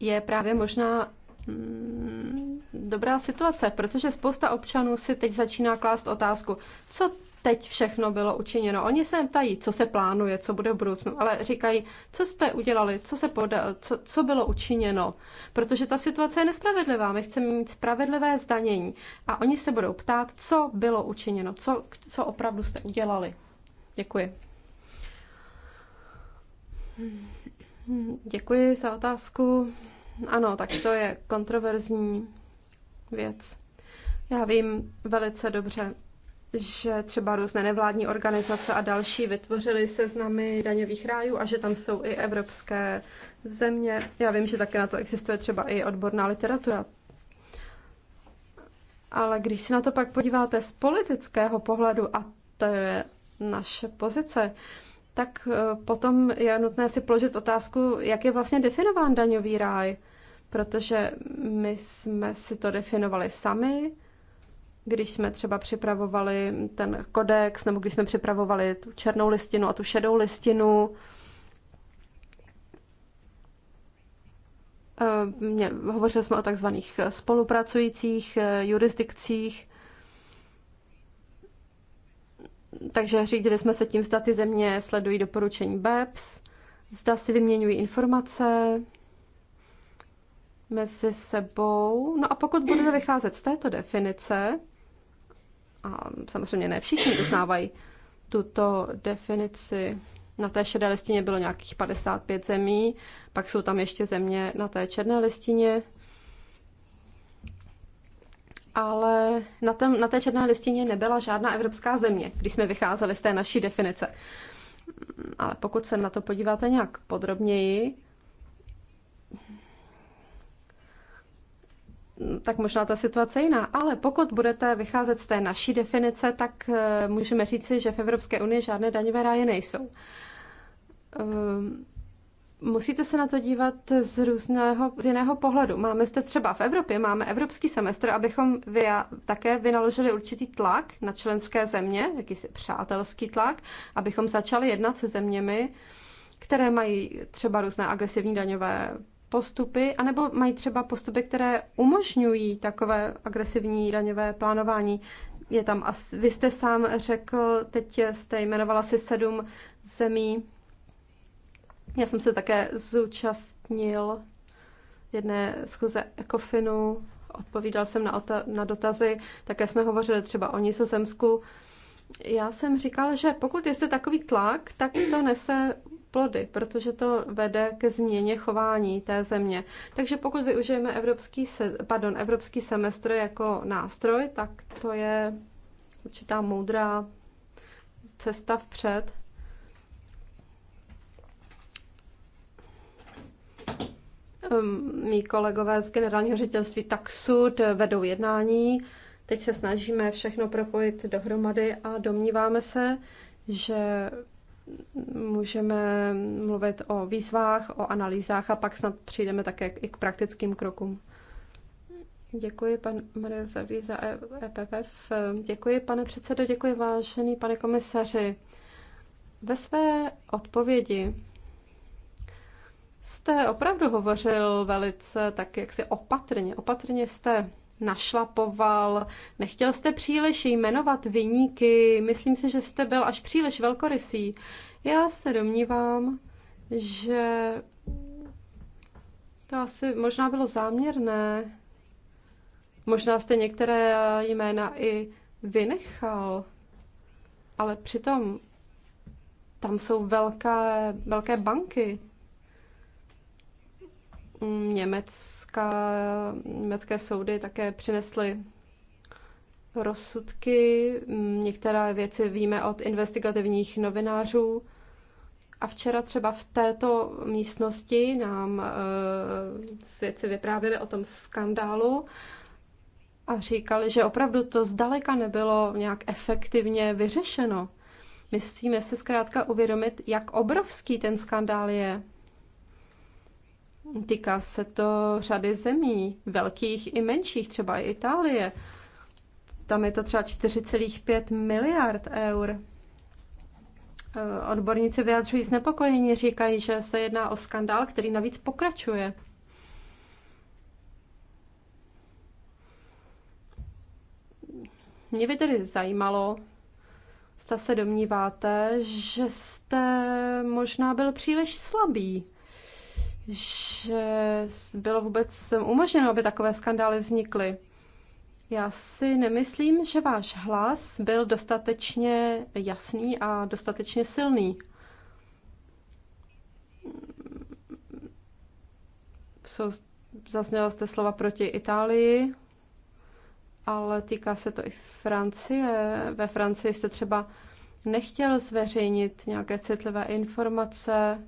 je právě možná mm, dobrá situace, protože spousta občanů si teď začíná klást otázku, co teď všechno bylo učiněno. Oni se ptají, co se plánuje, co bude v budoucnu, ale říkají, co jste udělali, co, se poda- co, co bylo učiněno, protože ta situace je nespravedlivá. My chceme mít spravedlivé zdanění a oni se budou ptát, co bylo učiněno, co, co opravdu jste udělali. Děkuji. Děkuji za otázku. Ano, tak to je kontroverzní věc. Já vím velice dobře, že třeba různé nevládní organizace a další vytvořily seznamy daňových rájů a že tam jsou i evropské země. Já vím, že také na to existuje třeba i odborná literatura. Ale když se na to pak podíváte z politického pohledu, a to je naše pozice, tak eh, potom je nutné si položit otázku, jak je vlastně definován daňový ráj, protože my jsme si to definovali sami, když jsme třeba připravovali ten kodex, nebo když jsme připravovali tu černou listinu a tu šedou listinu, eh, hovořili jsme o takzvaných eh, spolupracujících jurisdikcích. takže řídili jsme se tím, zda ty země sledují doporučení BEPS, zda si vyměňují informace mezi sebou. No a pokud budete vycházet z této definice, a samozřejmě ne všichni uznávají tuto definici, na té šedé listině bylo nějakých 55 zemí, pak jsou tam ještě země na té černé listině, ale na, tém, na té černé listině nebyla žádná evropská země, když jsme vycházeli z té naší definice. Ale pokud se na to podíváte nějak podrobněji, tak možná ta situace je jiná. Ale pokud budete vycházet z té naší definice, tak eh, můžeme říci, že v Evropské unii žádné daňové ráje nejsou. Ehm, musíte se na to dívat z různého, z jiného pohledu. Máme zde třeba v Evropě, máme evropský semestr, abychom vy také vynaložili určitý tlak na členské země, jakýsi přátelský tlak, abychom začali jednat se zeměmi, které mají třeba různé agresivní daňové postupy, anebo mají třeba postupy, které umožňují takové agresivní daňové plánování. Je tam, vy jste sám řekl, teď jste jmenovala si sedm zemí, já jsem se také zúčastnil jedné schůze Ekofinu, odpovídal jsem na, na dotazy, také jsme hovořili třeba o Nizozemsku. Já jsem říkal, že pokud je zde takový tlak, tak to nese plody, protože to vede ke změně chování té země. Takže pokud využijeme evropský, se, pardon, evropský semestr jako nástroj, tak to je určitá moudrá cesta vpřed. Mí ehm, kolegové z generálního ředitelství Taxud vedou jednání. Teď se snažíme všechno propojit dohromady a domníváme se, že můžeme mluvit o výzvách, o analýzách a pak snad přijdeme také i k praktickým krokům. Děkuji, pan Mario Zavý za EPF. E děkuji, pane předsedo, děkuji, vážený pane komisaři. Ve své odpovědi jste opravdu hovořil velice tak, jak si opatrně, opatrně jste našlapoval, nechtěl jste příliš jmenovat vyníky, myslím si, že jste byl až příliš velkorysý. Já se domnívám, že to asi možná bylo záměrné. Možná jste některé jména i vynechal, ale přitom tam jsou velké, velké banky. Německa, německé soudy také přinesly rozsudky, některé věci víme od investigativních novinářů. A včera třeba v této místnosti nám e, svědci vyprávěli o tom skandálu a říkali, že opravdu to zdaleka nebylo nějak efektivně vyřešeno. Myslíme si zkrátka uvědomit, jak obrovský ten skandál je. Týká se to řady zemí, velkých i menších, třeba i Itálie. Tam je to třeba 4,5 miliard eur. E, odborníci vyjadřují znepokojení, říkají, že se jedná o skandál, který navíc pokračuje. Mě by tedy zajímalo, zda se domníváte, že jste možná byl příliš slabý že bylo vůbec umožněno, aby takové skandály vznikly. Já si nemyslím, že váš hlas byl dostatečně jasný a dostatečně silný. zazněla jste slova proti Itálii, ale týká se to i Francie. Ve Francii jste třeba nechtěl zveřejnit nějaké citlivé informace,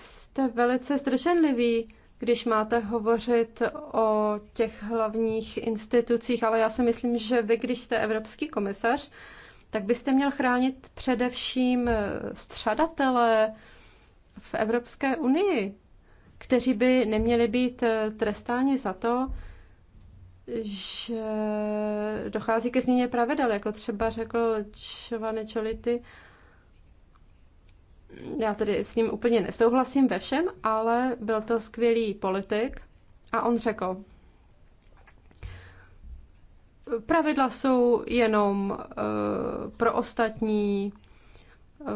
jste velice zdrženliví, když máte hovořit o těch hlavních institucích, ale já si myslím, že vy, když jste evropský komisař, tak byste měl chránit především střadatele v Evropské unii, kteří by neměli být trestáni za to, že dochází ke změně pravidel, jako třeba řekl Čovane Čolity, já tedy s ním úplně nesouhlasím ve všem, ale byl to skvělý politik a on řekl, pravidla jsou jenom uh, pro ostatní, uh,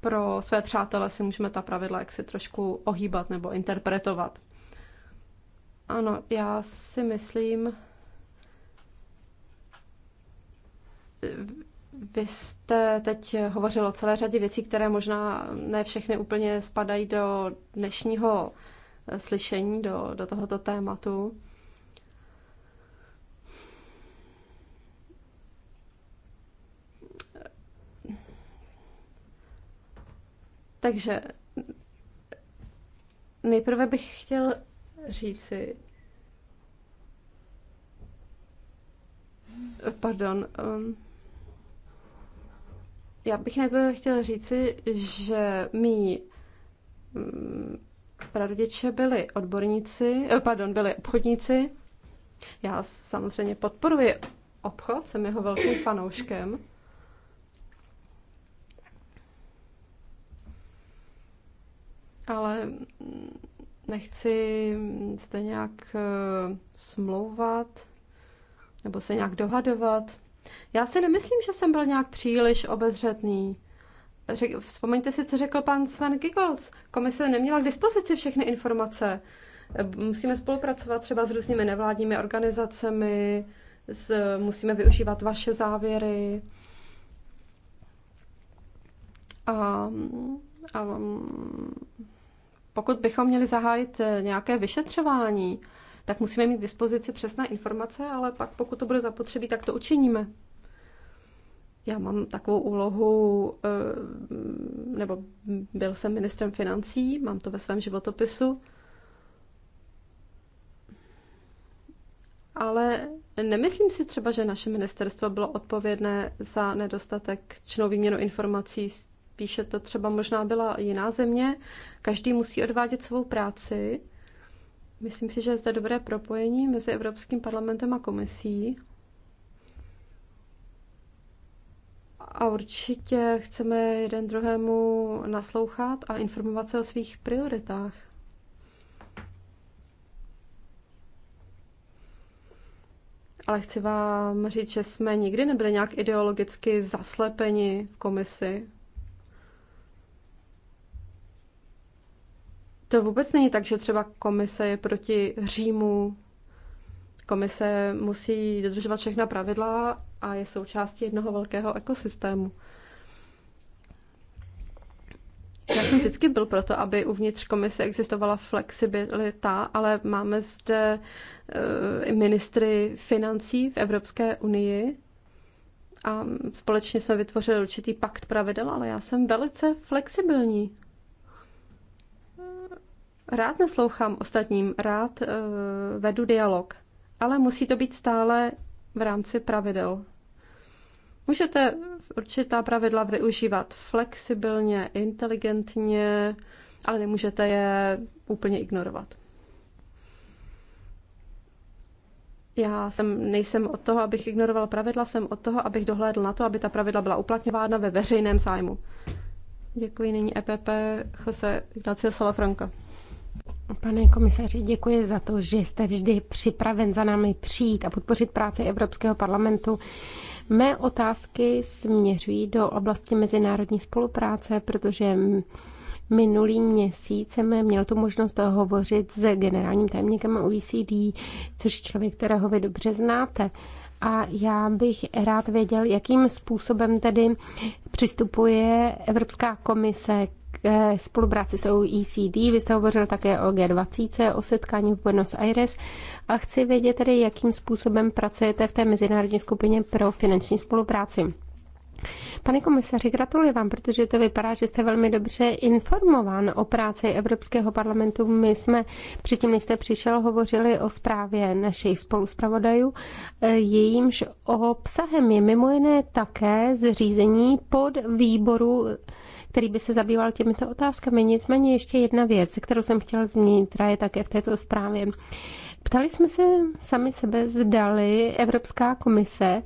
pro své přátele si můžeme ta pravidla jaksi trošku ohýbat nebo interpretovat. Ano, já si myslím, vy jste teď hovořil o celé řadě věcí, které možná ne všechny úplně spadají do dnešního eh, slyšení, do, do tohoto tématu. Takže nejprve bych chtěl říci, pardon, um, já bych nejprve chtěla říci, že mý mm, prarodiče byli odborníci, eh, pardon, byli obchodníci. Já samozřejmě podporuji obchod, jsem jeho velkým fanouškem. Ale mm, nechci zde nějak eh, smlouvat nebo se nějak dohadovat. Já si nemyslím, že jsem byl nějak příliš obezřetný. Řek, vzpomeňte si, co řekl pan Sven Gigolds. Komise neměla k dispozici všechny informace. Musíme spolupracovat třeba s různými nevládními organizacemi, s, musíme využívat vaše závěry. A, a mm, pokud bychom měli zahájit nějaké vyšetřování, tak musíme mít k dispozici přesné informace, ale pak pokud to bude zapotřebí, tak to učiníme. Já mám takovou úlohu, eh, nebo byl jsem ministrem financí, mám to ve svém životopisu, ale nemyslím si třeba, že naše ministerstvo bylo odpovědné za nedostatek čnou výměnu informací. Píše to třeba možná byla jiná země. Každý musí odvádět svou práci Myslím si, že je zde dobré propojení mezi Evropským parlamentem a komisí. A určitě chceme jeden druhému naslouchat a informovat se o svých prioritách. Ale chci vám říct, že jsme nikdy nebyli nějak ideologicky zaslepeni v komisi. To vůbec není tak, že třeba komise je proti Římu. Komise musí dodržovat všechna pravidla a je součástí jednoho velkého ekosystému. Já jsem vždycky byl proto, aby uvnitř komise existovala flexibilita, ale máme zde eh, ministry financí v Evropské unii a společně jsme vytvořili určitý pakt pravidel, ale já jsem velice flexibilní. Rád naslouchám ostatním, rád uh, vedu dialog, ale musí to být stále v rámci pravidel. Můžete určitá pravidla využívat flexibilně, inteligentně, ale nemůžete je úplně ignorovat. Já jsem, nejsem od toho, abych ignoroval pravidla, jsem od toho, abych dohlédl na to, aby ta pravidla byla uplatňována ve veřejném zájmu. Děkuji, nyní EPP Jose Ignacio Salafranca. Pane
komisaři, děkuji za to, že jste vždy připraven za námi přijít a podpořit práci Evropského parlamentu. Mé otázky směřují do oblasti mezinárodní spolupráce, protože Minulý měsíc jsem měl tu možnost hovořit s generálním tajemníkem OECD, což je člověk, kterého vy dobře znáte. A já bych rád věděl, jakým způsobem tedy přistupuje Evropská komise ke spolupráci s OECD. Vy jste hovořil také o G20, o setkání v Buenos Aires. A chci vědět tedy, jakým způsobem pracujete v té mezinárodní skupině pro finanční spolupráci. Pane komisaři, gratuluji vám, protože to vypadá, že jste velmi dobře informován o práci Evropského parlamentu. My jsme předtím, než jste přišel, hovořili o zprávě našich spoluspravodajů. Eh, jejímž obsahem je mimo jiné také zřízení pod výboru který by se zabýval těmito otázkami. Nicméně ještě jedna věc, kterou jsem chtěla zmínit, která je také v této zprávě. Ptali jsme se sami sebe, zdali Evropská komise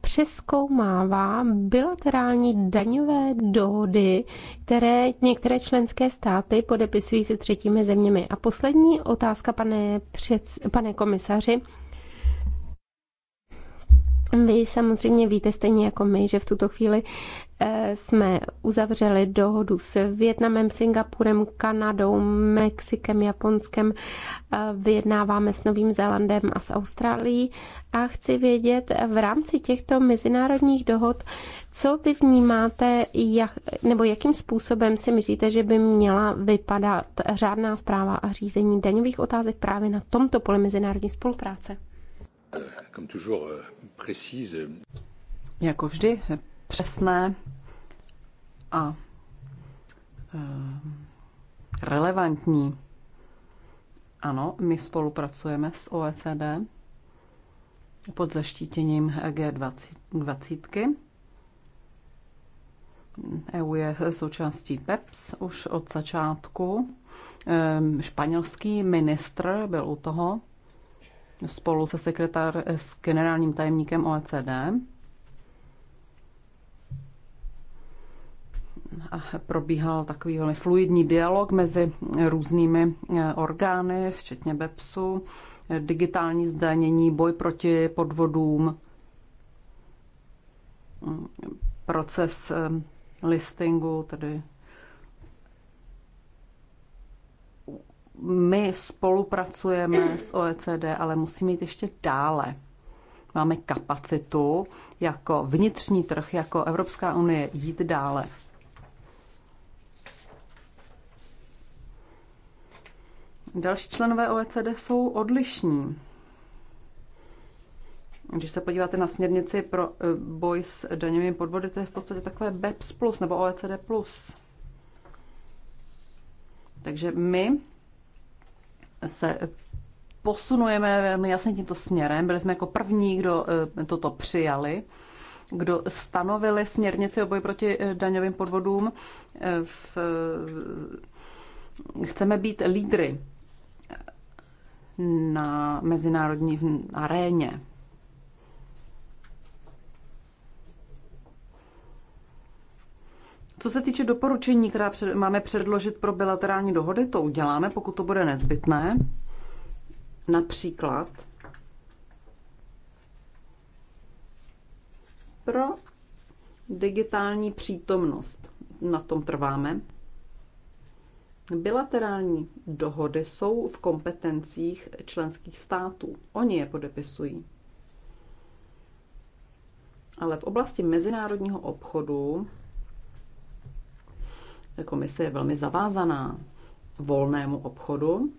přeskoumává bilaterální daňové dohody, které některé členské státy podepisují se třetími zeměmi. A poslední otázka, pane, před, pane komisaři. Vy samozřejmě víte stejně jako my, že v tuto chvíli jsme uzavřeli dohodu s Větnamem, Singapurem, Kanadou, Mexikem, Japonskem, eh, vyjednáváme s Novým Zélandem a s Austrálií a chci vědět v rámci těchto mezinárodních dohod, co vy vnímáte, jak, nebo jakým způsobem si myslíte, že by měla vypadat řádná zpráva a řízení daňových otázek právě na tomto poli mezinárodní spolupráce?
Euh, jako vždy,
přesné a eh, relevantní. Ano, my spolupracujeme s OECD pod zaštítěním G20. EU je součástí PEPS už od začátku. Ehm, španělský ministr byl u toho spolu se sekretár s generálním tajemníkem OECD. probíhal takový velmi fluidní dialog mezi různými eh, orgány, včetně BEPSu, digitální zdanění, boj proti podvodům, mm, proces eh, listingu, tedy my spolupracujeme s OECD, ale musíme jít ještě dále. Máme kapacitu jako vnitřní trh, jako Evropská unie jít dále. Další členové OECD jsou odlišní. Když se podíváte na směrnici pro eh, boj s daněmi podvody, to je v podstatě takové BEPS plus nebo OECD plus. Takže my se posunujeme velmi jasně tímto směrem. Byli jsme jako první, kdo eh, toto přijali, kdo stanovili směrnici o boji proti eh, daňovým podvodům. V... Chceme být lídry na mezinárodní aréně. Co se týče doporučení, která před, máme předložit pro bilaterální dohody, to uděláme, pokud to bude nezbytné. Například pro digitální přítomnost. Na tom trváme. Bilaterální dohody jsou v kompetencích členských států. Oni je podepisují. Ale v oblasti mezinárodního obchodu komise je velmi zavázaná volnému obchodu.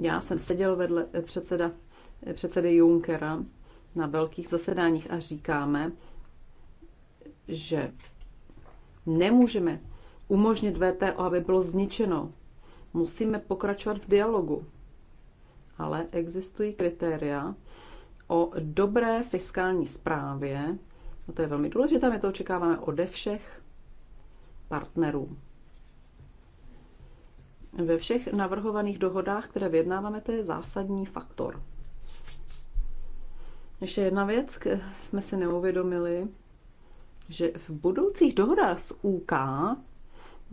Já jsem seděl vedle předseda, předsedy Junckera na velkých zasedáních a říkáme, že nemůžeme umožnit VTO, aby bylo zničeno. Musíme pokračovat v dialogu. Ale existují kritéria o dobré fiskální správě. No to je velmi důležité, my to očekáváme ode všech partnerů. Ve všech navrhovaných dohodách, které vyjednáváme, to je zásadní faktor. Ještě jedna věc, jsme si neuvědomili, že v budoucích dohodách s UK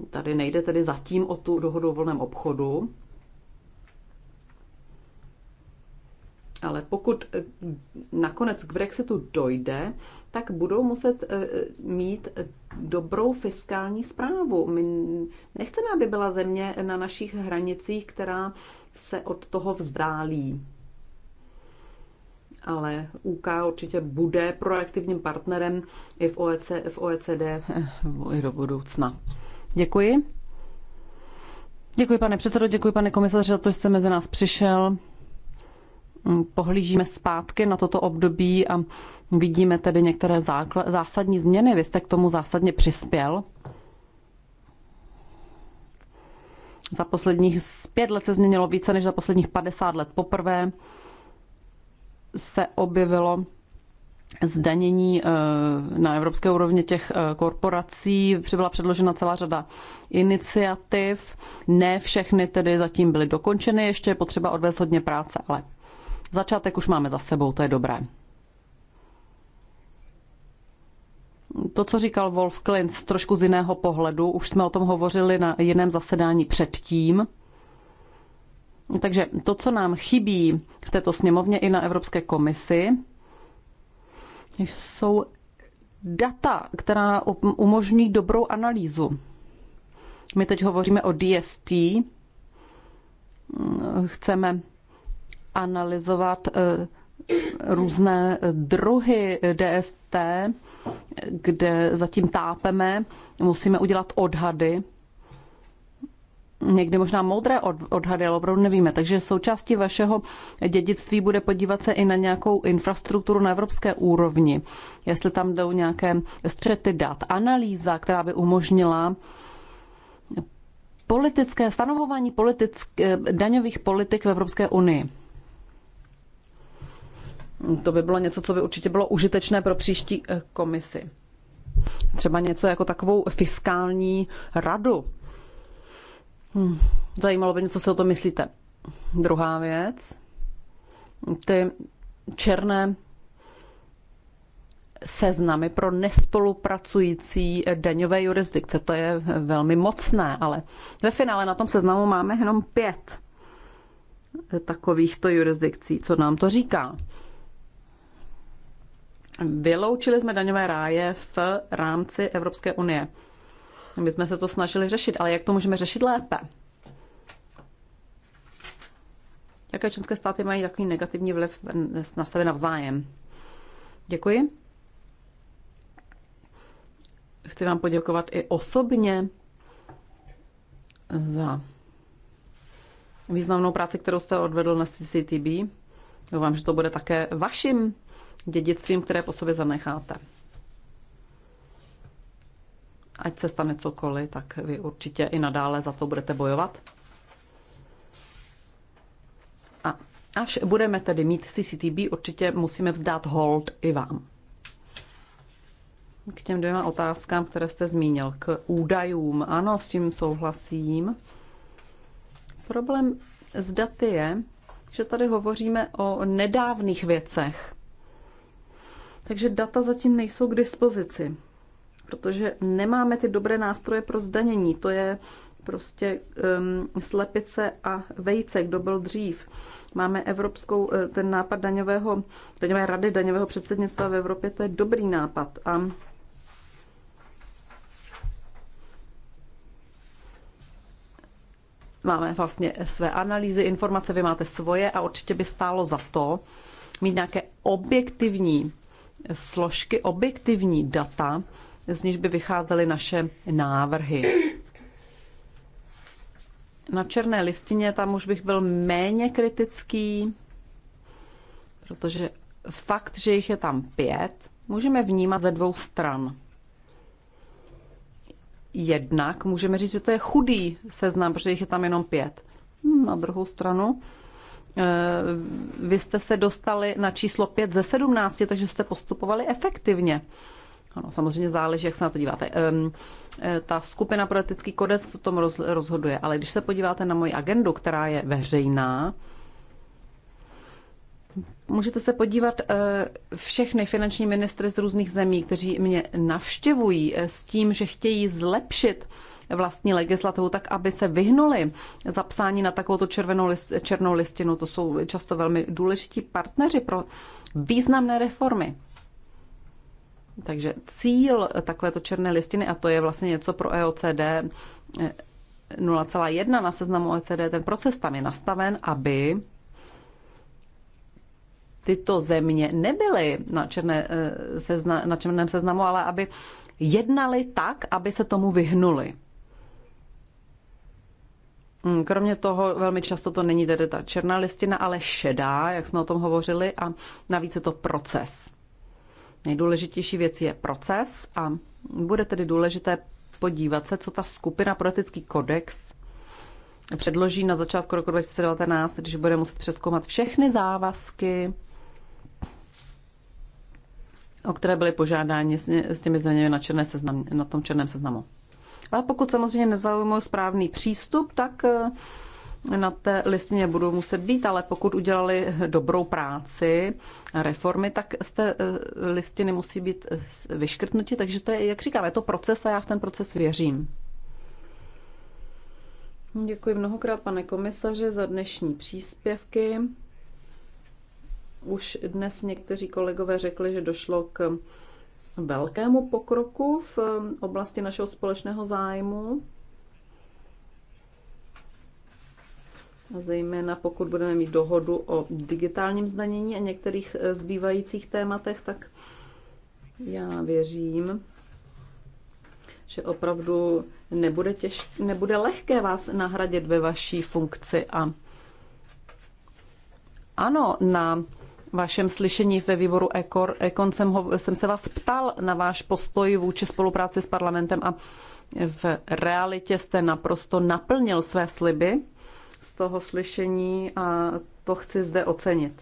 Tady nejde tedy zatím o tu dohodu o volném obchodu, ale pokud eh, nakonec k Brexitu dojde, tak budou muset eh, mít dobrou fiskální zprávu. My nechceme, aby byla země na našich hranicích, která se od toho vzdálí. Ale UK určitě bude proaktivním partnerem i v OECD, v OECD eh, do budoucna. Děkuji. Děkuji, pane předsedo, děkuji, pane komisaři, za to, že jste mezi nás přišel. Mm, pohlížíme zpátky na toto období a vidíme tedy některé zásadní změny. Vy jste k tomu zásadně přispěl. Za posledních pět let se změnilo více než za posledních 50 let. Poprvé se objevilo zdanění eh, na evropské úrovni těch eh, korporací. přibyla předložena celá řada iniciativ. Ne všechny tedy zatím byly dokončeny, ještě je potřeba odvést hodně práce, ale začátek už máme za sebou, to je dobré. To, co říkal Wolf Klintz, trošku z jiného pohledu, už jsme o tom hovořili na jiném zasedání předtím. Takže to, co nám chybí v této sněmovně i na Evropské komisi, jsou data, která um, umožní dobrou analýzu. My teď hovoříme o DST, mm, chceme analyzovat eh, různé eh, druhy DST, kde zatím tápeme, musíme udělat odhady někdy možná moudré odhady, ale opravdu nevíme. Takže součástí vašeho dědictví bude podívat se i na nějakou infrastrukturu na evropské úrovni, jestli tam jdou nějaké střety dat, analýza, která by umožnila politické stanovování politick, eh, daňových politik v Evropské unii. To by bylo něco, co by určitě bylo užitečné pro příští eh, komisi. Třeba něco jako takovou fiskální radu Hmm, zajímalo by mě, co si o to myslíte. Druhá věc. Ty černé seznamy pro nespolupracující daňové jurisdikce. To je velmi mocné, ale ve finále na tom seznamu máme jenom pět takovýchto jurisdikcí. Co nám to říká? Vyloučili jsme daňové ráje v rámci Evropské unie. My jsme se to snažili řešit, ale jak to můžeme řešit lépe? Jaké členské státy mají takový negativní vliv na sebe navzájem? Děkuji. Chci vám poděkovat i osobně za významnou práci, kterou jste odvedl na CCTB. Doufám, že to bude také vaším dědictvím, které po sobě zanecháte ať se stane cokoliv, tak vy určitě i nadále za to budete bojovat. A až budeme tedy mít CCTB, určitě musíme vzdát hold i vám. K těm dvěma otázkám, které jste zmínil, k údajům. Ano, s tím souhlasím. Problém s daty je, že tady hovoříme o nedávných věcech. Takže data zatím nejsou k dispozici protože nemáme ty dobré nástroje pro zdanění. To je prostě um, slepice a vejce, kdo byl dřív. Máme evropskou, eh, ten nápad daňového, daňové rady, daňového předsednictva v Evropě, to je dobrý nápad. A máme vlastně své analýzy, informace, vy máte svoje a určitě by stálo za to mít nějaké objektivní složky, objektivní data, z níž by vycházely naše návrhy. Na černé listině tam už bych byl méně kritický, protože fakt, že jich je tam pět, můžeme vnímat ze dvou stran. Jednak můžeme říct, že to je chudý seznam, protože jich je tam jenom pět. Hm, na druhou stranu, eh, vy jste se dostali na číslo 5 ze 17, takže jste postupovali efektivně. Ano, samozřejmě záleží, jak se na to díváte. Um, ta skupina pro etický kodec o tom roz, rozhoduje, ale když se podíváte na moji agendu, která je veřejná, můžete se podívat uh, všechny finanční ministry z různých zemí, kteří mě navštěvují e, s tím, že chtějí zlepšit vlastní legislativu tak, aby se vyhnuli zapsání na takovou červenou list, černou listinu. To jsou často velmi důležití partneři pro významné reformy. Takže cíl takovéto černé listiny, a to je vlastně něco pro EOCD 0,1 eh, na seznamu e OECD, ten proces tam je nastaven, aby tyto země nebyly na, černé, eh, sezna, na černém seznamu, ale aby jednali tak, aby se tomu vyhnuli. Hmm, kromě toho velmi často to není tedy ta černá listina, ale šedá, jak jsme o tom hovořili, a navíc je to proces. Nejdůležitější věc je proces a bude tedy důležité podívat se, co ta skupina pro etický kodex předloží na začátku roku 2019, když bude muset přeskoumat všechny závazky, o které byly požádány, s těmi zeměmi na, černé seznam, na tom černém seznamu. A pokud samozřejmě nezaujmou správný přístup, tak eh, na té listině budou muset být, ale pokud udělali dobrou práci, reformy, tak z té eh, listiny musí být eh, vyškrtnuti, takže to je, jak říkám, je to proces a já v ten proces věřím. Děkuji mnohokrát, pane komisaře za dnešní příspěvky. Už dnes někteří kolegové řekli, že došlo k velkému pokroku v eh, oblasti našeho společného zájmu. zejména pokud budeme mít dohodu o digitálním zdanění a některých e, zbývajících tématech, tak já věřím, že opravdu nebude, těž, nebude lehké vás nahradit ve vaší funkci. A ano, na vašem slyšení ve výboru Ekor, Ekon jsem, ho, jsem se vás ptal na váš postoj vůči spolupráci s parlamentem a v realitě jste naprosto naplnil své sliby z toho slyšení a to chci zde ocenit.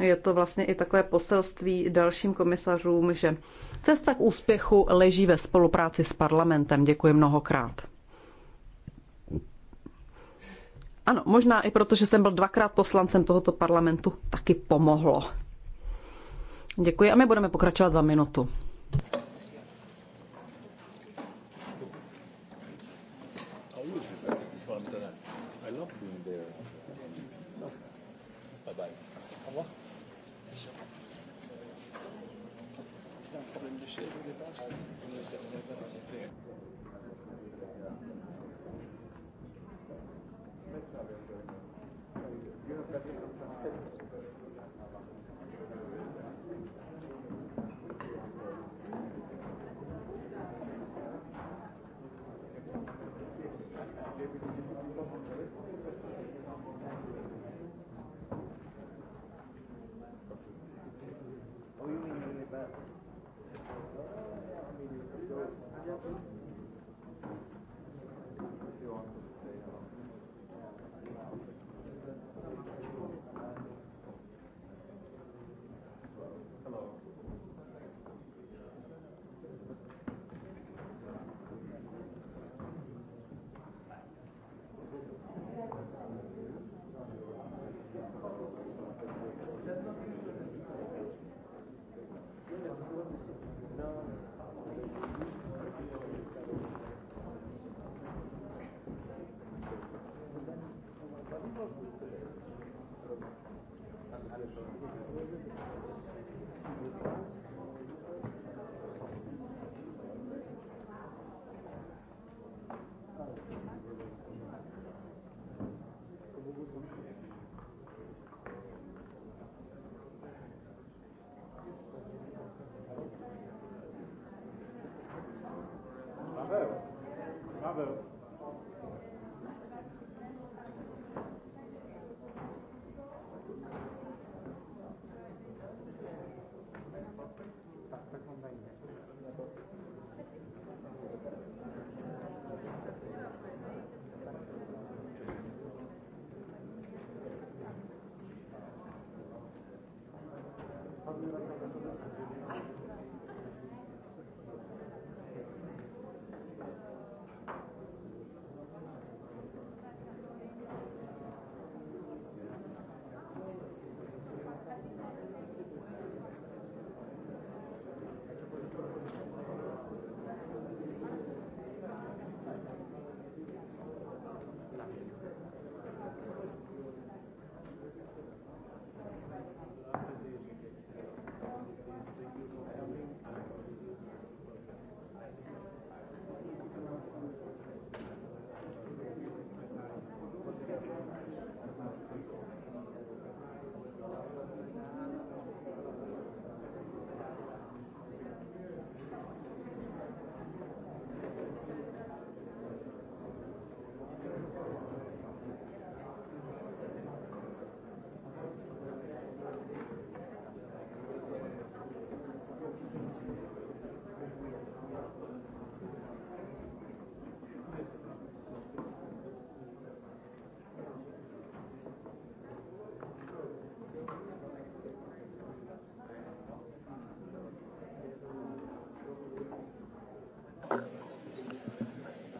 Je to vlastně i takové poselství dalším komisařům, že cesta k úspěchu leží ve spolupráci s parlamentem. Děkuji mnohokrát. Ano, možná i proto, že jsem byl dvakrát poslancem tohoto parlamentu, taky pomohlo. Děkuji a my budeme pokračovat za minutu.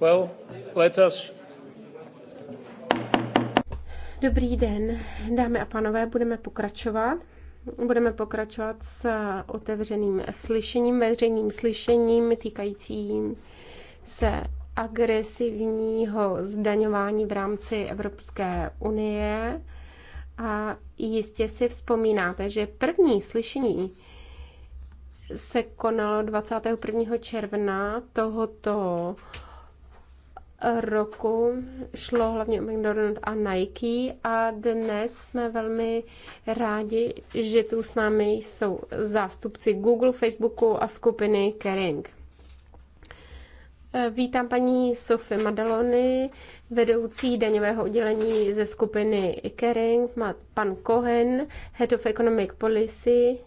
Well, let us...
Dobrý den, dámy a pánové, budeme pokračovat. Budeme pokračovat s otevřeným slyšením, veřejným slyšením týkajícím se agresivního zdaňování v rámci Evropské unie. A jistě si vzpomínáte, že první slyšení se konalo 21. června tohoto roku šlo hlavně o McDonald's a Nike a dnes jsme velmi rádi, že tu s námi jsou zástupci Google, Facebooku a skupiny Kering. Vítám paní Sofie Madalony, vedoucí daňového oddělení ze skupiny Kering, pan Cohen, Head of Economic Policy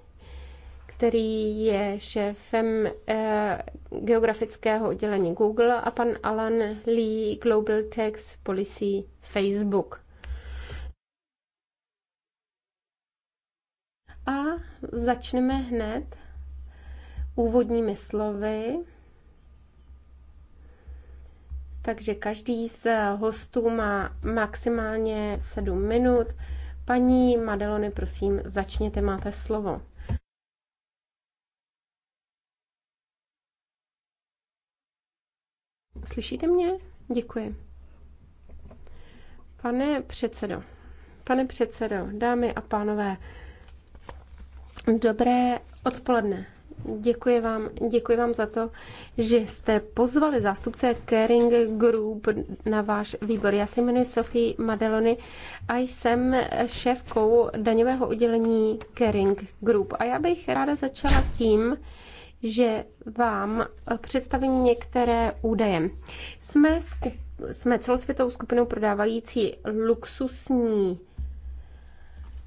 který je šéfem eh, geografického oddělení Google a pan Alan Lee, Global Tax Policy Facebook. A začneme hned úvodními slovy. Takže každý z hostů má maximálně 7 minut. Paní Madelony, prosím, začněte, máte slovo. Slyšíte mě? Děkuji. Pane předsedo, pane předsedo, dámy a pánové, dobré odpoledne. Děkuji vám, děkuji vám za to, že jste pozvali zástupce Caring Group na váš výbor. Já se jmenuji Sofie Madelony a jsem šéfkou daňového oddělení Caring Group. A já bych ráda začala tím, že vám představím některé údaje. Jsme, skup, jsme celosvětovou skupinou prodávající luxusní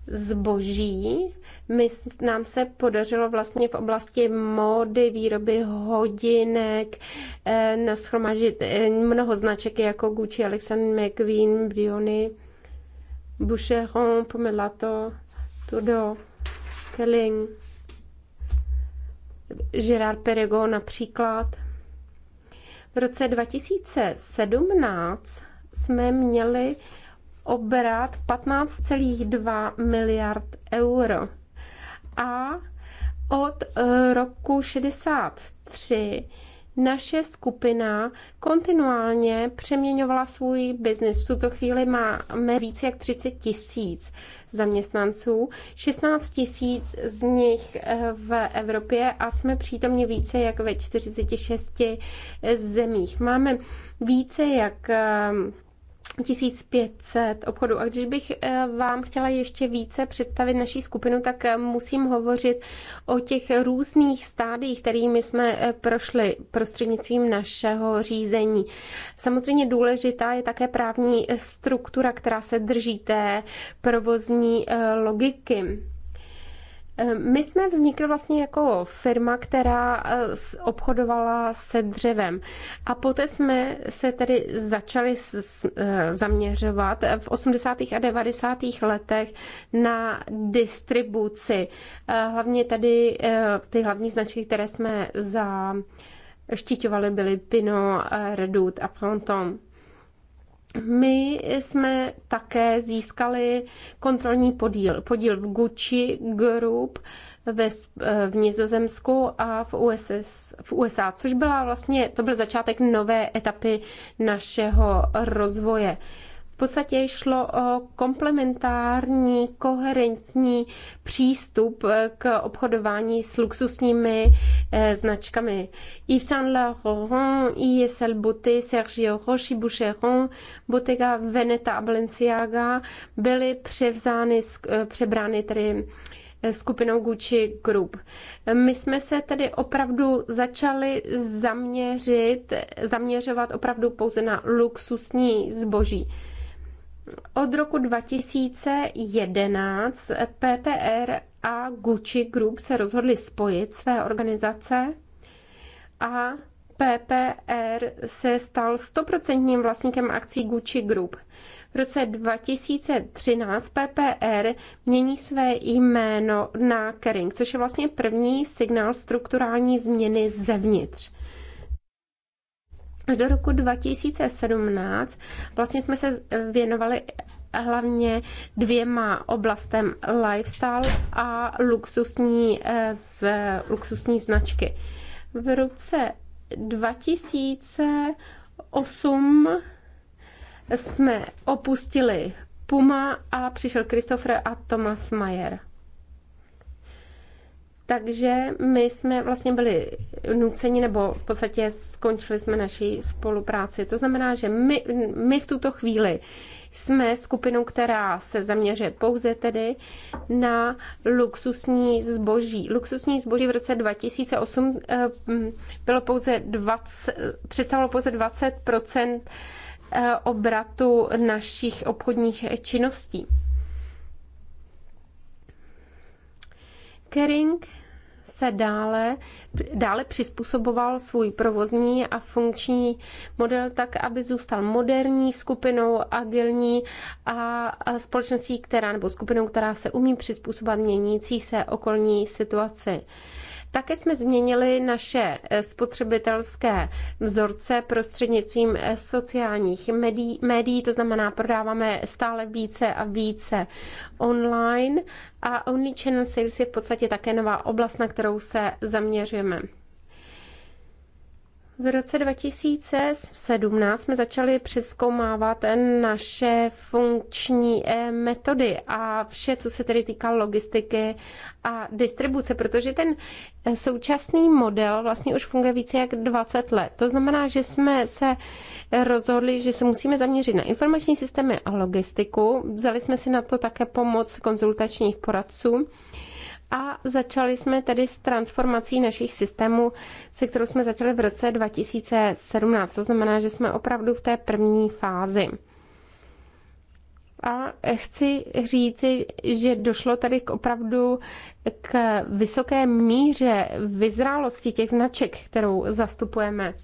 zboží. My, nám se podařilo vlastně v oblasti módy, výroby hodinek eh, naschromažit eh, mnoho značek jako Gucci, Alexander McQueen, Brioni, Boucheron, Pomelato, Tudo, Kelling, Gerard Perego například. V roce 2017 jsme měli obrat 15,2 miliard euro. A od eh, roku 63 naše skupina kontinuálně přeměňovala svůj biznis. V tuto chvíli máme více jak 30 tisíc zaměstnanců, 16 tisíc z nich eh, v Evropě a jsme přítomně více jak ve 46 zemích. Máme více jak eh, 1500 obchodů. A když bych eh, vám chtěla ještě více představit naší skupinu, tak eh, musím hovořit o těch různých stádiích, kterými jsme eh, prošli prostřednictvím našeho řízení. Samozřejmě důležitá je také právní struktura, která se drží té provozní logiky. Ehm, my jsme vznikli vlastně jako firma, která eh, obchodovala se dřevem a poté jsme se tedy začali eh, zaměřovat eh, v 80. a 90. letech na distribuci. Hlavně tady ty hlavní značky, které jsme zaštiťovali, byly Pino, Redut a Printemps. My jsme také získali kontrolní podíl, podíl v Gucci Group ve, eh, v Nizozemsku a v, USS, v USA, což byla vlastně, to byl začátek nové etapy našeho rozvoje. V podstatě šlo o komplementární, koherentní přístup k obchodování s luxusními eh, značkami. Yves Saint Laurent, ISL Beauty, Sergio Roche, Boucheron, Bottega Veneta a Balenciaga byly převzány, eh, přebrány tedy eh, skupinou Gucci Group. My jsme se tedy opravdu začali zaměřit, zaměřovat opravdu pouze na luxusní zboží. Od roku 2011 PPR a Gucci Group se rozhodli spojit své organizace a PPR se stal stoprocentním vlastníkem akcí Gucci Group. V roce 2013 PPR mění své jméno na Kering, což je vlastně první signál strukturální změny zevnitř do roku 2017 vlastně jsme se věnovali hlavně dvěma oblastem lifestyle a luxusní, eh, z, luxusní značky. V roce 2008 jsme opustili Puma a přišel Christopher a Thomas Mayer. Takže my jsme vlastně byli nuceni, nebo v podstatě skončili jsme naší spolupráci. To znamená, že my, my v tuto chvíli jsme skupinou, která se zaměřuje pouze tedy na luxusní zboží. Luxusní zboží v roce 2008 eh, bylo pouze 20, představilo pouze 20 eh, obratu našich obchodních činností. Kering se dále, dále přizpůsoboval svůj provozní a funkční model tak, aby zůstal moderní skupinou, agilní a společností, která nebo skupinou, která se umí přizpůsobit měnící se okolní situaci. Také jsme změnili naše eh, spotřebitelské vzorce prostřednictvím eh, sociálních médií, médií to znamená, prodáváme stále více a více online a Only Channel Sales je v podstatě také nová oblast, na kterou se zaměřujeme. V roce 2017 jsme začali přeskoumávat naše funkční eh, metody a vše, co se tedy týká logistiky a distribuce, protože ten eh, současný model vlastně už funguje více jak 20 let. To znamená, že jsme se rozhodli, že se musíme zaměřit na informační systémy a logistiku. Vzali jsme si na to také pomoc konzultačních poradců a začali jsme tedy s transformací našich systémů, se kterou jsme začali v roce 2017. To znamená, že jsme opravdu v té první fázi. A chci říci, že došlo tady k opravdu k vysoké míře vyzrálosti těch značek, kterou zastupujeme.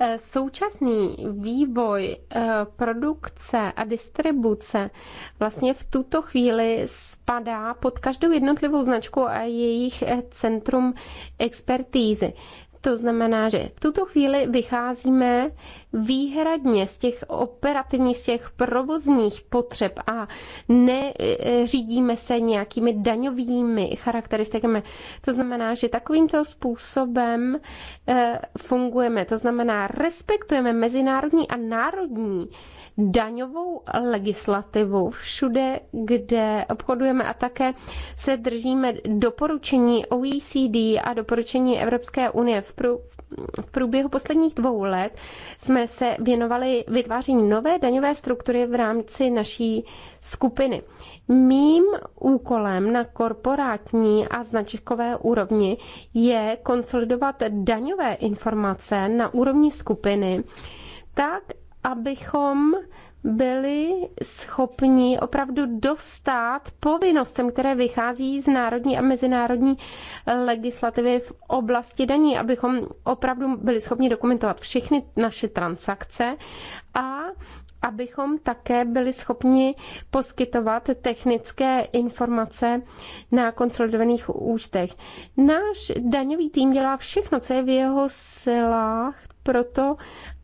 Eh, současný vývoj eh, produkce a distribuce vlastně v tuto chvíli spadá pod každou jednotlivou značku a jejich eh, centrum expertízy. To znamená, že v tuto chvíli vycházíme výhradně z těch operativních, z těch provozních potřeb a neřídíme se nějakými daňovými charakteristikami. To znamená, že takovýmto způsobem eh, fungujeme. To znamená, respektujeme mezinárodní a národní daňovou legislativu všude, kde obchodujeme a také se držíme doporučení OECD a doporučení Evropské unie. V, prů, v průběhu posledních dvou let jsme se věnovali vytváření nové daňové struktury v rámci naší skupiny. Mým úkolem na korporátní a značkové úrovni je konsolidovat daňové informace na úrovni skupiny tak, abychom byli schopni opravdu dostat povinnostem, které vychází z národní a mezinárodní legislativy v oblasti daní, abychom opravdu byli schopni dokumentovat všechny naše transakce a abychom také byli schopni poskytovat technické informace na konsolidovaných účtech. Náš daňový tým dělá všechno, co je v jeho silách, proto,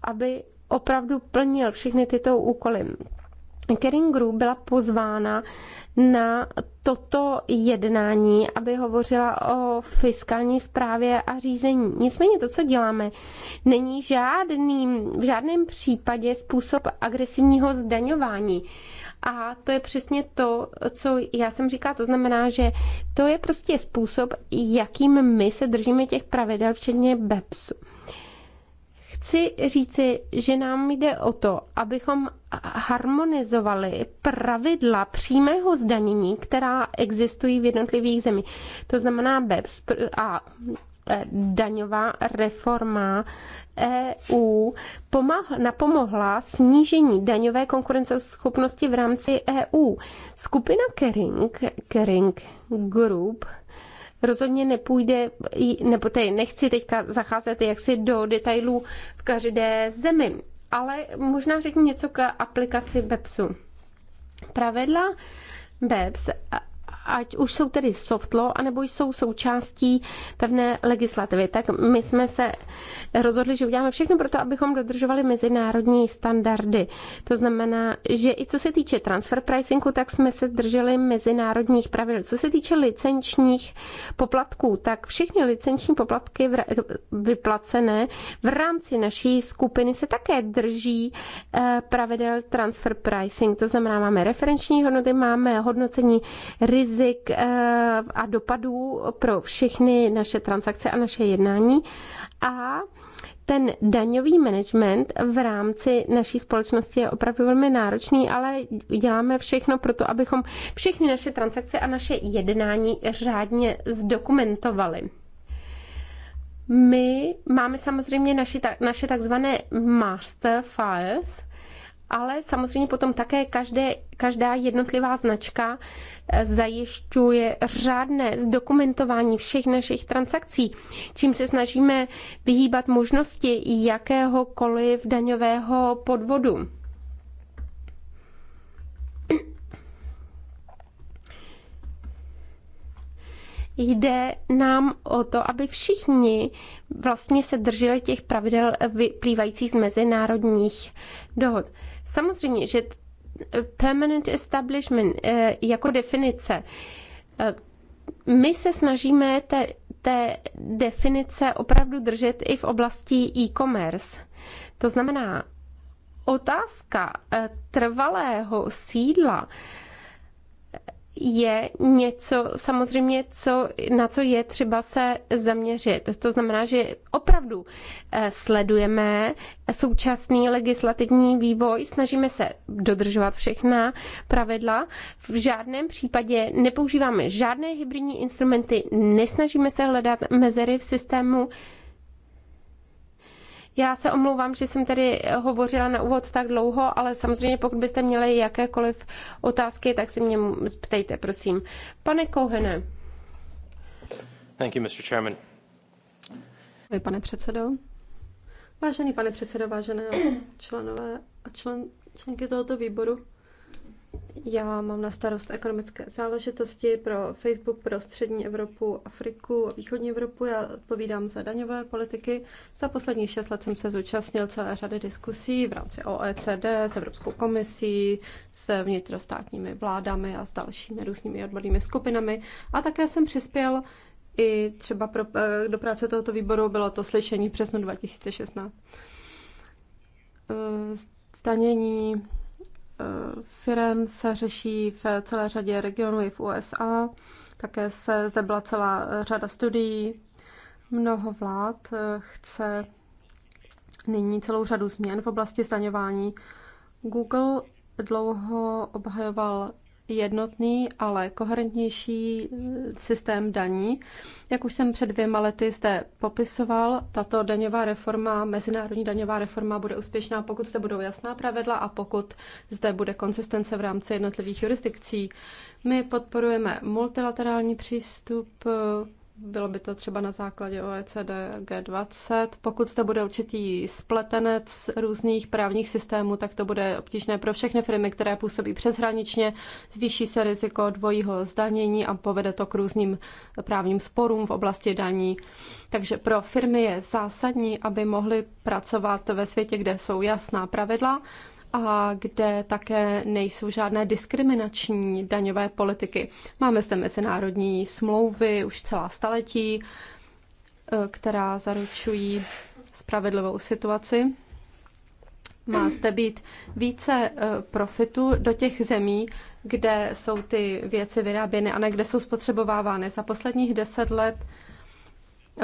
aby opravdu plnil všechny tyto úkoly. Keringru byla pozvána na toto jednání, aby hovořila o fiskální správě a řízení. Nicméně to, co děláme, není žádný, v žádném případě způsob agresivního zdaňování. A to je přesně to, co já jsem říká. To znamená, že to je prostě způsob, jakým my se držíme těch pravidel, včetně BEPSu. Chci říci, že nám jde o to, abychom harmonizovali pravidla přímého zdanění, která existují v jednotlivých zemích. To znamená BEPS a e, daňová reforma EU napomohla snížení daňové konkurenceschopnosti v rámci EU. Skupina Kering, Kering Group Rozhodně nepůjde, nebo tady nechci teďka zacházet jaksi do detailů v každé zemi, ale možná řeknu něco k aplikaci BEPSu. Pravidla BEPS ať už jsou tedy soft law, anebo jsou součástí pevné legislativy. Tak my jsme se rozhodli, že uděláme všechno pro to, abychom dodržovali mezinárodní standardy. To znamená, že i co se týče transfer pricingu, tak jsme se drželi mezinárodních pravidel. Co se týče licenčních poplatků, tak všechny licenční poplatky vyplacené v rámci naší skupiny se také drží eh, pravidel transfer pricing. To znamená, máme referenční hodnoty, máme hodnocení rizik, rizik eh, a dopadů pro všechny naše transakce a naše jednání a ten daňový management v rámci naší společnosti je opravdu velmi náročný, ale děláme všechno pro to, abychom všechny naše transakce a naše jednání řádně zdokumentovali. My máme samozřejmě naši, naše takzvané master files, ale samozřejmě potom také každé, každá jednotlivá značka zajišťuje řádné zdokumentování všech našich transakcí, čím se snažíme vyhýbat možnosti jakéhokoliv daňového podvodu. jde nám o to, aby všichni vlastně se drželi těch pravidel vyplývajících z mezinárodních dohod. Samozřejmě, že permanent establishment eh, jako definice. Eh, my se snažíme té, té definice opravdu držet i v oblasti e-commerce. To znamená, otázka eh, trvalého sídla je něco samozřejmě, co, na co je třeba se zaměřit. To znamená, že opravdu eh, sledujeme současný legislativní vývoj, snažíme se dodržovat všechna pravidla, v žádném případě nepoužíváme žádné hybridní instrumenty, nesnažíme se hledat mezery v systému, já se omlouvám, že jsem tady eh, hovořila na úvod tak dlouho, ale samozřejmě pokud byste měli jakékoliv otázky, tak se mě ptejte, prosím. Pane
Kouhene. Thank you, Mr. Chairman. Vy, pane předsedo. Vážený pane předsedo, vážené členové a člen, členky tohoto výboru, já mám na starost ekonomické záležitosti pro Facebook, pro střední Evropu, Afriku a východní Evropu. Já odpovídám za daňové politiky. Za posledních šest let jsem se zúčastnil celé řady diskusí v rámci OECD, s Evropskou komisí, s vnitrostátními vládami a s dalšími různými odbornými skupinami. A také jsem přispěl i třeba pro, eh, do práce tohoto výboru bylo to slyšení v březnu 2016. Stanění firem se řeší v celé řadě regionů i v USA. Také se zde byla celá řada studií. Mnoho vlád eh, chce nyní celou řadu změn v oblasti zdaňování. Google dlouho obhajoval jednotný, ale koherentnější systém daní. Jak už jsem před dvěma lety zde popisoval, tato daňová reforma, mezinárodní daňová reforma bude úspěšná, pokud zde budou jasná pravidla a pokud zde bude konsistence v rámci jednotlivých jurisdikcí. My podporujeme multilaterální přístup bylo by to třeba na základě OECD G20. Pokud to bude určitý spletenec různých právních systémů, tak to bude obtížné pro všechny firmy, které působí přeshraničně, zvýší se riziko dvojího zdanění a povede to k různým právním sporům v oblasti daní. Takže pro firmy je zásadní, aby mohly pracovat ve světě, kde jsou jasná pravidla, a kde také nejsou žádné diskriminační daňové politiky. Máme zde mezinárodní smlouvy už celá staletí, e, která zaručují spravedlivou situaci. Má zde být více e, profitu do těch zemí, kde jsou ty věci vyráběny a ne kde jsou spotřebovávány. Za posledních deset let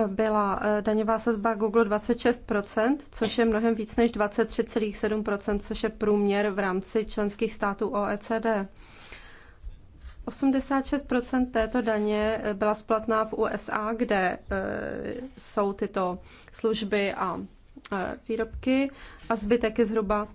byla eh, daňová sazba Google 26%, což je mnohem víc než 23,7%, což je průměr v rámci členských států OECD. 86% této daně eh, byla splatná v USA, kde eh, jsou tyto služby a výrobky a zbytek je zhruba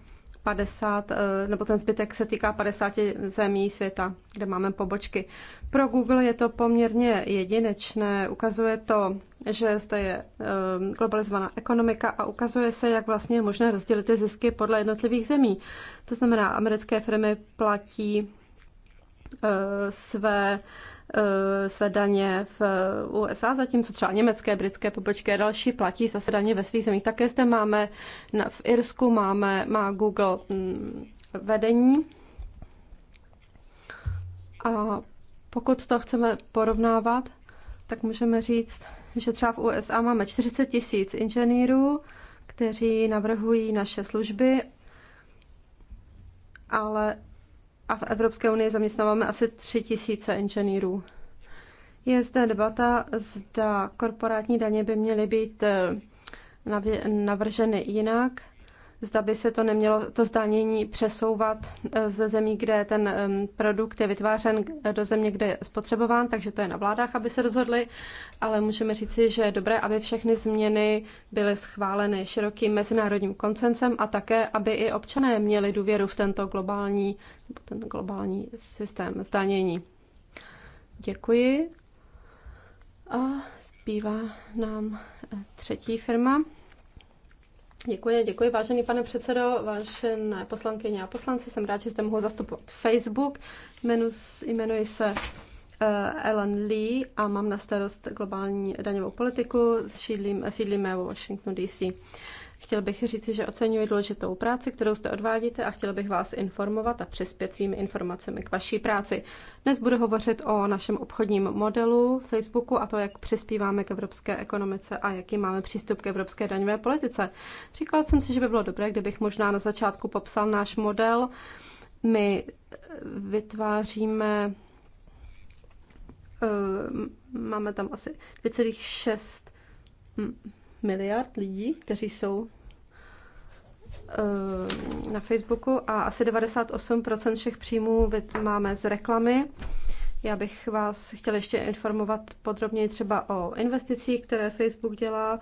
50, nebo ten zbytek se týká 50 zemí světa, kde máme pobočky. Pro Google je to poměrně jedinečné, ukazuje to že zde je ehm, globalizovaná ekonomika a ukazuje se, jak vlastně je možné rozdělit ty zisky podle jednotlivých zemí. To znamená, americké firmy platí eh, své eh, své daně v eh, USA, zatímco třeba německé, britské pobočky a další platí zase daně ve svých zemích. Také zde máme, v Irsku máme, má Google mm, vedení. A pokud to chceme porovnávat, tak můžeme říct, že třeba v USA máme 40 tisíc inženýrů, kteří navrhují naše služby, ale a v Evropské unii zaměstnáváme asi 3 tisíce inženýrů. Je zde debata, zda korporátní daně by měly být eh, navrženy jinak zda by se to nemělo to zdanění přesouvat e, ze zemí, kde ten e, produkt je vytvářen e, do země, kde je spotřebován, takže to je na vládách, aby se rozhodli, ale můžeme říci, že je dobré, aby všechny změny byly schváleny širokým mezinárodním koncensem a také, aby i občané měli důvěru v tento globální, ten globální systém zdanění. Děkuji. A zbývá nám třetí firma. Děkuji, děkuji, vážený pane předsedo, vážené poslankyně a poslanci. Jsem rád, že jste mohl zastupovat Facebook. Jmenu, jmenuji se eh, Ellen Lee a mám na starost globální daňovou politiku. Sídlím, sídlíme v Washingtonu DC. Chtěl bych říci, že oceňuji důležitou práci, kterou jste odvádíte a chtěl bych vás informovat a přispět svými informacemi k vaší práci. Dnes budu hovořit o našem obchodním modelu Facebooku a to, jak přispíváme k evropské ekonomice a jaký máme přístup k evropské daňové politice. Říkala jsem si, že by bylo dobré, kdybych možná na začátku popsal náš model. My vytváříme eh, máme tam asi 2,6 miliard lidí, kteří jsou eh, na Facebooku a asi 98% všech příjmů máme z reklamy. Já bych vás chtěla ještě informovat podrobněji třeba o investicích, které Facebook dělá,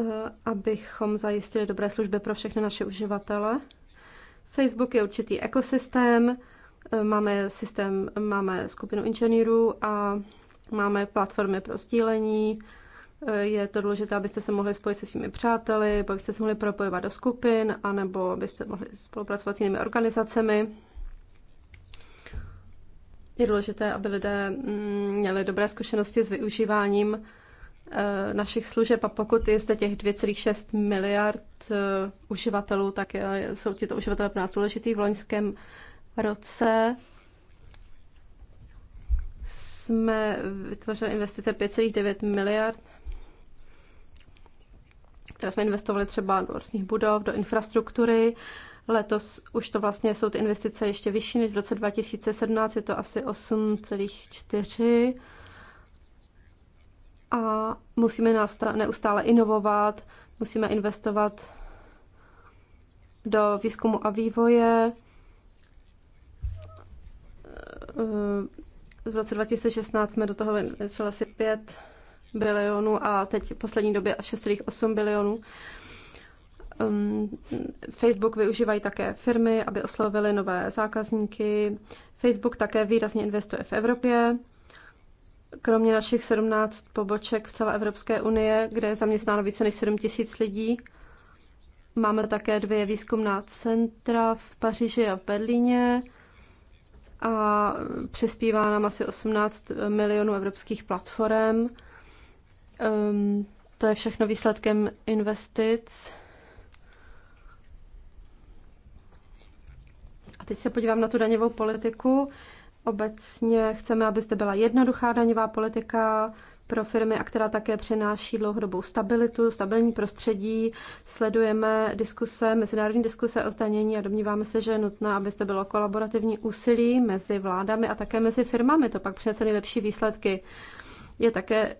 eh, abychom zajistili dobré služby pro všechny naše uživatele. Facebook je určitý ekosystém, eh, máme systém, máme skupinu inženýrů a máme platformy pro sdílení, Eh, je to důležité, abyste se mohli spojit se svými přáteli, abyste se mohli propojovat do skupin, anebo abyste mohli spolupracovat s jinými organizacemi. Je důležité, aby lidé mm, měli dobré zkušenosti s využíváním eh, našich služeb a pokud je zde těch 2,6 miliard eh, uživatelů, tak jsou tito uživatelé pro nás důležitý. V loňském roce jsme vytvořili investice 5,9 miliard které jsme investovali třeba do různých budov, do infrastruktury. Letos už to vlastně jsou ty investice ještě vyšší než v roce 2017, je to asi 8,4. A musíme neustále inovovat, musíme investovat do výzkumu a vývoje. Eh, v roce 2016 jsme do toho investovali asi 5 bilionů a teď v poslední době 6,8 bilionů. Um, Facebook využívají také firmy, aby oslovili nové zákazníky. Facebook také výrazně investuje v Evropě. Kromě našich 17 poboček v celé Evropské unie, kde je zaměstnáno více než 7 tisíc lidí, máme také dvě výzkumná centra v Paříži a v Berlíně a přispívá nám asi 18 milionů evropských platform. Um, to je všechno výsledkem investic. A teď se podívám na tu daňovou politiku. Obecně chceme, aby zde byla jednoduchá daňová politika pro firmy a která také přináší dlouhodobou stabilitu, stabilní prostředí. Sledujeme diskuse, mezinárodní diskuse o zdanění a domníváme se, že je nutné, aby zde bylo kolaborativní úsilí mezi vládami a také mezi firmami. To pak přinese nejlepší výsledky. Je také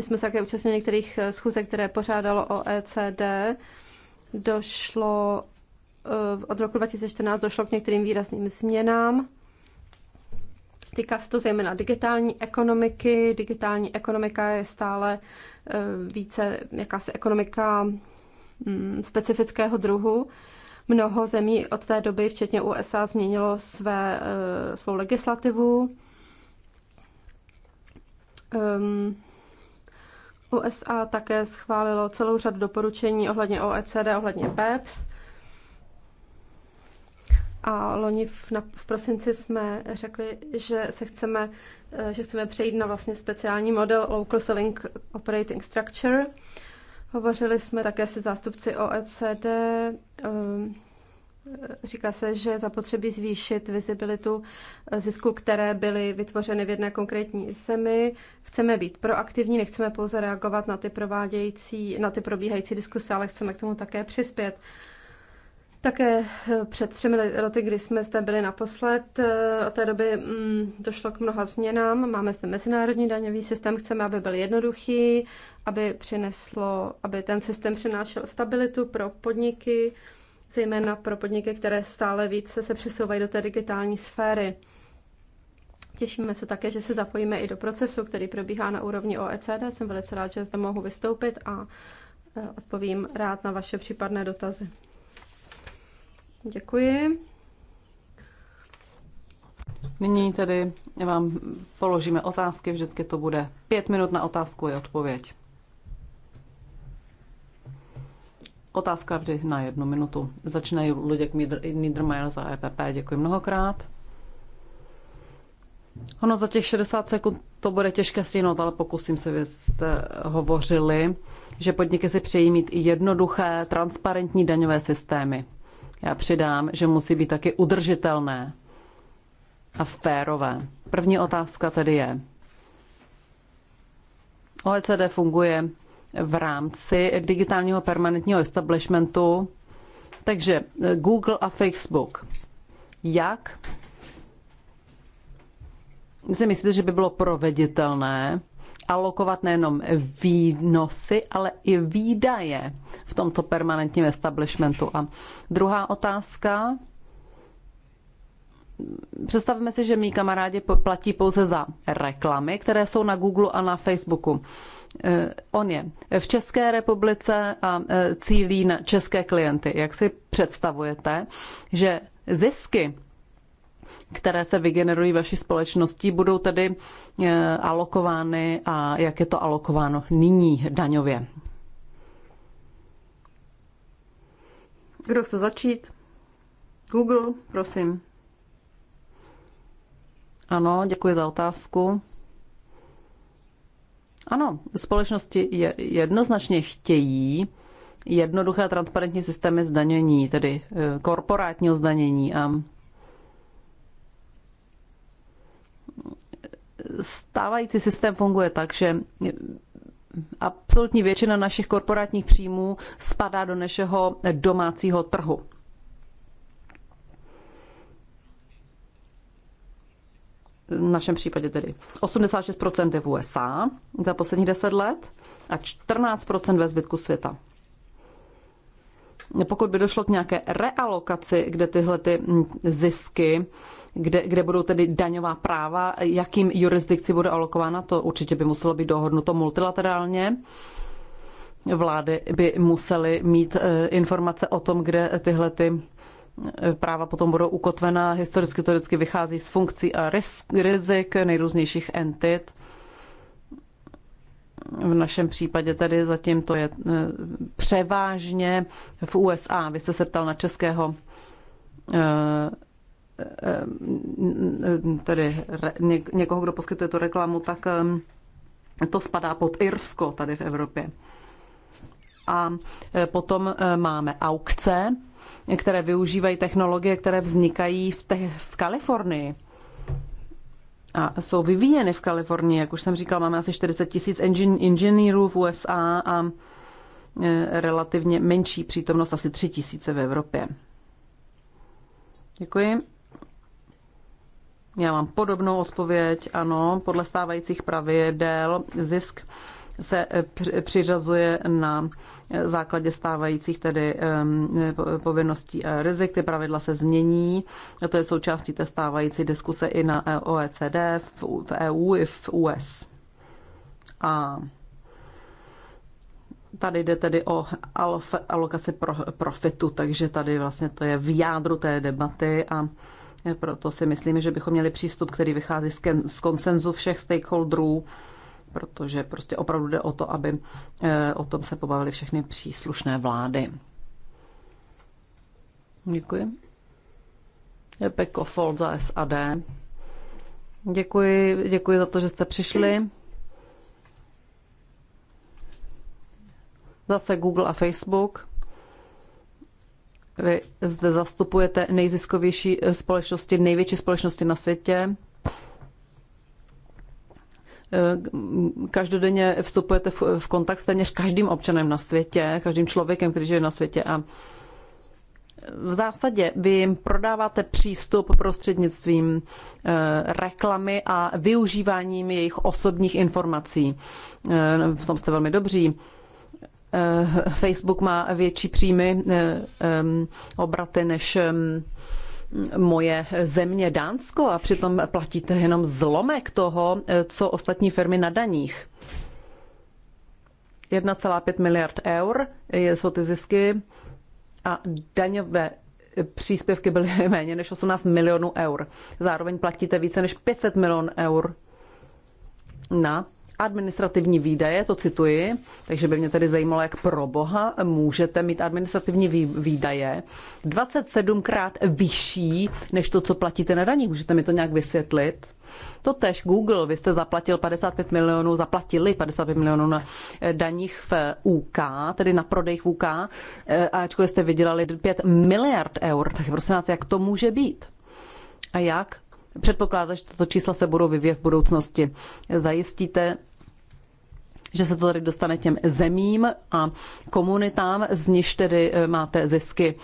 My jsme se také účastnili některých eh, schůzek, které pořádalo OECD. Došlo eh, od roku 2014 došlo k některým výrazným změnám. Týká se to zejména digitální ekonomiky. Digitální ekonomika je stále eh, více jakási ekonomika mm, specifického druhu. Mnoho zemí od té doby, včetně USA, změnilo své, svou legislativu. Ehm, USA také schválilo celou řadu doporučení ohledně OECD, ohledně BEPS. A loni v, na, v prosinci jsme řekli, že se chceme, eh, že chceme přejít na vlastně speciální model Local Selling Operating Structure. Hovořili jsme také se zástupci OECD, eh, Říká se, že zapotřebí zvýšit vizibilitu zisku, které byly vytvořeny v jedné konkrétní zemi. Chceme být proaktivní, nechceme pouze reagovat na ty, provádějící, na ty probíhající diskuse, ale chceme k tomu také přispět. Také eh, před třemi lety, kdy jsme zde byli naposled, eh, od té doby mm, došlo k mnoha změnám. Máme zde mezinárodní daňový systém, chceme, aby byl jednoduchý, aby, přineslo, aby ten systém přinášel stabilitu pro podniky, zejména pro podniky, které stále více se přesouvají do té digitální sféry. Těšíme se také, že se zapojíme i do procesu, který probíhá na úrovni OECD. Jsem velice rád, že zde mohu vystoupit a e, odpovím rád na vaše případné dotazy. Děkuji.
Nyní tedy vám položíme otázky, vždycky to bude pět minut na otázku i odpověď. Otázka vždy na jednu minutu. Začne Luděk Niedermayer za EPP. Děkuji mnohokrát. Ono za těch 60 sekund to bude těžké stihnout, ale pokusím se, vy jste hovořili, že podniky si přejí mít jednoduché, transparentní daňové systémy. Já přidám, že musí být taky udržitelné a férové. První otázka tedy je, OECD funguje v rámci digitálního permanentního establishmentu. Takže eh, Google a Facebook. Jak si myslíte, že by bylo proveditelné alokovat nejenom výnosy, ale i výdaje v tomto permanentním establishmentu? A druhá otázka. Představme si, že mý kamarádi platí pouze za reklamy, které jsou na Google a na Facebooku. Eh, on je v České republice a eh, cílí na české klienty. Jak si představujete, že zisky, které se vygenerují vaší společností, budou tedy eh, alokovány a jak je to alokováno nyní daňově? Kdo chce začít? Google, prosím. Ano, děkuji za otázku. Ano, společnosti jednoznačně chtějí jednoduché a transparentní systémy zdanění, tedy eh, korporátního zdanění a stávající systém funguje tak, že absolutní většina našich korporátních příjmů spadá do našeho domácího trhu. v našem případě tedy 86% je v USA za posledních 10 let a 14% ve zbytku světa. Pokud by došlo k nějaké realokaci, kde tyhle ty mm, zisky, kde, kde budou tedy daňová práva, jakým jurisdikci bude alokována, to určitě by muselo být dohodnuto multilaterálně. Vlády by musely mít eh, informace o tom, kde tyhle ty Práva potom budou ukotvena, historicky to vždycky vychází z funkcí a rizik nejrůznějších entit. V našem případě tedy zatím to je e, převážně v USA. Vy jste se ptal na českého e, e, tedy někoho, kdo poskytuje tu reklamu, tak to spadá pod Irsko tady v Evropě. A potom máme aukce, které využívají technologie, které vznikají v, te- v Kalifornii. A jsou vyvíjeny v Kalifornii, jak už jsem říkal, máme asi 40 tisíc engin- inženýrů v USA a e, relativně menší přítomnost, asi 3 tisíce v Evropě. Děkuji. Já mám podobnou odpověď, ano, podle stávajících pravidel zisk se eh, přiřazuje na eh, základě stávajících tedy eh, povinností a rizik. Ty pravidla se změní. To je součástí té stávající diskuse i na OECD, v EU e i v US. A tady jde tedy o alf, alokaci pro, profitu, takže tady vlastně to je v jádru té debaty a proto si myslím, že bychom měli přístup, který vychází z, ken, z konsenzu všech stakeholderů, protože prostě opravdu jde o to, aby eh, o tom se pobavili všechny příslušné vlády. Děkuji. Je Peko Fold za SAD. Děkuji, děkuji za to, že jste přišli. Zase Google a Facebook. Vy zde zastupujete nejziskovější eh, společnosti, největší společnosti na světě. Eh, každodenně vstupujete v kontakt s téměř každým občanem na světě, každým člověkem, který žije na světě a v zásadě vy jim prodáváte přístup prostřednictvím eh, reklamy a využíváním jejich osobních informací. Eh, v tom jste velmi dobří. Facebook má větší příjmy obraty než moje země Dánsko a přitom platíte jenom zlomek toho, co ostatní firmy na daních. 1,5 miliard eur jsou ty zisky a daňové příspěvky byly méně než 18 milionů eur. Zároveň platíte více než 500 milionů eur na administrativní výdaje, to cituji, takže by mě tedy zajímalo, jak pro boha můžete mít administrativní výdaje 27 krát vyšší, než to, co platíte na daních. Můžete mi to nějak vysvětlit? To tež Google, vy jste zaplatil 55 milionů, zaplatili 55 milionů na eh, daních v eh, UK, tedy na prodejch v UK, eh, ačkoliv jste vydělali 5 miliard eur, tak prosím vás, jak to může být? A jak Předpokládáte, že tato čísla se budou vyvíjet v budoucnosti. Zajistíte, že se to tady dostane těm zemím a komunitám, z nichž tedy eh, máte zisky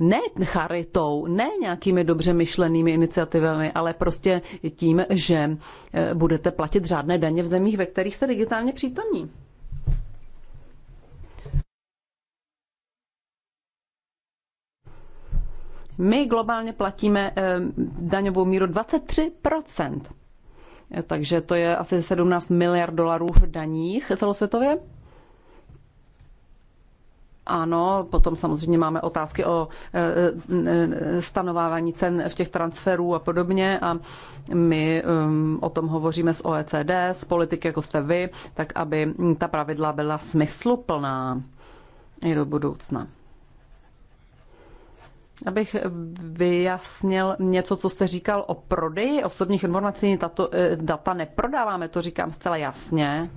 ne charitou, ne nějakými dobře myšlenými iniciativami, ale prostě tím, že eh, budete platit řádné daně v zemích, ve kterých se digitálně přítomní. My globálně platíme eh, daňovou míru 23 takže to je asi 17 miliard dolarů v daních celosvětově. Ano, potom samozřejmě máme otázky o e, e, stanovávání cen v těch transferů a podobně a my um, o tom hovoříme s OECD, s politiky, jako jste vy, tak aby ta pravidla byla smysluplná i do budoucna. Abych vyjasnil něco, co jste říkal o prodeji osobních informací, tato eh, data neprodáváme, to říkám zcela jasně.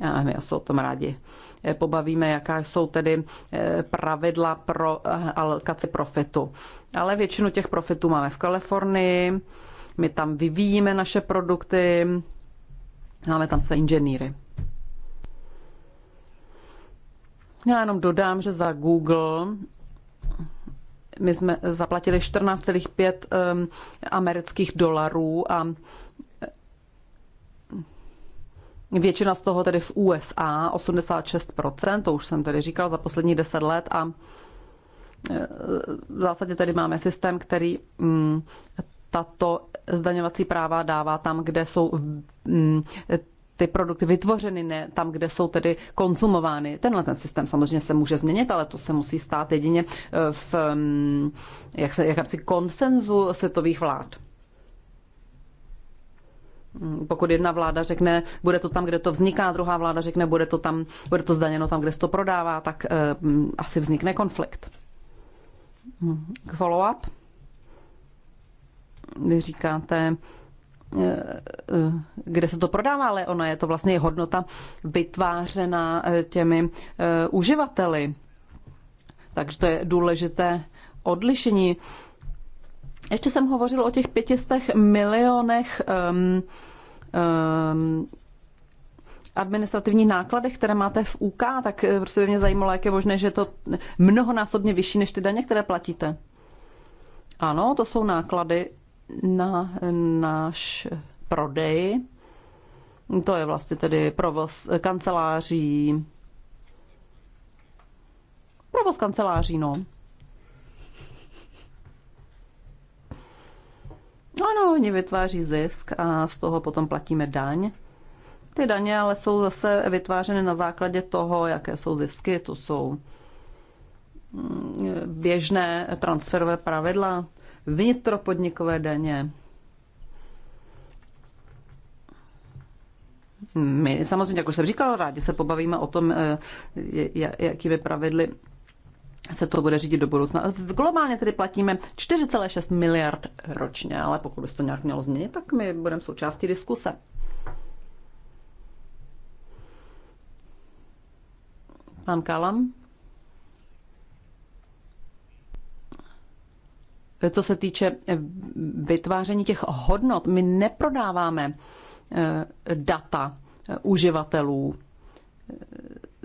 A my se o tom rádi eh, pobavíme, jaká jsou tedy eh, pravidla pro alokaci profitu. Ale většinu těch profitů máme v Kalifornii, my tam vyvíjíme naše produkty, máme tam své inženýry. Já jenom dodám, že za Google my jsme zaplatili 14,5 ehm, amerických dolarů a ehm, Většina z toho tedy v USA, 86%, to už jsem tedy říkal, za poslední 10 let a ehm, v zásadě tedy máme systém, který mm, tato zdaňovací práva dává tam, kde jsou mm, ty produkty vytvořeny, ne tam, kde jsou tedy konzumovány. Tenhle ten systém samozřejmě se může změnit, ale to se musí stát jedině eh, v mm, jak se, jakámsi konsenzu světových vlád. Mm, pokud jedna vláda řekne, bude to tam, kde to vzniká, druhá vláda řekne, bude to, tam, bude to zdaněno tam, kde se to prodává, tak eh, mm, asi vznikne konflikt. Follow-up. Vy říkáte, Eh, eh, kde se to prodává, ale ona je to vlastně hodnota vytvářená eh, těmi uživateli. Takže to je důležité odlišení. Ještě jsem hovořil o těch 500 milionech um, um, administrativních nákladech, které máte v UK, tak prostě by mě zajímalo, jak je možné, že je to mnohonásobně vyšší než ty daně, které platíte. Ano, to jsou náklady na náš prodej. To je vlastně tedy provoz kanceláří. Provoz kanceláří, no. Ano, oni vytváří zisk a z toho potom platíme daň. Ty daně ale jsou zase vytvářeny na základě toho, jaké jsou zisky. To jsou mm, běžné transferové pravidla vnitropodnikové daně. My samozřejmě, jak už jsem říkal rádi se pobavíme o tom, eh, jakými pravidly se to bude řídit do budoucna. Globálně tedy platíme 4,6 miliard ročně, ale pokud by se to nějak mělo změnit, tak my budeme součástí diskuse. Pan Kalam? co se týče eh, vytváření těch hodnot, my neprodáváme eh, data eh, uživatelů.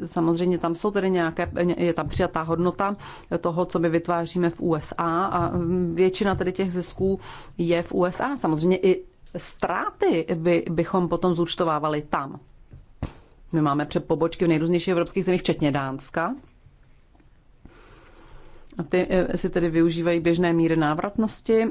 Samozřejmě tam jsou tedy nějaké, je tam přijatá hodnota toho, co my vytváříme v USA a hm, většina tedy těch zisků je v USA. Samozřejmě i ztráty by, bychom potom zúčtovávali tam. My máme před pobočky v nejrůznějších evropských zemích, včetně Dánska. A ty eh, si tedy využívají běžné míry návratnosti.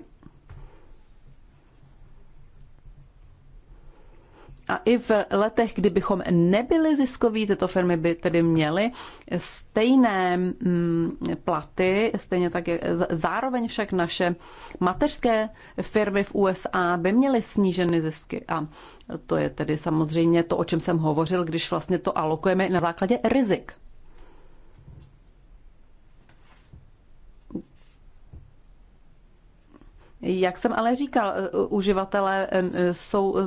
A i v letech, kdybychom nebyli ziskoví, tyto firmy by tedy měly stejné mm, platy, stejně tak je, zároveň však naše mateřské firmy v USA by měly sníženy zisky. A to je tedy samozřejmě to, o čem jsem hovořil, když vlastně to alokujeme na základě rizik. Jak jsem ale říkal, eh, uživatelé eh, jsou eh,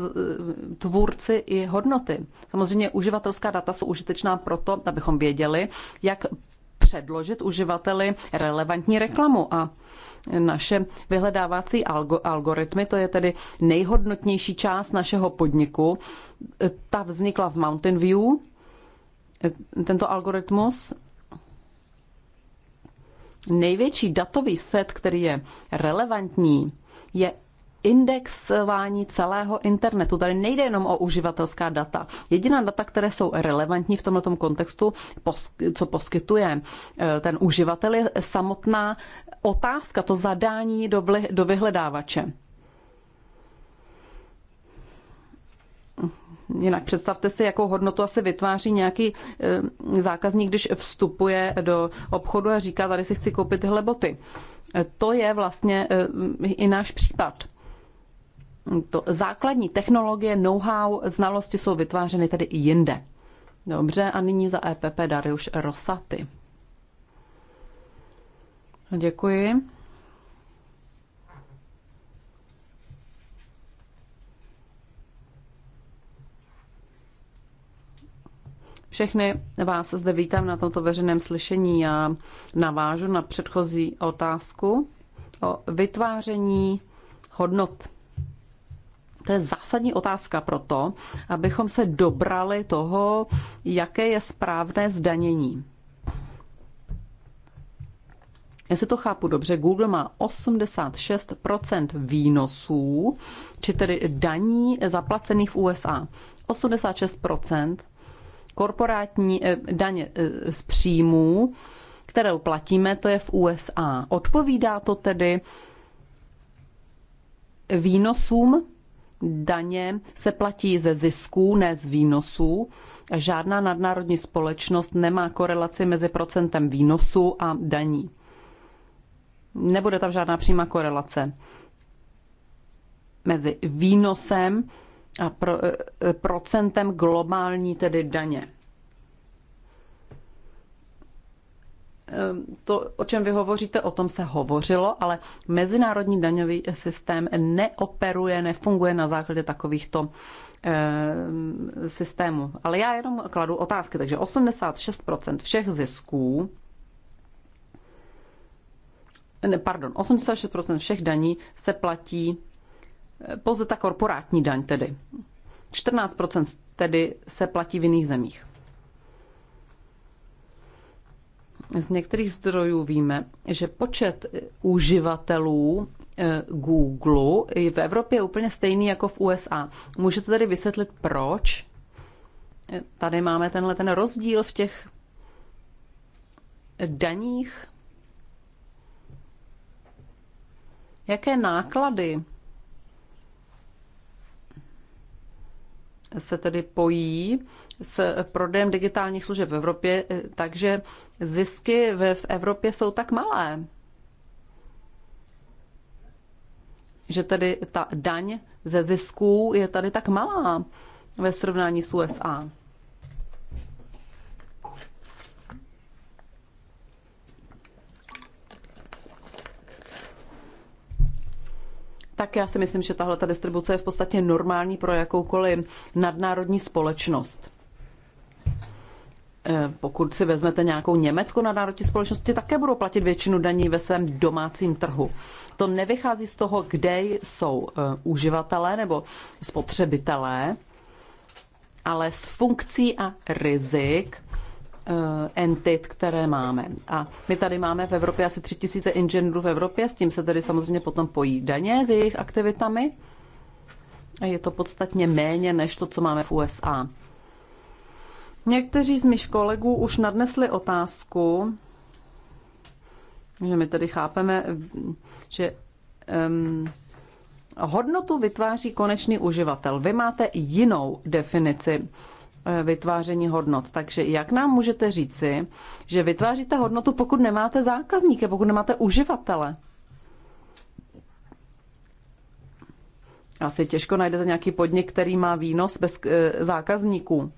tvůrci i hodnoty. Samozřejmě uživatelská data jsou užitečná proto, abychom věděli, jak předložit uživateli relevantní reklamu a naše vyhledávací algoritmy, to je tedy nejhodnotnější část našeho podniku. Ta vznikla v Mountain View, tento algoritmus největší datový set, který je relevantní, je indexování celého internetu. Tady nejde jenom o uživatelská data. Jediná data, které jsou relevantní v tomto kontextu, co poskytuje eh, ten uživatel, je samotná otázka, to zadání do, vyhledávače. Jinak představte si, jakou hodnotu asi vytváří nějaký eh, zákazník, když vstupuje do obchodu a říká, tady si chci koupit tyhle boty. Eh, to je vlastně eh, i náš případ. To základní technologie, know-how, znalosti jsou vytvářeny tedy i jinde. Dobře, a nyní za EPP Dariusz Rosaty. Děkuji. Všechny vás zde vítám na tomto veřejném slyšení. a navážu na předchozí otázku o vytváření hodnot. To je zásadní otázka pro to, abychom se dobrali toho, jaké je správné zdanění. si to chápu dobře, Google má 86 výnosů, či tedy daní zaplacených v USA. 86 korporátní eh, daně eh, z příjmů, kterou platíme, to je v USA. Odpovídá to tedy výnosům daně se platí ze zisků, ne z výnosů. Žádná nadnárodní společnost nemá korelaci mezi procentem výnosu a daní. Nebude tam žádná přímá korelace mezi výnosem a pro, e, e, procentem globální tedy daně. Ehm, to, o čem vy hovoříte, o tom se hovořilo, ale mezinárodní daňový systém neoperuje, nefunguje na základě takovýchto e, systémů. Ale já jenom kladu otázky. Takže 86% všech zisků, ne, pardon, 86% všech daní se platí pouze ta korporátní daň tedy. 14% tedy se platí v jiných zemích. Z některých zdrojů víme, že počet uživatelů eh, Google je v Evropě je úplně stejný jako v USA. Můžete tady vysvětlit, proč eh, tady máme tenhle ten rozdíl v těch daních? Jaké náklady se tedy pojí s prodejem digitálních služeb v Evropě, takže zisky v Evropě jsou tak malé, že tedy ta daň ze zisků je tady tak malá ve srovnání s USA. tak já si myslím, že tahle ta distribuce je v podstatě normální pro jakoukoliv nadnárodní společnost. Eh, pokud si vezmete nějakou německou nadnárodní společnost, ti také budou platit většinu daní ve svém domácím trhu. To nevychází z toho, kde jsou eh, uživatelé nebo spotřebitelé, ale z funkcí a rizik Eh, entit, které máme. A my tady máme v Evropě asi tři tisíce inženýrů v Evropě, s tím se tedy samozřejmě potom pojí daně s jejich aktivitami. A je to podstatně méně než to, co máme v USA. Někteří z mých kolegů už nadnesli otázku, že my tedy chápeme, že um, hodnotu vytváří konečný uživatel. Vy máte jinou definici Eh, vytváření hodnot. Takže jak nám můžete říci, že vytváříte hodnotu, pokud nemáte zákazníky, pokud nemáte uživatele? Asi těžko najdete nějaký podnik, který má výnos bez eh, zákazníků.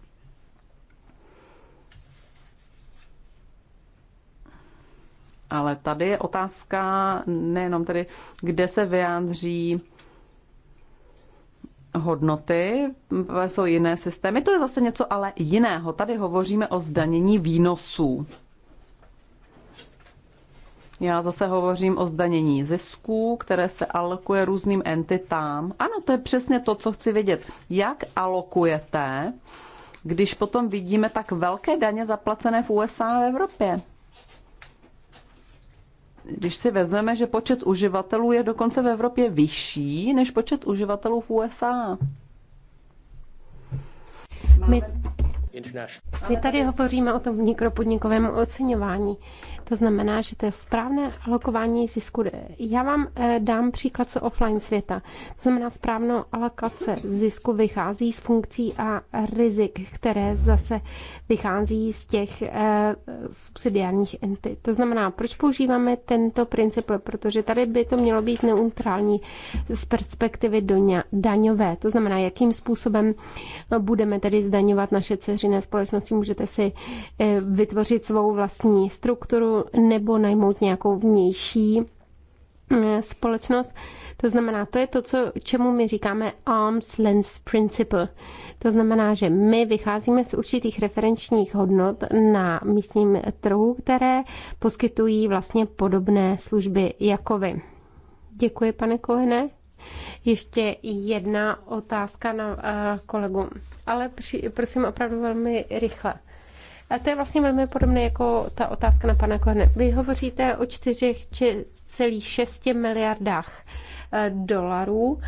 Ale tady je otázka nejenom tedy, kde se vyjádří hodnoty, eh, jsou jiné systémy. To je zase něco ale jiného. Tady hovoříme o zdanění výnosů. Já zase hovořím o zdanění zisků, které se alokuje různým entitám. Ano, to je přesně to, co chci vědět. Jak alokujete, když potom vidíme tak velké daně zaplacené v USA a v Evropě? když si vezmeme, že počet uživatelů je dokonce v Evropě vyšší než počet uživatelů v USA. My,
my tady hovoříme o tom mikropodnikovém oceňování. To znamená, že to je správné alokování zisku. Já vám eh, dám příklad z offline světa. To znamená, správnou alokace zisku vychází z funkcí a rizik, které zase vychází z těch eh, subsidiárních entit. To znamená, proč používáme tento princip? Protože tady by to mělo být neutrální z perspektivy daňové. To znamená, jakým způsobem budeme tedy zdaňovat naše ceřiné společnosti. Můžete si eh, vytvořit svou vlastní strukturu, nebo najmout nějakou vnější eh, společnost. To znamená, to je to, co, čemu my říkáme arms length principle. To znamená, že my vycházíme z určitých referenčních hodnot na místním trhu, které poskytují vlastně podobné služby jako vy. Děkuji, pane Kohene. Ještě jedna otázka na eh, kolegu, ale při, prosím opravdu velmi rychle. A to je vlastně velmi podobné jako ta otázka na pana Kohne. Vy hovoříte o 4,6 miliardách eh, dolarů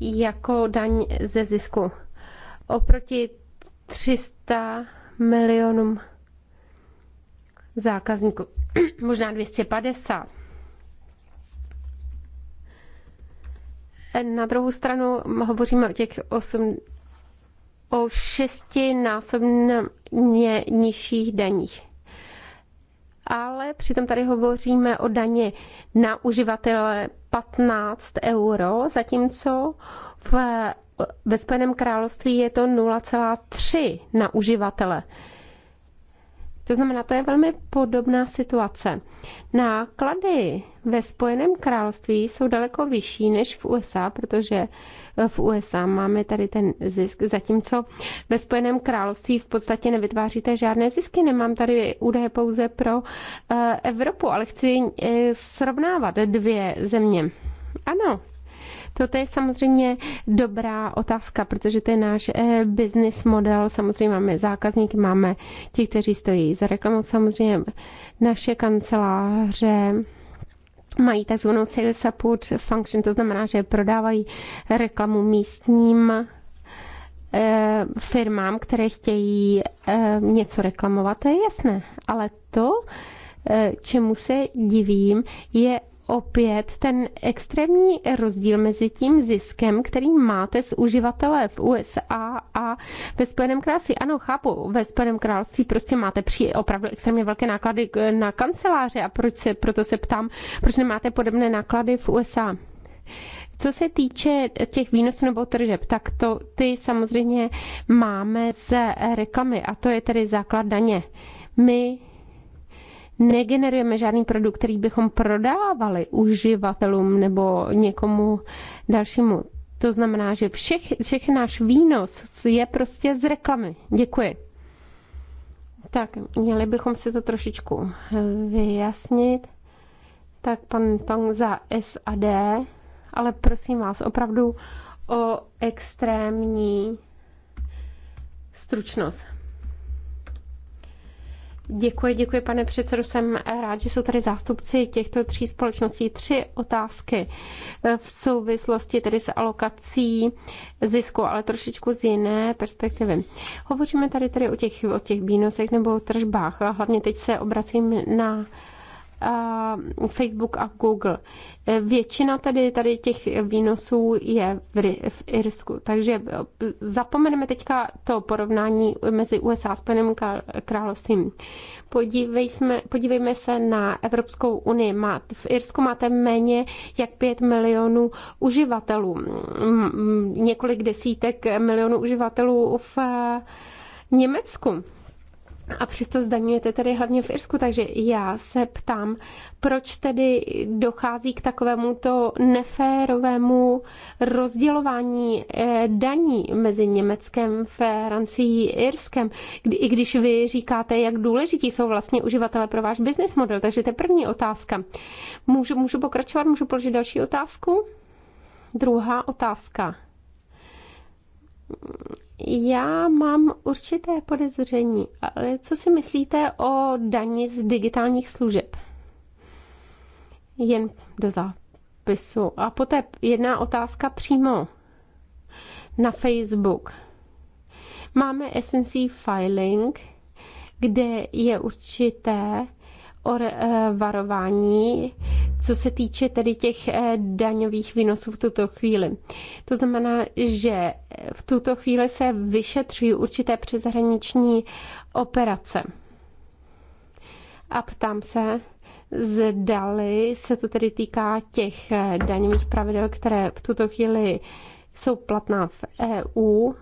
jako daň ze zisku. Oproti 300 milionům zákazníků, možná 250. Eh, na druhou stranu hovoříme o těch 8, o šestinásobně nižších daních. Ale přitom tady hovoříme o daně na uživatele 15 euro, zatímco v, ve Spojeném království je to 0,3 na uživatele. To znamená, to je velmi podobná situace. Náklady ve Spojeném království jsou daleko vyšší než v USA, protože v USA. Máme tady ten zisk, zatímco ve Spojeném království v podstatě nevytváříte žádné zisky. Nemám tady údaje pouze pro eh, Evropu, ale chci eh, srovnávat dvě země. Ano, to je samozřejmě dobrá otázka, protože to je náš eh, business model. Samozřejmě máme zákazníky, máme ti, kteří stojí za reklamou, samozřejmě naše kanceláře, mají takzvanou sales support function, to znamená, že prodávají reklamu místním eh, firmám, které chtějí eh, něco reklamovat, to je jasné. Ale to, eh, čemu se divím, je opět ten extrémní rozdíl mezi tím ziskem, který máte z uživatele v USA a ve Spojeném království. Ano, chápu, ve Spojeném království prostě máte při opravdu extrémně velké náklady na kanceláře a proč se, proto se ptám, proč nemáte podobné náklady v USA. Co se týče těch výnosů nebo tržeb, tak to ty samozřejmě máme z reklamy a to je tedy základ daně. My negenerujeme žádný produkt, který bychom prodávali uživatelům nebo někomu dalšímu. To znamená, že všech, všech náš výnos je prostě z reklamy. Děkuji. Tak, měli bychom si to trošičku eh, vyjasnit. Tak pan Tong za SAD, ale prosím vás opravdu o extrémní stručnost. Děkuji, děkuji, pane předsedo. Jsem rád, že jsou tady zástupci těchto tří společností. Tři otázky v souvislosti tedy s alokací zisku, ale trošičku z jiné perspektivy. Hovoříme tady tedy o těch, o těch výnosech nebo tržbách a hlavně teď se obracím na Facebook a Google. E, většina tady, tady těch výnosů je v, v Irsku. Takže e, zapomeneme teďka to porovnání mezi USA a Spojeným královstvím. Podívejme, podívejme se na Evropskou unii. Má, v Irsku máte méně jak 5 milionů uživatelů. Několik desítek milionů uživatelů v e, Německu. A přesto zdaňujete tedy hlavně v Irsku, takže já se ptám, proč tedy dochází k takovému to neférovému rozdělování eh, daní mezi Německem, Francií, Irskem, kdy, i když vy říkáte, jak důležití jsou vlastně uživatelé pro váš business model. Takže to je první otázka. Můžu, můžu pokračovat, můžu položit další otázku? Druhá otázka já mám určité podezření, ale co si myslíte o dani z digitálních služeb? Jen do zápisu. A poté jedna otázka přímo na Facebook. Máme SNC filing, kde je určité o eh, varování, co se týče tedy těch eh, daňových výnosů v tuto chvíli. To znamená, že v tuto chvíli se vyšetřují určité přeshraniční operace. A ptám se, zdali se to tedy týká těch eh, daňových pravidel, které v tuto chvíli jsou platná v EU,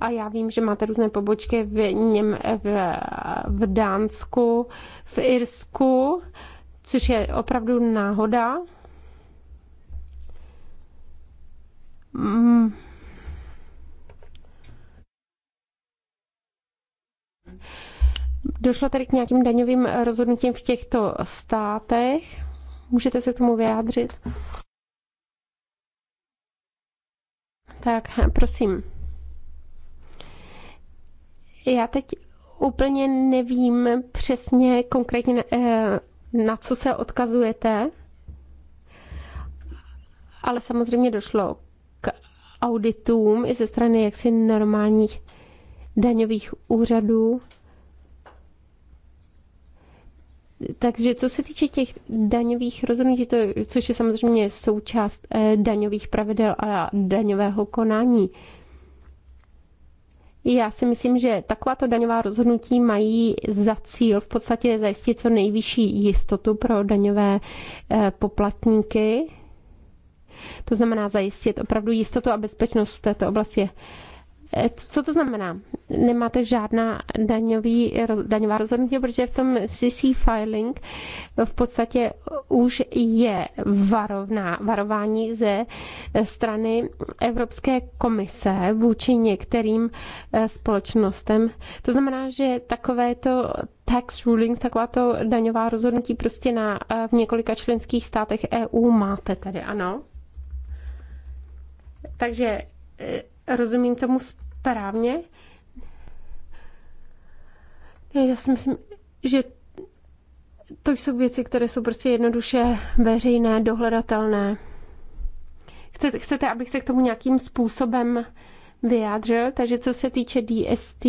a já vím, že máte různé pobočky v, Něm, v, v Dánsku, v Irsku, což je opravdu náhoda.
Mm.
Došlo tady k nějakým daňovým rozhodnutím v těchto státech. Můžete se k tomu vyjádřit? Tak, prosím. Já teď úplně nevím přesně konkrétně, eh, na co se odkazujete, ale samozřejmě došlo k auditům i ze strany jaksi normálních daňových úřadů. Takže co se týče těch daňových rozhodnutí, to, což je samozřejmě součást eh, daňových pravidel a daňového konání, já si myslím, že takováto daňová rozhodnutí mají za cíl v podstatě zajistit co nejvyšší jistotu pro daňové eh, poplatníky. To znamená zajistit opravdu jistotu a bezpečnost v této oblasti. Eh, co to znamená? Nemáte žádná daňový, daňová rozhodnutí, protože v tom CC filing v podstatě už je varovná, varování ze strany Evropské komise vůči některým eh, společnostem. To znamená, že takovéto tax rulings, takováto daňová rozhodnutí prostě na, eh, v několika členských státech EU máte tady, ano? Takže rozumím tomu správně správně. Já si myslím, že to jsou věci, které jsou prostě jednoduše veřejné, dohledatelné. Chcete, chcete abych se k tomu nějakým způsobem vyjádřil? Takže co se týče DST,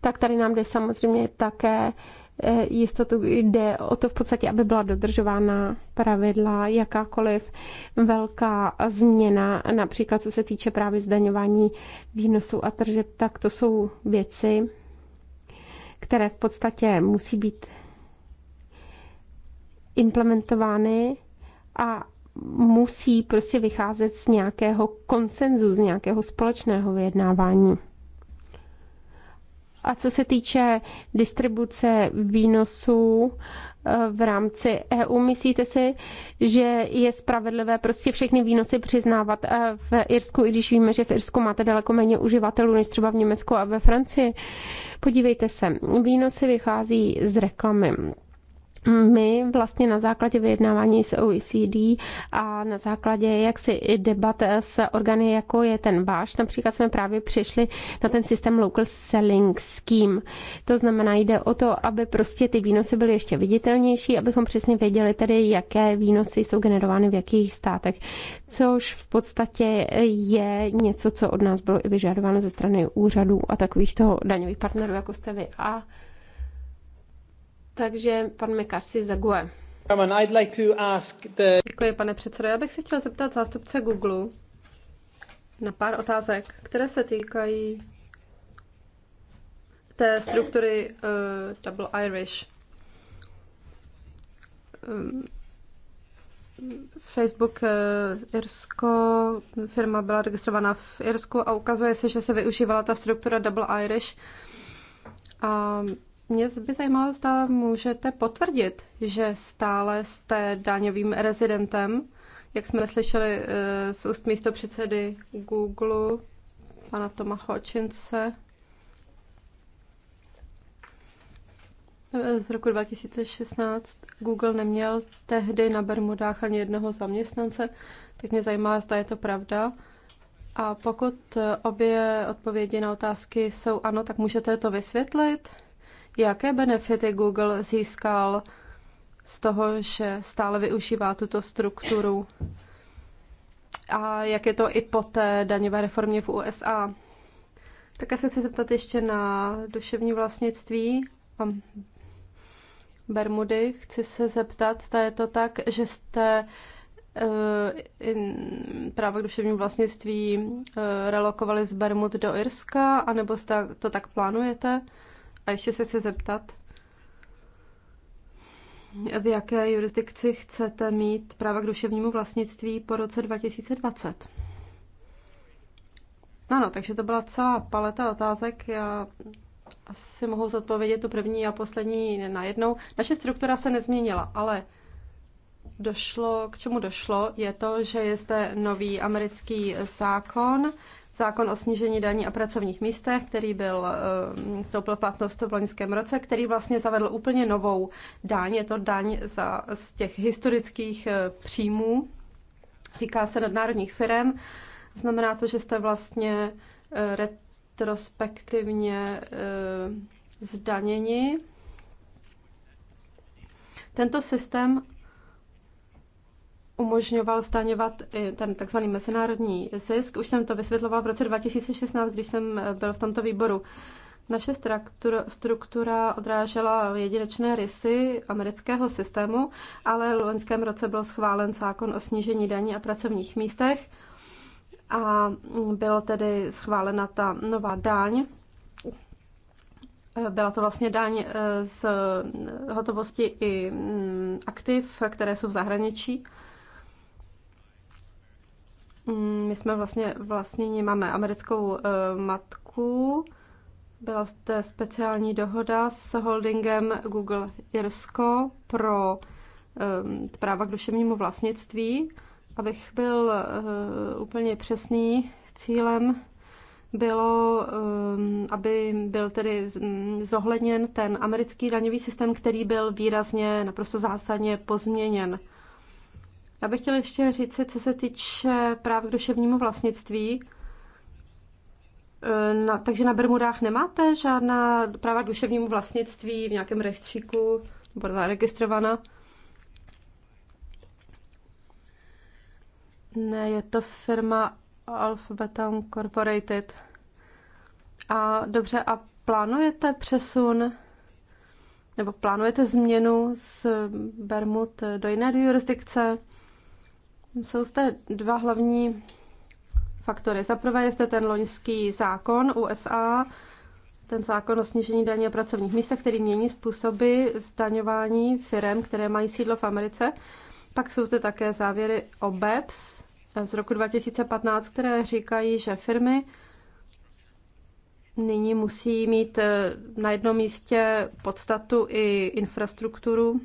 tak tady nám jde samozřejmě také Eh, jistotu. Jde o to v podstatě, aby byla dodržována pravidla, jakákoliv velká změna, například co se týče právě zdaňování výnosů a tržeb, tak to jsou věci, které v podstatě musí být implementovány a musí prostě vycházet z nějakého konsenzu, z nějakého společného vyjednávání. A co se týče distribuce výnosů eh, v rámci EU, myslíte si, že je spravedlivé prostě všechny výnosy přiznávat eh, v Irsku, i když víme, že v Irsku máte daleko méně uživatelů než třeba v Německu a ve Francii? Podívejte se, výnosy vychází z reklamy my vlastně na základě vyjednávání s OECD a na základě jaksi i debat s orgány, jako je ten váš, například jsme právě přišli na ten systém Local Selling Scheme. To znamená, jde o to, aby prostě ty výnosy byly ještě viditelnější, abychom přesně věděli tedy, jaké výnosy jsou generovány v jakých státech, což v podstatě je něco, co od nás bylo i vyžadováno ze strany úřadů a takových toho daňových partnerů, jako jste vy. A takže pan McCarthy za GUE.
Děkuji, pane předsedo. Já bych se chtěla zeptat zástupce Google na pár otázek, které se týkají té struktury uh, Double Irish. Um, Facebook uh, Irsko, firma byla registrovaná v Irsku a ukazuje se, že se využívala ta struktura Double Irish. A um, mě by zajímalo, zda můžete potvrdit, že stále jste daňovým rezidentem, jak jsme slyšeli eh, z úst místo předsedy Google, pana Toma Hočince. Eh, z roku 2016 Google neměl tehdy na Bermudách ani jednoho zaměstnance, tak mě zajímá, zda je to pravda. A pokud eh, obě odpovědi na otázky jsou ano, tak můžete to vysvětlit? Jaké benefity Google získal z toho, že stále využívá tuto strukturu? A jak je to i po té daňové reformě v USA? Také se chci zeptat ještě na duševní vlastnictví a Bermudy. Chci se zeptat, zda je to tak, že jste eh, právě k duševnímu vlastnictví eh, relokovali z Bermud do Irska, anebo to tak plánujete? A ještě se chci zeptat, v jaké jurisdikci chcete mít práva k duševnímu vlastnictví po roce 2020? Ano, takže to byla celá paleta otázek. Já asi mohu zodpovědět tu první a poslední najednou. Naše struktura se nezměnila, ale došlo, k čemu došlo, je to, že je zde nový americký zákon, zákon o snížení daní a pracovních místech, který byl ehm, vstoupil platnost v loňském roce, který vlastně zavedl úplně novou daň. Je to daň za, z těch historických eh, příjmů. Týká se nadnárodních firm. Znamená to, že jste vlastně eh, retrospektivně ehm, zdaněni. Tento systém umožňoval staňovat ten tzv. mezinárodní zisk. Už jsem to vysvětloval v roce 2016, když jsem eh, byl v tomto výboru. Naše struktura, struktura odrážela jedinečné rysy amerického systému, ale v loňském roce byl schválen zákon o snížení daní a pracovních místech a byla tedy schválena ta nová daň. Eh, byla to vlastně daň eh, z hotovosti i mm, aktiv, které jsou v zahraničí. Mm, my jsme vlastně vlastně máme americkou eh, matku, byla zde speciální dohoda s holdingem Google Irsko pro ehm, práva k duševnímu vlastnictví. Abych byl eh, úplně přesný, cílem bylo, ehm, aby byl tedy zohledněn ten americký daňový systém, který byl výrazně, naprosto zásadně pozměněn. Já bych chtěla ještě říct, co se týče práv k duševnímu vlastnictví. E, na, takže na Bermudách nemáte žádná práva k duševnímu vlastnictví v nějakém rejstříku nebo zaregistrovaná? Ne, je to firma Alphabet Incorporated. A dobře, a plánujete přesun nebo plánujete změnu z Bermud do jiné jurisdikce? Jsou zde dva hlavní faktory. Za prvé je zde ten loňský zákon USA, ten zákon o snížení daně pracovních místech, který mění způsoby zdaňování firm, které mají sídlo v Americe. Pak jsou zde také závěry o BEPS z roku 2015, které říkají, že firmy nyní musí mít eh, na jednom místě podstatu i infrastrukturu.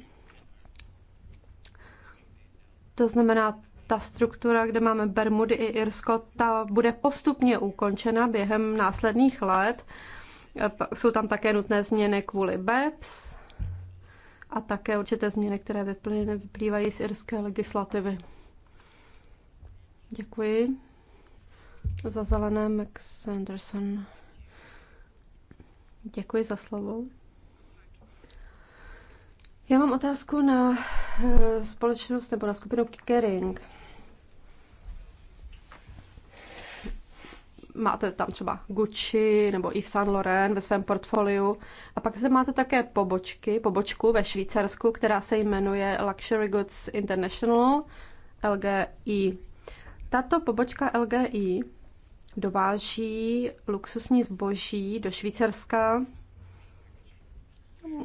To znamená, ta struktura, kde máme Bermudy i Irsko, ta bude postupně ukončena během následných let. E, jsou tam také nutné změny kvůli BEPS a také určité změny, které vyplývají z irské legislativy. Děkuji. Za zelené Max Anderson. Děkuji za slovo. Já mám otázku na e, společnost nebo na skupinu Kickering. máte tam třeba Gucci nebo Yves Saint Laurent ve svém portfoliu. A pak zde máte také pobočky, pobočku ve Švýcarsku, která se jmenuje Luxury Goods International, LGI. Tato pobočka LGI dováží luxusní zboží do Švýcarska,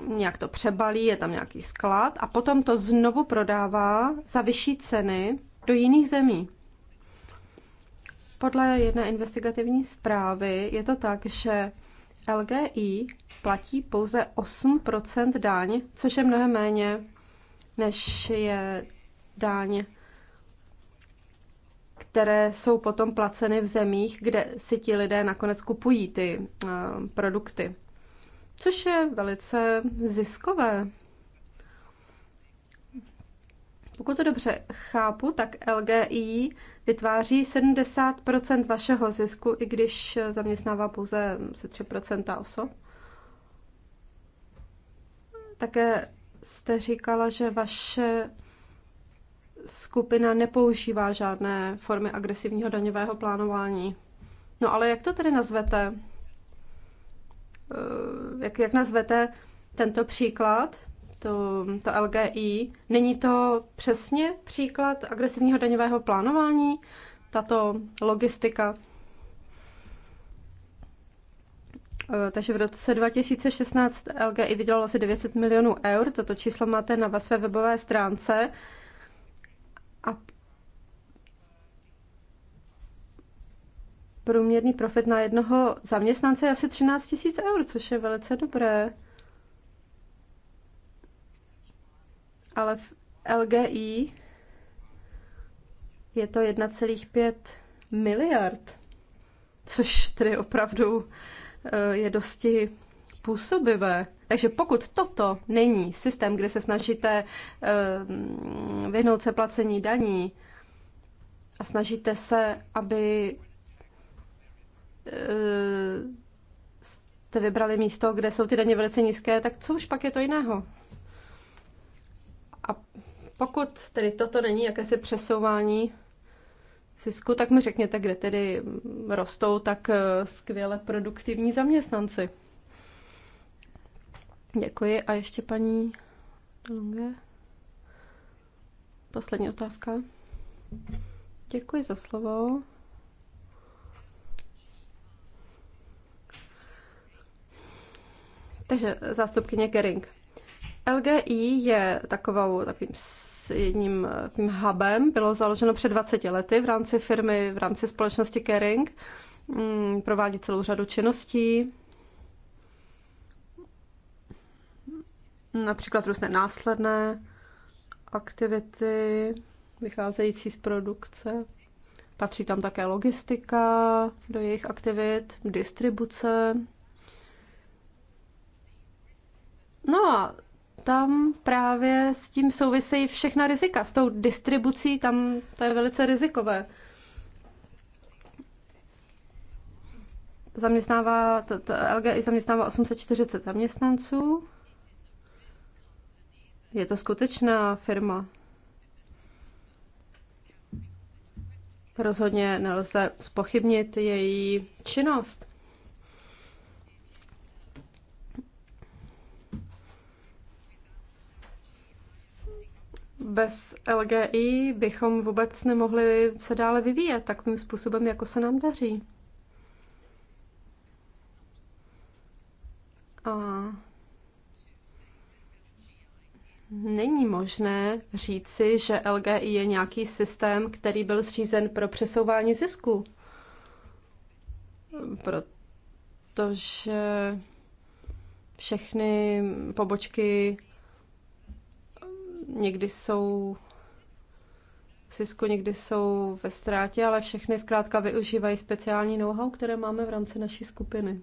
nějak to přebalí, je tam nějaký sklad a potom to znovu prodává za vyšší ceny do jiných zemí. Podle jedné investigativní zprávy je to tak, že LGI platí pouze 8% daň, což je mnohem méně, než je daň, které jsou potom placeny v zemích, kde si ti lidé nakonec kupují ty eh, produkty. Což je velice ziskové pokud to dobře chápu, tak LGI vytváří 70 vašeho zisku, i když zaměstnává pouze 3 osob. Také jste říkala, že vaše skupina nepoužívá žádné formy agresivního daňového plánování. No ale jak to tedy nazvete? Eh, jak, jak nazvete tento příklad to, to LGI, není to přesně příklad agresivního daňového plánování, tato logistika? Eh, takže v roce 2016 LGI vydělalo asi 900 milionů eur, toto číslo máte na své webové stránce. A průměrný profit na jednoho zaměstnance je asi 13 000 eur, což je velice dobré. ale v LGI je to 1,5 miliard, což tedy opravdu eh, je dosti působivé. Takže pokud toto není systém, kde se snažíte eh, vyhnout se placení daní a snažíte se, aby eh, jste vybrali místo, kde jsou ty daně velice nízké, tak co už pak je to jiného? A pokud tedy toto není jakési přesouvání zisku, tak mi řekněte, kde tedy rostou tak eh, skvěle produktivní zaměstnanci. Děkuji. A ještě paní Longe. Poslední otázka. Děkuji za slovo. Takže zástupkyně Gering. LGI je takovou, takovým jedním takovým hubem, bylo založeno před 20 lety v rámci firmy, v rámci společnosti Caring. Mm, provádí celou řadu činností, například různé následné aktivity vycházející z produkce. Patří tam také logistika do jejich aktivit, distribuce. No a tam právě s tím souvisejí všechna rizika. S tou distribucí tam to je velice rizikové. Zaměstnává, t, t, LGI zaměstnává 840 zaměstnanců. Je to skutečná firma. Rozhodně nelze spochybnit její činnost. bez LGI bychom vůbec nemohli se dále vyvíjet takovým způsobem, jako se nám daří. A není možné říci, že LGI je nějaký systém, který byl zřízen pro přesouvání zisku. Protože všechny pobočky někdy jsou v zisku, někdy jsou ve ztrátě, ale všechny zkrátka využívají speciální know-how, které máme v rámci naší skupiny.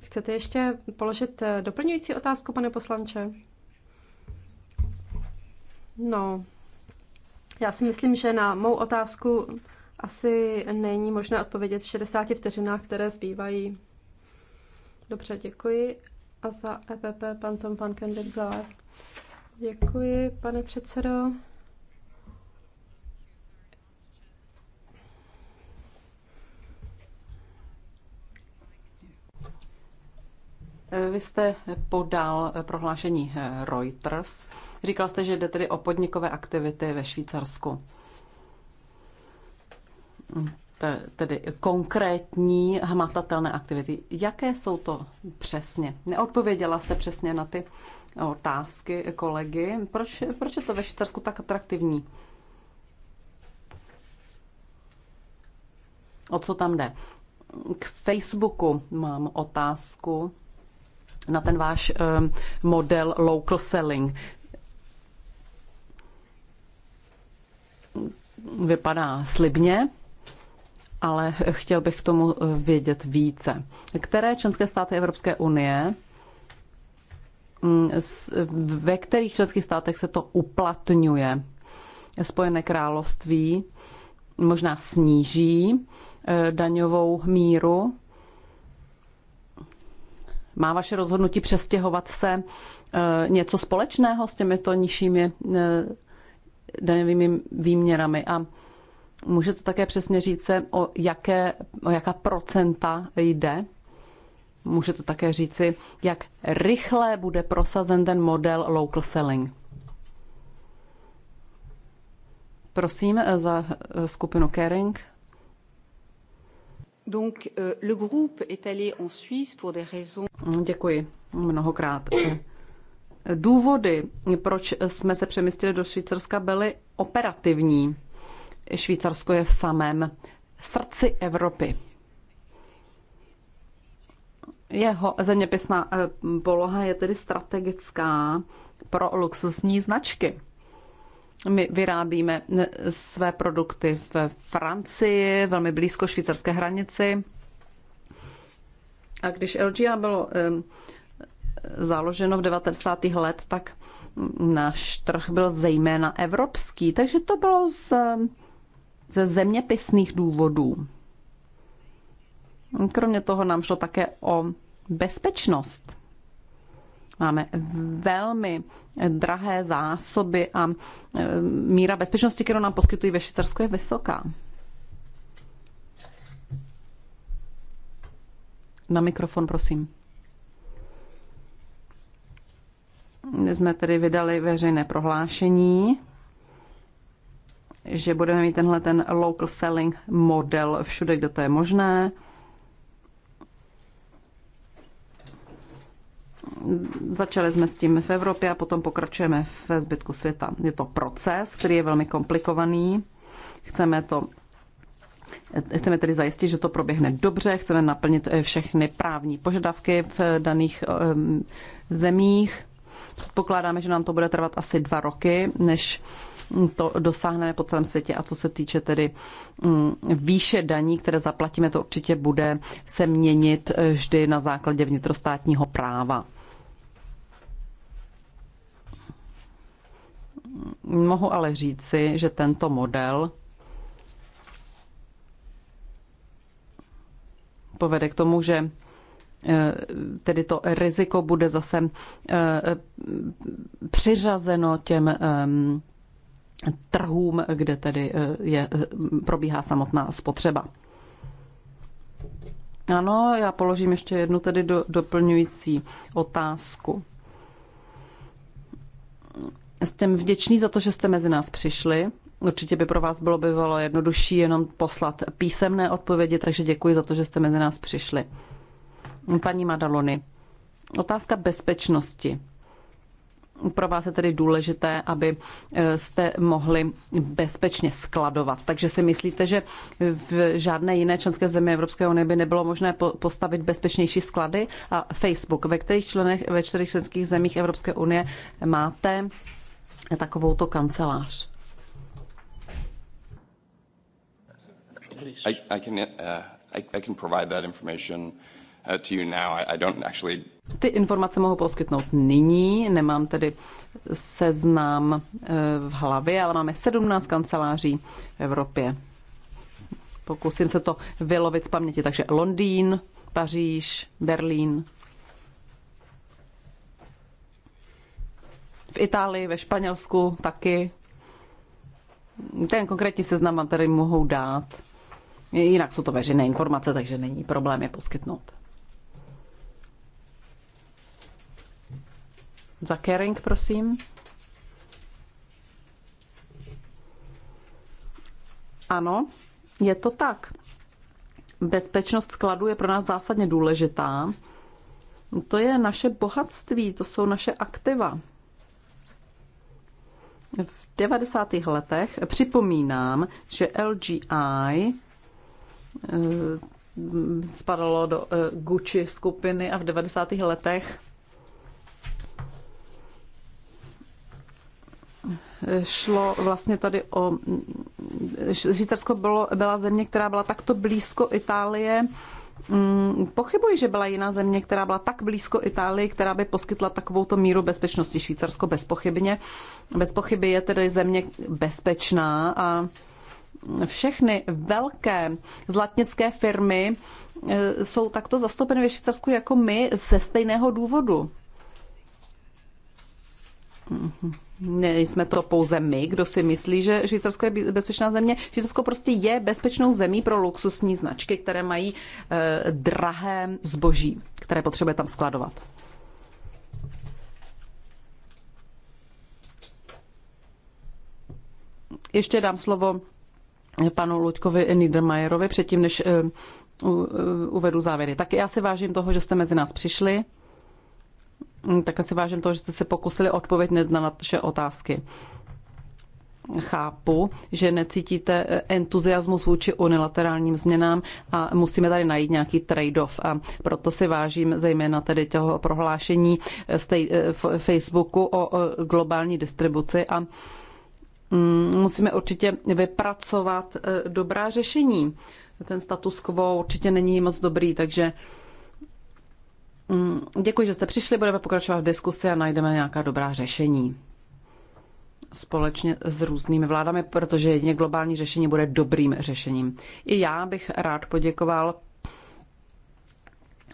Chcete ještě položit eh, doplňující otázku, pane poslanče? No, já si myslím, že na mou otázku asi není možné odpovědět v 60 vteřinách, které zbývají. Dobře, děkuji a za EPP pan Tom pan kendrick Zeller. Děkuji, pane předsedo.
Vy jste podal prohlášení Reuters. Říkal jste, že jde tedy o podnikové aktivity ve Švýcarsku tedy konkrétní hmatatelné aktivity. Jaké jsou to přesně? Neodpověděla jste přesně na ty otázky kolegy. Proč, proč je to ve Švýcarsku tak atraktivní? O co tam jde? K Facebooku mám otázku na ten váš eh, model local selling. Vypadá slibně, ale chtěl bych k tomu eh, vědět více. Které členské státy Evropské unie, mm, ve kterých členských státech se to uplatňuje? Spojené království možná sníží eh, daňovou míru. Má vaše rozhodnutí přestěhovat se eh, něco společného s těmito nižšími daňovými výměrami? A Můžete také přesně říct, o, jaké, o jaká procenta jde? Můžete také říci, jak rychle bude prosazen ten model local selling. Prosím eh, za eh, skupinu Caring. Donc, euh, le groupe est allé en Suisse pour des raisons... Mm, děkuji mnohokrát. Eh, důvody, proč jsme se přemístili do Švýcarska, byly operativní. Švýcarsko je v samém srdci Evropy. Jeho zeměpisná eh, poloha je tedy strategická pro luxusní značky. My vyrábíme eh, své produkty v Francii, velmi blízko švýcarské hranici. A když LGA bylo eh, založeno v 90. let, tak mm, náš trh byl zejména evropský, takže to bylo z ze zeměpisných důvodů. Kromě toho nám šlo také o bezpečnost. Máme velmi drahé zásoby a e, míra bezpečnosti, kterou nám poskytují ve Švýcarsku, je vysoká. Na mikrofon, prosím. My jsme tedy vydali veřejné prohlášení že budeme mít tenhle ten local selling model všude, kde to je možné. Začali jsme s tím v Evropě a potom pokračujeme ve zbytku světa. Je to proces, který je velmi komplikovaný. Chceme to Chceme tedy zajistit, že to proběhne dobře, chceme naplnit eh, všechny právní požadavky v daných ehm, zemích. Předpokládáme, že nám to bude trvat asi dva roky, než to dosáhneme po celém světě. A co se týče tedy mm, výše daní, které zaplatíme, to určitě bude se měnit eh, vždy na základě vnitrostátního práva. Mohu ale říci, že tento model povede k tomu, že eh, tedy to riziko bude zase eh, přiřazeno těm ehm, trhům, kde tedy eh, je, eh, probíhá samotná spotřeba. Ano, já položím ještě jednu tedy do, doplňující otázku. Jsem vděčný za to, že jste mezi nás přišli. Určitě by pro vás bylo bývalo jednodušší jenom poslat písemné odpovědi, takže děkuji za to, že jste mezi nás přišli. Paní Madalony, otázka bezpečnosti pro vás je tedy důležité, aby eh, jste mohli bezpečně skladovat. Takže si myslíte, že v žádné jiné členské zemi Evropské unie by nebylo možné postavit bezpečnější sklady? A Facebook, ve kterých členech, ve čtyřech členských zemích Evropské unie máte takovouto kancelář? I, I can, uh, I, I can provide that information. Uh, to you now. I don't actually... Ty informace mohu poskytnout nyní, nemám tedy seznám uh, v hlavě, ale máme 17 kanceláří v Evropě. Pokusím se to vylovit z paměti, takže Londýn, Paříž, Berlín, v Itálii, ve Španělsku taky. Ten konkrétní seznam vám tady mohou dát. Jinak jsou to veřejné informace, takže není problém je poskytnout. Za Kering, prosím. Ano, je to tak. Bezpečnost skladu je pro nás zásadně důležitá. To je naše bohatství, to jsou naše aktiva. V 90. letech připomínám, že LGI eh, spadalo do eh, Gucci skupiny a v 90. letech šlo vlastně tady o... Švýcarsko bylo, byla země, která byla takto blízko Itálie. Mm, pochybuji, že byla jiná země, která byla tak blízko Itálii, která by poskytla takovouto míru bezpečnosti. Švýcarsko bezpochybně. bezpochyby je tedy země bezpečná a všechny velké zlatnické firmy e, jsou takto zastoupeny ve Švýcarsku jako my ze stejného důvodu. Mm-hmm. Nejsme to pouze my, kdo si myslí, že Švýcarsko je bezpečná země. Švýcarsko prostě je bezpečnou zemí pro luxusní značky, které mají e, drahé zboží, které potřebuje tam skladovat. Ještě dám slovo panu Luďkovi Niedermayerovi předtím, než eh, eh, uvedu závěry. Tak já si vážím toho, že jste mezi nás přišli. Mm, tak si vážím toho, že jste se pokusili odpovědět na naše otázky. Chápu, že necítíte eh, entuziasmus vůči unilaterálním změnám a musíme tady najít nějaký trade-off. A proto si vážím zejména tedy toho prohlášení z eh, eh, Facebooku o globální distribuci a mm, musíme určitě vypracovat dobrá řešení. Ten status quo určitě není moc dobrý, takže Mm, děkuji, že jste přišli, budeme pokračovat v diskusi a najdeme nějaká dobrá řešení společně s různými vládami, protože jedině globální řešení bude dobrým řešením. I já bych rád poděkoval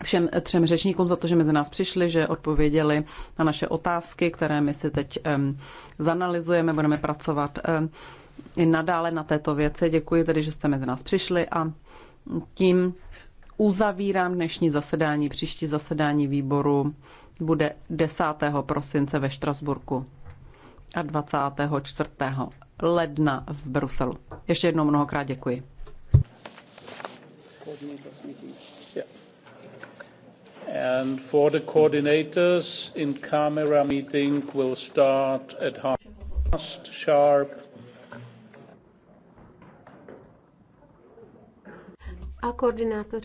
všem třem řečníkům za to, že mezi nás přišli, že odpověděli na naše otázky, které my si teď um, zanalizujeme, budeme pracovat um, i nadále na této věci. Děkuji tedy, že jste mezi nás přišli a tím uzavírám dnešní zasedání. Příští zasedání výboru bude 10. prosince ve Štrasburku a 24. ledna v Bruselu. Ještě jednou mnohokrát děkuji.
And for the coordinators, in camera meeting will start at half past sharp.
A koordinátor